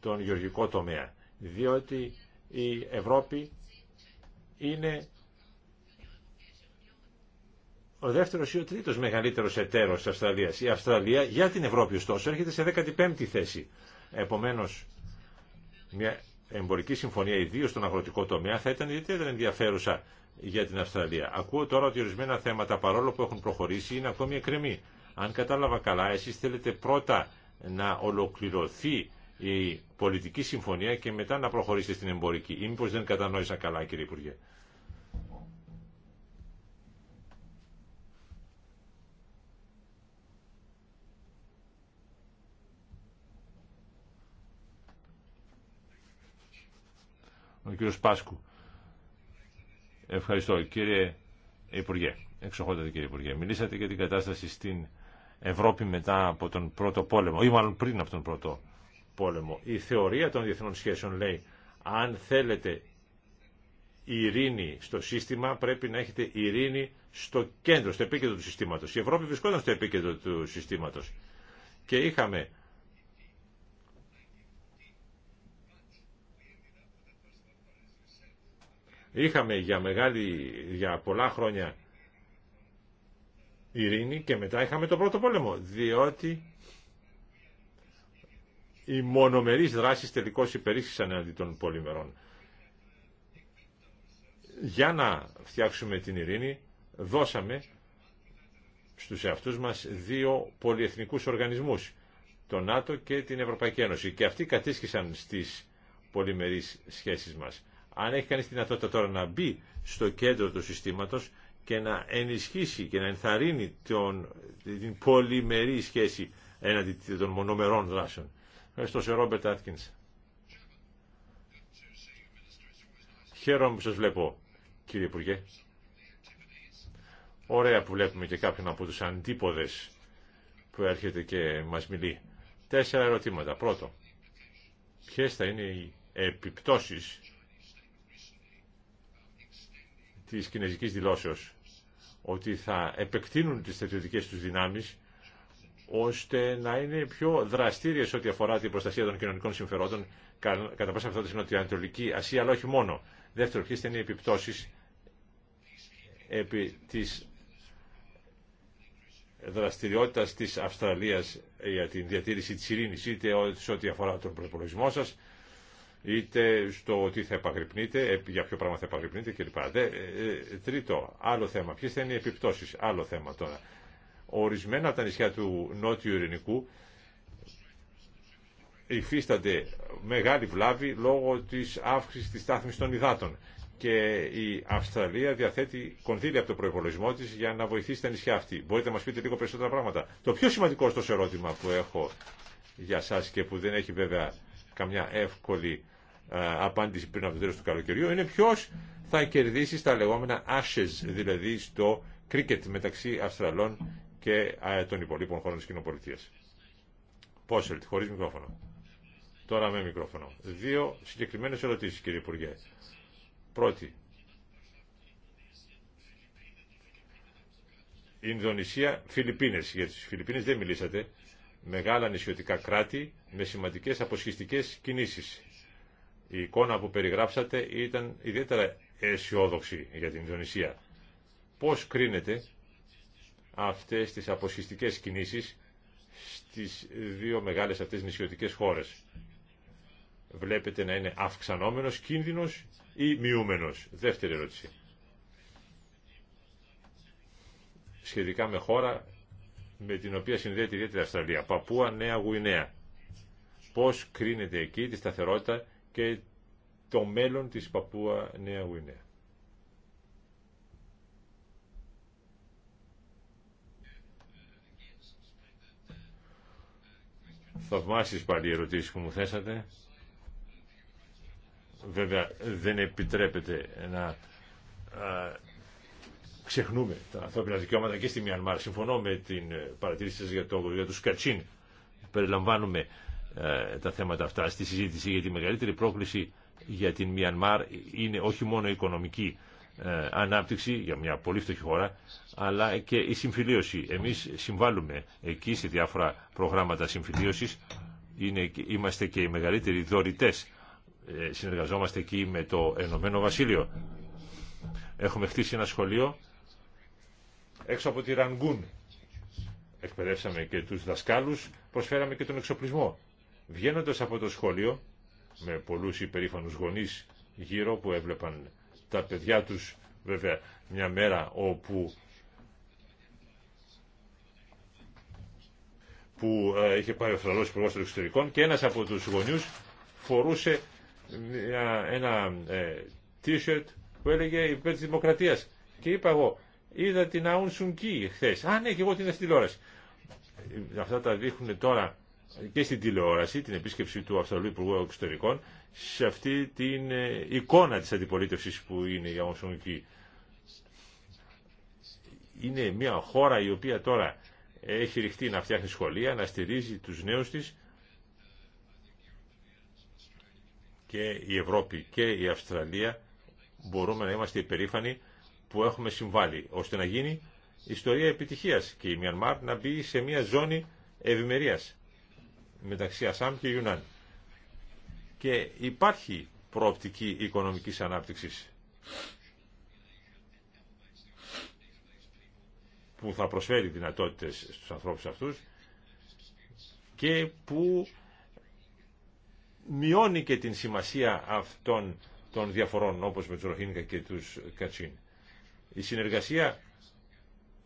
τον γεωργικό τομέα. Διότι η Ευρώπη είναι ο δεύτερο ή ο τρίτο μεγαλύτερο εταίρο τη Αυστραλία. Η Αυστραλία για την Ευρώπη, ωστόσο, έρχεται σε 15η θέση. Επομένω, μια εμπορική συμφωνία, ιδίω στον αγροτικό τομέα, θα ήταν ιδιαίτερα ενδιαφέρουσα για την Αυστραλία. Ακούω τώρα ότι ορισμένα θέματα, παρόλο που έχουν προχωρήσει, είναι ακόμη εκκρεμή. Αν κατάλαβα καλά, εσείς θέλετε πρώτα να ολοκληρωθεί η πολιτική συμφωνία και μετά να προχωρήσετε στην εμπορική. Ή μήπως δεν κατανόησα καλά, κύριε Υπουργέ. ο κύριος Πάσκου. Ευχαριστώ. Κύριε Υπουργέ, εξοχότατε κύριε Υπουργέ, μιλήσατε για την κατάσταση στην Ευρώπη μετά από τον πρώτο πόλεμο, ή μάλλον πριν από τον πρώτο πόλεμο. Η θεωρία των διεθνών σχέσεων λέει, αν θέλετε ειρήνη στο σύστημα, πρέπει να έχετε ειρήνη στο κέντρο, στο επίκεντρο του συστήματος. Η Ευρώπη βρισκόταν στο επίκεντρο του συστήματος. Και είχαμε είχαμε για, μεγάλη, για πολλά χρόνια ειρήνη και μετά είχαμε τον πρώτο πόλεμο, διότι οι μονομερείς δράσεις τελικώ υπερίσχυσαν αντί των πολυμερών. Για να φτιάξουμε την ειρήνη, δώσαμε στους εαυτούς μας δύο πολυεθνικούς οργανισμούς, το ΝΑΤΟ και την Ευρωπαϊκή Ένωση. Και αυτοί κατήσχησαν στις πολυμερείς σχέσεις μας. Αν έχει κανείς τη δυνατότητα τώρα να μπει στο κέντρο του συστήματος, και να ενισχύσει και να ενθαρρύνει τον, την πολυμερή σχέση έναντι των μονομερών δράσεων. Ευχαριστώ σε Ρόμπερτ Άτκινς. Χαίρομαι που σας βλέπω, κύριε Υπουργέ. Ωραία που βλέπουμε και κάποιον από τους αντίποδες που έρχεται και μας μιλεί. Τέσσερα ερωτήματα. Πρώτο, ποιες θα είναι οι επιπτώσεις της κινέζικης δηλώσεως ότι θα επεκτείνουν τις στρατιωτικές τους δυνάμεις ώστε να είναι πιο δραστήριε ό,τι αφορά την προστασία των κοινωνικών συμφερόντων, κατά πάσα πιθανότητα στην Νοτιοανατολική Ασία, αλλά όχι μόνο. Δεύτερο, ποιε θα είναι οι επιπτώσει επί τη δραστηριότητα τη Αυστραλία για την διατήρηση τη ειρήνη, είτε ό,τι αφορά τον προπολογισμό σα, είτε στο τι θα επαγρυπνείτε, για ποιο πράγμα θα επαγρυπνείτε κλπ. Ε, ε, τρίτο, άλλο θέμα. Ποιε θα είναι οι επιπτώσει, άλλο θέμα τώρα. Ορισμένα από τα νησιά του Νότιου Ειρηνικού υφίστανται μεγάλη βλάβη λόγω της αύξησης της στάθμης των υδάτων και η Αυστραλία διαθέτει κονδύλια από το προπολογισμό τη για να βοηθήσει τα νησιά αυτή. Μπορείτε να μα πείτε λίγο περισσότερα πράγματα. Το πιο σημαντικό στο ερώτημα που έχω για σας και που δεν έχει βέβαια καμιά εύκολη ε, απάντηση πριν από το τέλος του καλοκαιριού είναι ποιο θα κερδίσει στα λεγόμενα ashes, δηλαδή στο κρίκετ μεταξύ Αυστραλών και ε, των υπολείπων χώρων τη κοινοπολιτεία. Πόσελτ, χωρί μικρόφωνο. Τώρα με μικρόφωνο. Δύο συγκεκριμένε ερωτήσει, κύριε Υπουργέ. Πρώτη, Ινδονησία, Φιλιππίνες. Για τις Φιλιππίνες δεν μιλήσατε. Μεγάλα νησιωτικά κράτη με σημαντικές αποσχιστικές κινήσεις. Η εικόνα που περιγράψατε ήταν ιδιαίτερα αισιόδοξη για την Ινδονησία. Πώς κρίνετε αυτές τις αποσχιστικές κινήσεις στις δύο μεγάλες αυτές νησιωτικές χώρες. Βλέπετε να είναι αυξανόμενος κίνδυνος ή μειούμενος. Δεύτερη ερώτηση. Σχετικά με χώρα με την οποία συνδέεται ιδιαίτερη η Αυστραλία. Παππούα Νέα Γουινέα. Πώς κρίνεται εκεί τη σταθερότητα και το μέλλον της Παππούα Νέα Γουινέα. Θαυμάσεις πάλι οι ερωτήσεις που μου θέσατε. Βέβαια δεν επιτρέπεται να ξεχνούμε τα ανθρώπινα δικαιώματα και στη Μιανμάρ. Συμφωνώ με την ε, παρατήρηση σας για, το, για τους Κατσίν. Περιλαμβάνουμε ε, τα θέματα αυτά στη συζήτηση γιατί η μεγαλύτερη πρόκληση για την Μιανμάρ είναι όχι μόνο η οικονομική ε, ανάπτυξη για μια πολύ φτωχή χώρα αλλά και η συμφιλίωση. Εμείς συμβάλλουμε εκεί σε διάφορα προγράμματα συμφιλίωσης. είμαστε και οι μεγαλύτεροι δωρητές. Ε, συνεργαζόμαστε εκεί με το Ενωμένο Βασίλειο. Έχουμε χτίσει ένα σχολείο έξω από τη Ρανγκούν. Εκπαιδεύσαμε και τους δασκάλους, προσφέραμε και τον εξοπλισμό. Βγαίνοντας από το σχολείο, με πολλούς υπερήφανους γονείς γύρω που έβλεπαν τα παιδιά τους, βέβαια μια μέρα όπου που ε, είχε πάει ο Αυστραλός Υπουργός των Εξωτερικών και ένας από τους γονιούς φορούσε ένα ε, t-shirt που έλεγε υπέρ της δημοκρατίας. Και είπα εγώ, είδα την Αούν κι χθε. Α, ναι, και εγώ την είδα τηλεόραση. Ε, αυτά τα δείχνουν τώρα και στην τηλεόραση την επίσκεψη του Αυστραλού Υπουργού Εξωτερικών σε αυτή την ε, εικόνα της αντιπολίτευσης που είναι η Αμοσονική. Είναι μια χώρα η οποία τώρα έχει ρηχτεί να φτιάχνει σχολεία, να στηρίζει τους νέους της και η Ευρώπη και η Αυστραλία μπορούμε να είμαστε υπερήφανοι που έχουμε συμβάλει ώστε να γίνει ιστορία επιτυχίας και η Μιανμάρ να μπει σε μια ζώνη ευημερίας μεταξύ Ασάμ και Ιουνάν. Και υπάρχει προοπτική οικονομικής ανάπτυξης που θα προσφέρει δυνατότητες στους ανθρώπους αυτούς και που μειώνει και την σημασία αυτών των διαφορών όπως με τους Ροχίνικα και τους Κατσίν. Η συνεργασία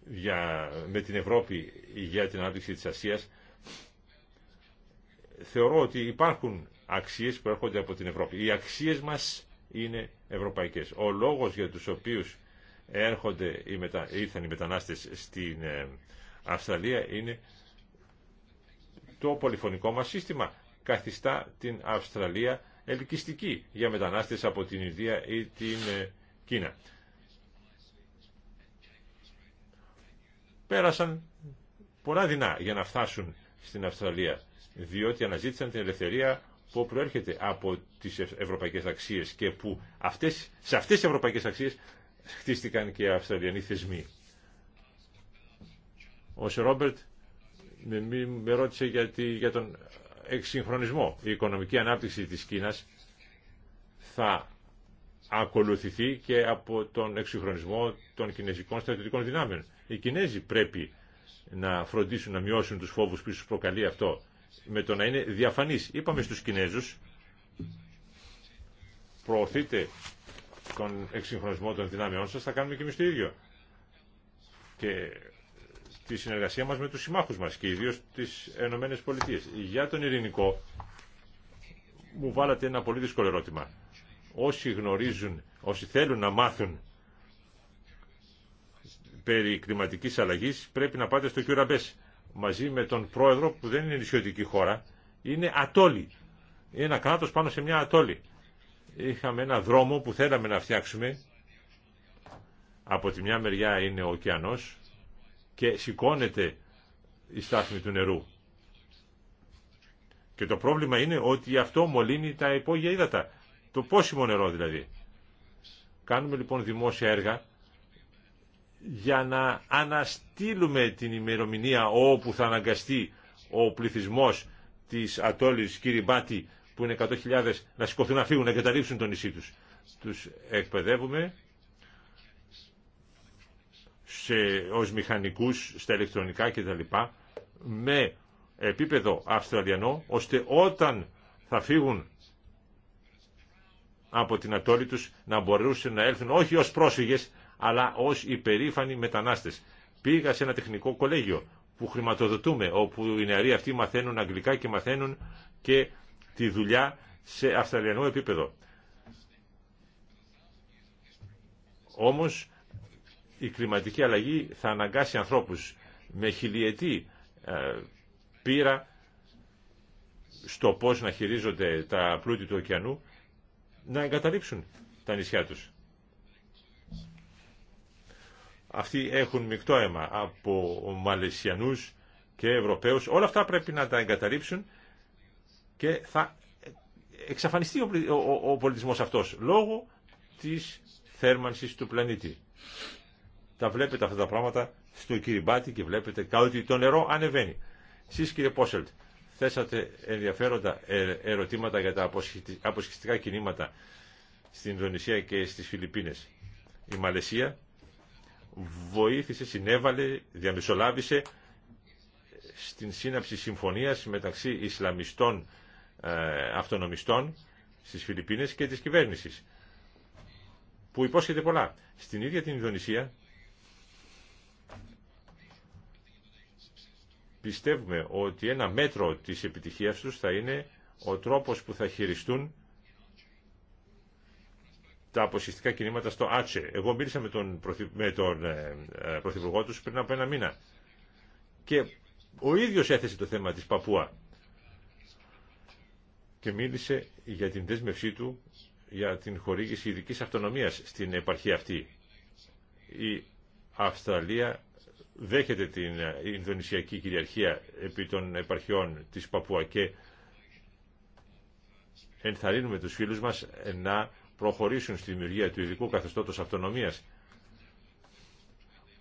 για, με την Ευρώπη για την ανάπτυξη της Ασίας θεωρώ ότι υπάρχουν αξίες που έρχονται από την Ευρώπη. Οι αξίες μας είναι ευρωπαϊκές. Ο λόγος για τους οποίους έρχονται οι ήρθαν οι μετανάστες στην ε, Αυστραλία είναι το πολυφωνικό μας σύστημα. Καθιστά την Αυστραλία ελκυστική για μετανάστες από την Ινδία ή την ε, Κίνα. Πέρασαν πολλά δεινά για να φτάσουν στην Αυστραλία διότι αναζήτησαν την ελευθερία που προέρχεται από τις ευρωπαϊκές αξίες και που αυτές, σε αυτές τις ευρωπαϊκές αξίες χτίστηκαν και οι Αυστραλιανοί θεσμοί. Ο Σερόμπερτ Ρόμπερτ με, ρώτησε για, για τον εξυγχρονισμό. Η οικονομική ανάπτυξη της Κίνας θα ακολουθηθεί και από τον εξυγχρονισμό των κινέζικων στρατιωτικών δυνάμεων. Οι Κινέζοι πρέπει να φροντίσουν να μειώσουν τους φόβους που τους προκαλεί αυτό με το να είναι διαφανής. Είπαμε στους Κινέζους, προωθείτε τον εξυγχρονισμό των δυνάμεών σας, θα κάνουμε και εμείς το ίδιο. Και τη συνεργασία μας με τους συμμάχους μας και ιδίως τις Ενωμένες Πολιτείες. Για τον ειρηνικό μου βάλατε ένα πολύ δύσκολο ερώτημα. Όσοι γνωρίζουν, όσοι θέλουν να μάθουν περί κλιματικής αλλαγής πρέπει να πάτε στο Κιουραμπές μαζί με τον πρόεδρο που δεν είναι νησιωτική χώρα, είναι ατόλη. Ένα κράτος πάνω σε μια ατόλη. Είχαμε ένα δρόμο που θέλαμε να φτιάξουμε. Από τη μια μεριά είναι ο ωκεανός και σηκώνεται η στάθμη του νερού. Και το πρόβλημα είναι ότι αυτό μολύνει τα υπόγεια ύδατα. Το πόσιμο νερό δηλαδή. Κάνουμε λοιπόν δημόσια έργα για να αναστείλουμε την ημερομηνία όπου θα αναγκαστεί ο πληθυσμός της ατόλης Κυριμπάτη που είναι 100.000 να σηκωθούν να φύγουν, να εγκαταλείψουν το νησί τους. Τους εκπαιδεύουμε σε, ως μηχανικούς στα ηλεκτρονικά κτλ. με επίπεδο αυστραλιανό, ώστε όταν θα φύγουν από την ατόλη τους να μπορούσαν να έλθουν όχι ως πρόσφυγες, αλλά ως υπερήφανοι μετανάστες. Πήγα σε ένα τεχνικό κολέγιο που χρηματοδοτούμε, όπου οι νεαροί αυτοί μαθαίνουν αγγλικά και μαθαίνουν και τη δουλειά σε αυστραλιανό επίπεδο. Όμως η κλιματική αλλαγή θα αναγκάσει ανθρώπους με χιλιετή ε, πείρα στο πώς να χειρίζονται τα πλούτη του ωκεανού να εγκαταλείψουν τα νησιά τους. Αυτοί έχουν μεικτό αίμα από Μαλαισιανούς και Ευρωπαίους. Όλα αυτά πρέπει να τα εγκαταλείψουν και θα εξαφανιστεί ο πολιτισμός αυτός λόγω της θέρμανσης του πλανήτη. Τα βλέπετε αυτά τα πράγματα στο Κυριμπάτι και βλέπετε ότι το νερό ανεβαίνει. Εσείς κύριε Πόσελτ, θέσατε ενδιαφέροντα ε- ερωτήματα για τα αποσχιστικά κινήματα στην Ινδονησία και στις Φιλιππίνες. Η Μαλαισία βοήθησε, συνέβαλε, διαμεσολάβησε στην σύναψη συμφωνίας μεταξύ Ισλαμιστών ε, αυτονομιστών στις Φιλιππίνες και της κυβέρνησης που υπόσχεται πολλά. Στην ίδια την Ινδονησία πιστεύουμε ότι ένα μέτρο της επιτυχίας τους θα είναι ο τρόπος που θα χειριστούν τα αποσυστικά κινήματα στο Άτσε. Εγώ μίλησα με τον, με ε, ε, πρωθυπουργό του πριν από ένα μήνα και ο ίδιος έθεσε το θέμα της Παπούα και μίλησε για την δέσμευσή του για την χορήγηση ειδική αυτονομίας στην επαρχία αυτή. Η Αυστραλία δέχεται την ε, Ινδονησιακή κυριαρχία επί των επαρχιών της Παπούα και ενθαρρύνουμε τους φίλους μας να προχωρήσουν στη δημιουργία του ειδικού καθεστώτος αυτονομίας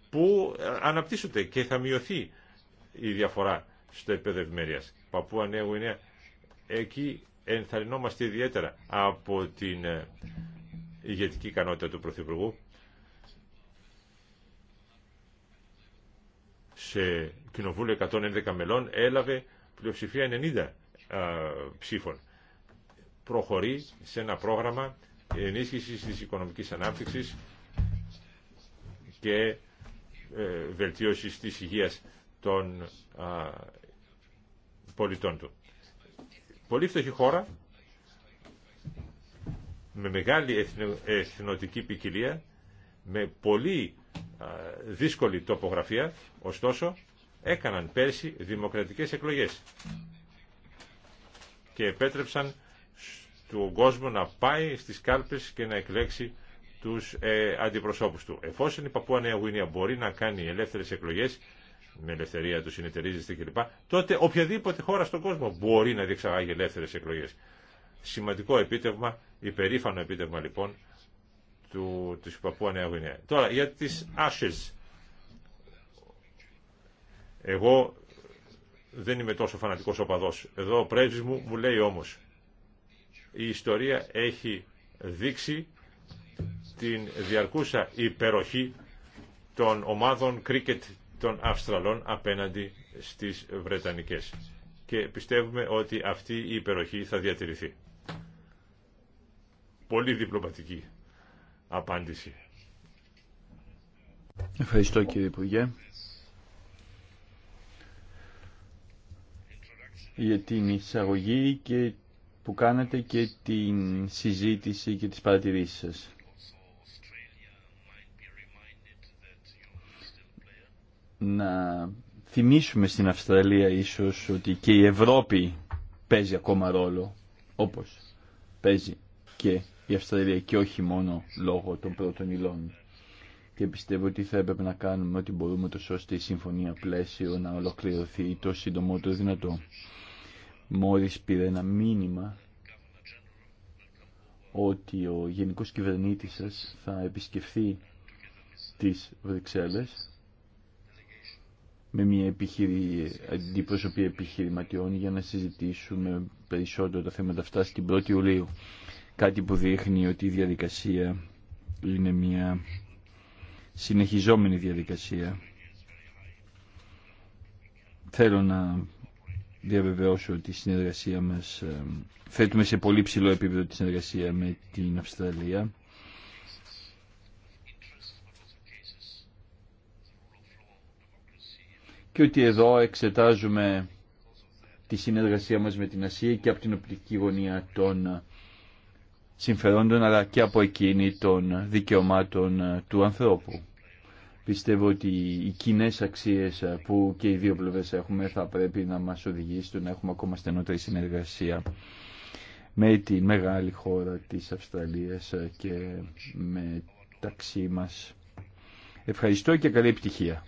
που αναπτύσσονται και θα μειωθεί η διαφορά στο επίπεδο ευημερίας. Παππού Ανέγου, είναι εκεί ενθαρρυνόμαστε ιδιαίτερα από την ε, ηγετική ικανότητα του Πρωθυπουργού σε κοινοβούλιο 111 μελών έλαβε πλειοψηφία 90 ε, ψήφων. Προχωρεί σε ένα πρόγραμμα ενίσχυση της οικονομικής ανάπτυξης και ε, βελτίωση της υγείας των πολιτών του. Πολύ φτωχή χώρα, με μεγάλη εθνοτική ποικιλία, με πολύ δύσκολη τοπογραφία, ωστόσο έκαναν πέρσι δημοκρατικές εκλογές και επέτρεψαν του κόσμου να πάει στις κάλπες και να εκλέξει τους ε, αντιπροσώπους του. Εφόσον η Παππούα Νέα Γουινία μπορεί να κάνει ελεύθερες εκλογές, με ελευθερία του συνεταιρίζεστε κλπ. Τότε οποιαδήποτε χώρα στον κόσμο μπορεί να διεξαγάγει ελεύθερες εκλογές. Σημαντικό επίτευγμα, υπερήφανο επίτευγμα λοιπόν του, της Παππούα Νέα Γουίνια. Τώρα για τις Ashes. Εγώ δεν είμαι τόσο φανατικός οπαδός. Εδώ ο πρέσβης μου μου λέει όμως η ιστορία έχει δείξει την διαρκούσα υπεροχή των ομάδων κρίκετ των Αυστραλών απέναντι στις Βρετανικές. Και πιστεύουμε ότι αυτή η υπεροχή θα διατηρηθεί. Πολύ διπλωματική απάντηση. Ευχαριστώ κύριε Υπουργέ για την εισαγωγή και που κάνατε και την συζήτηση και τις παρατηρήσεις σας. Να θυμίσουμε στην Αυστραλία ίσως ότι και η Ευρώπη παίζει ακόμα ρόλο, όπως παίζει και η Αυστραλία και όχι μόνο λόγω των πρώτων υλών. Και πιστεύω ότι θα έπρεπε να κάνουμε ό,τι μπορούμε τόσο ώστε συμφωνία πλαίσιο να ολοκληρωθεί το σύντομο το δυνατό μόλις πήρε ένα μήνυμα ότι ο Γενικός Κυβερνήτης σας θα επισκεφθεί τις Βρυξέλλες με μια επιχειρη... αντιπροσωπή επιχειρηματιών για να συζητήσουμε περισσότερο τα θέματα αυτά στην 1η Ιουλίου. Κάτι που δείχνει ότι η διαδικασία είναι μια συνεχιζόμενη διαδικασία. Θέλω να διαβεβαιώσω ότι η συνεργασία μας ε, θέτουμε σε πολύ ψηλό επίπεδο τη συνεργασία με την Αυστραλία. Και ότι εδώ εξετάζουμε τη συνεργασία μας με την Ασία και από την οπτική γωνία των συμφερόντων αλλά και από εκείνη των δικαιωμάτων του ανθρώπου. Πιστεύω ότι οι κοινέ αξίε που και οι δύο πλευρέ έχουμε θα πρέπει να μα οδηγήσουν να έχουμε ακόμα στενότερη συνεργασία με τη μεγάλη χώρα της Αυστραλίας και μεταξύ μας. Ευχαριστώ και καλή επιτυχία.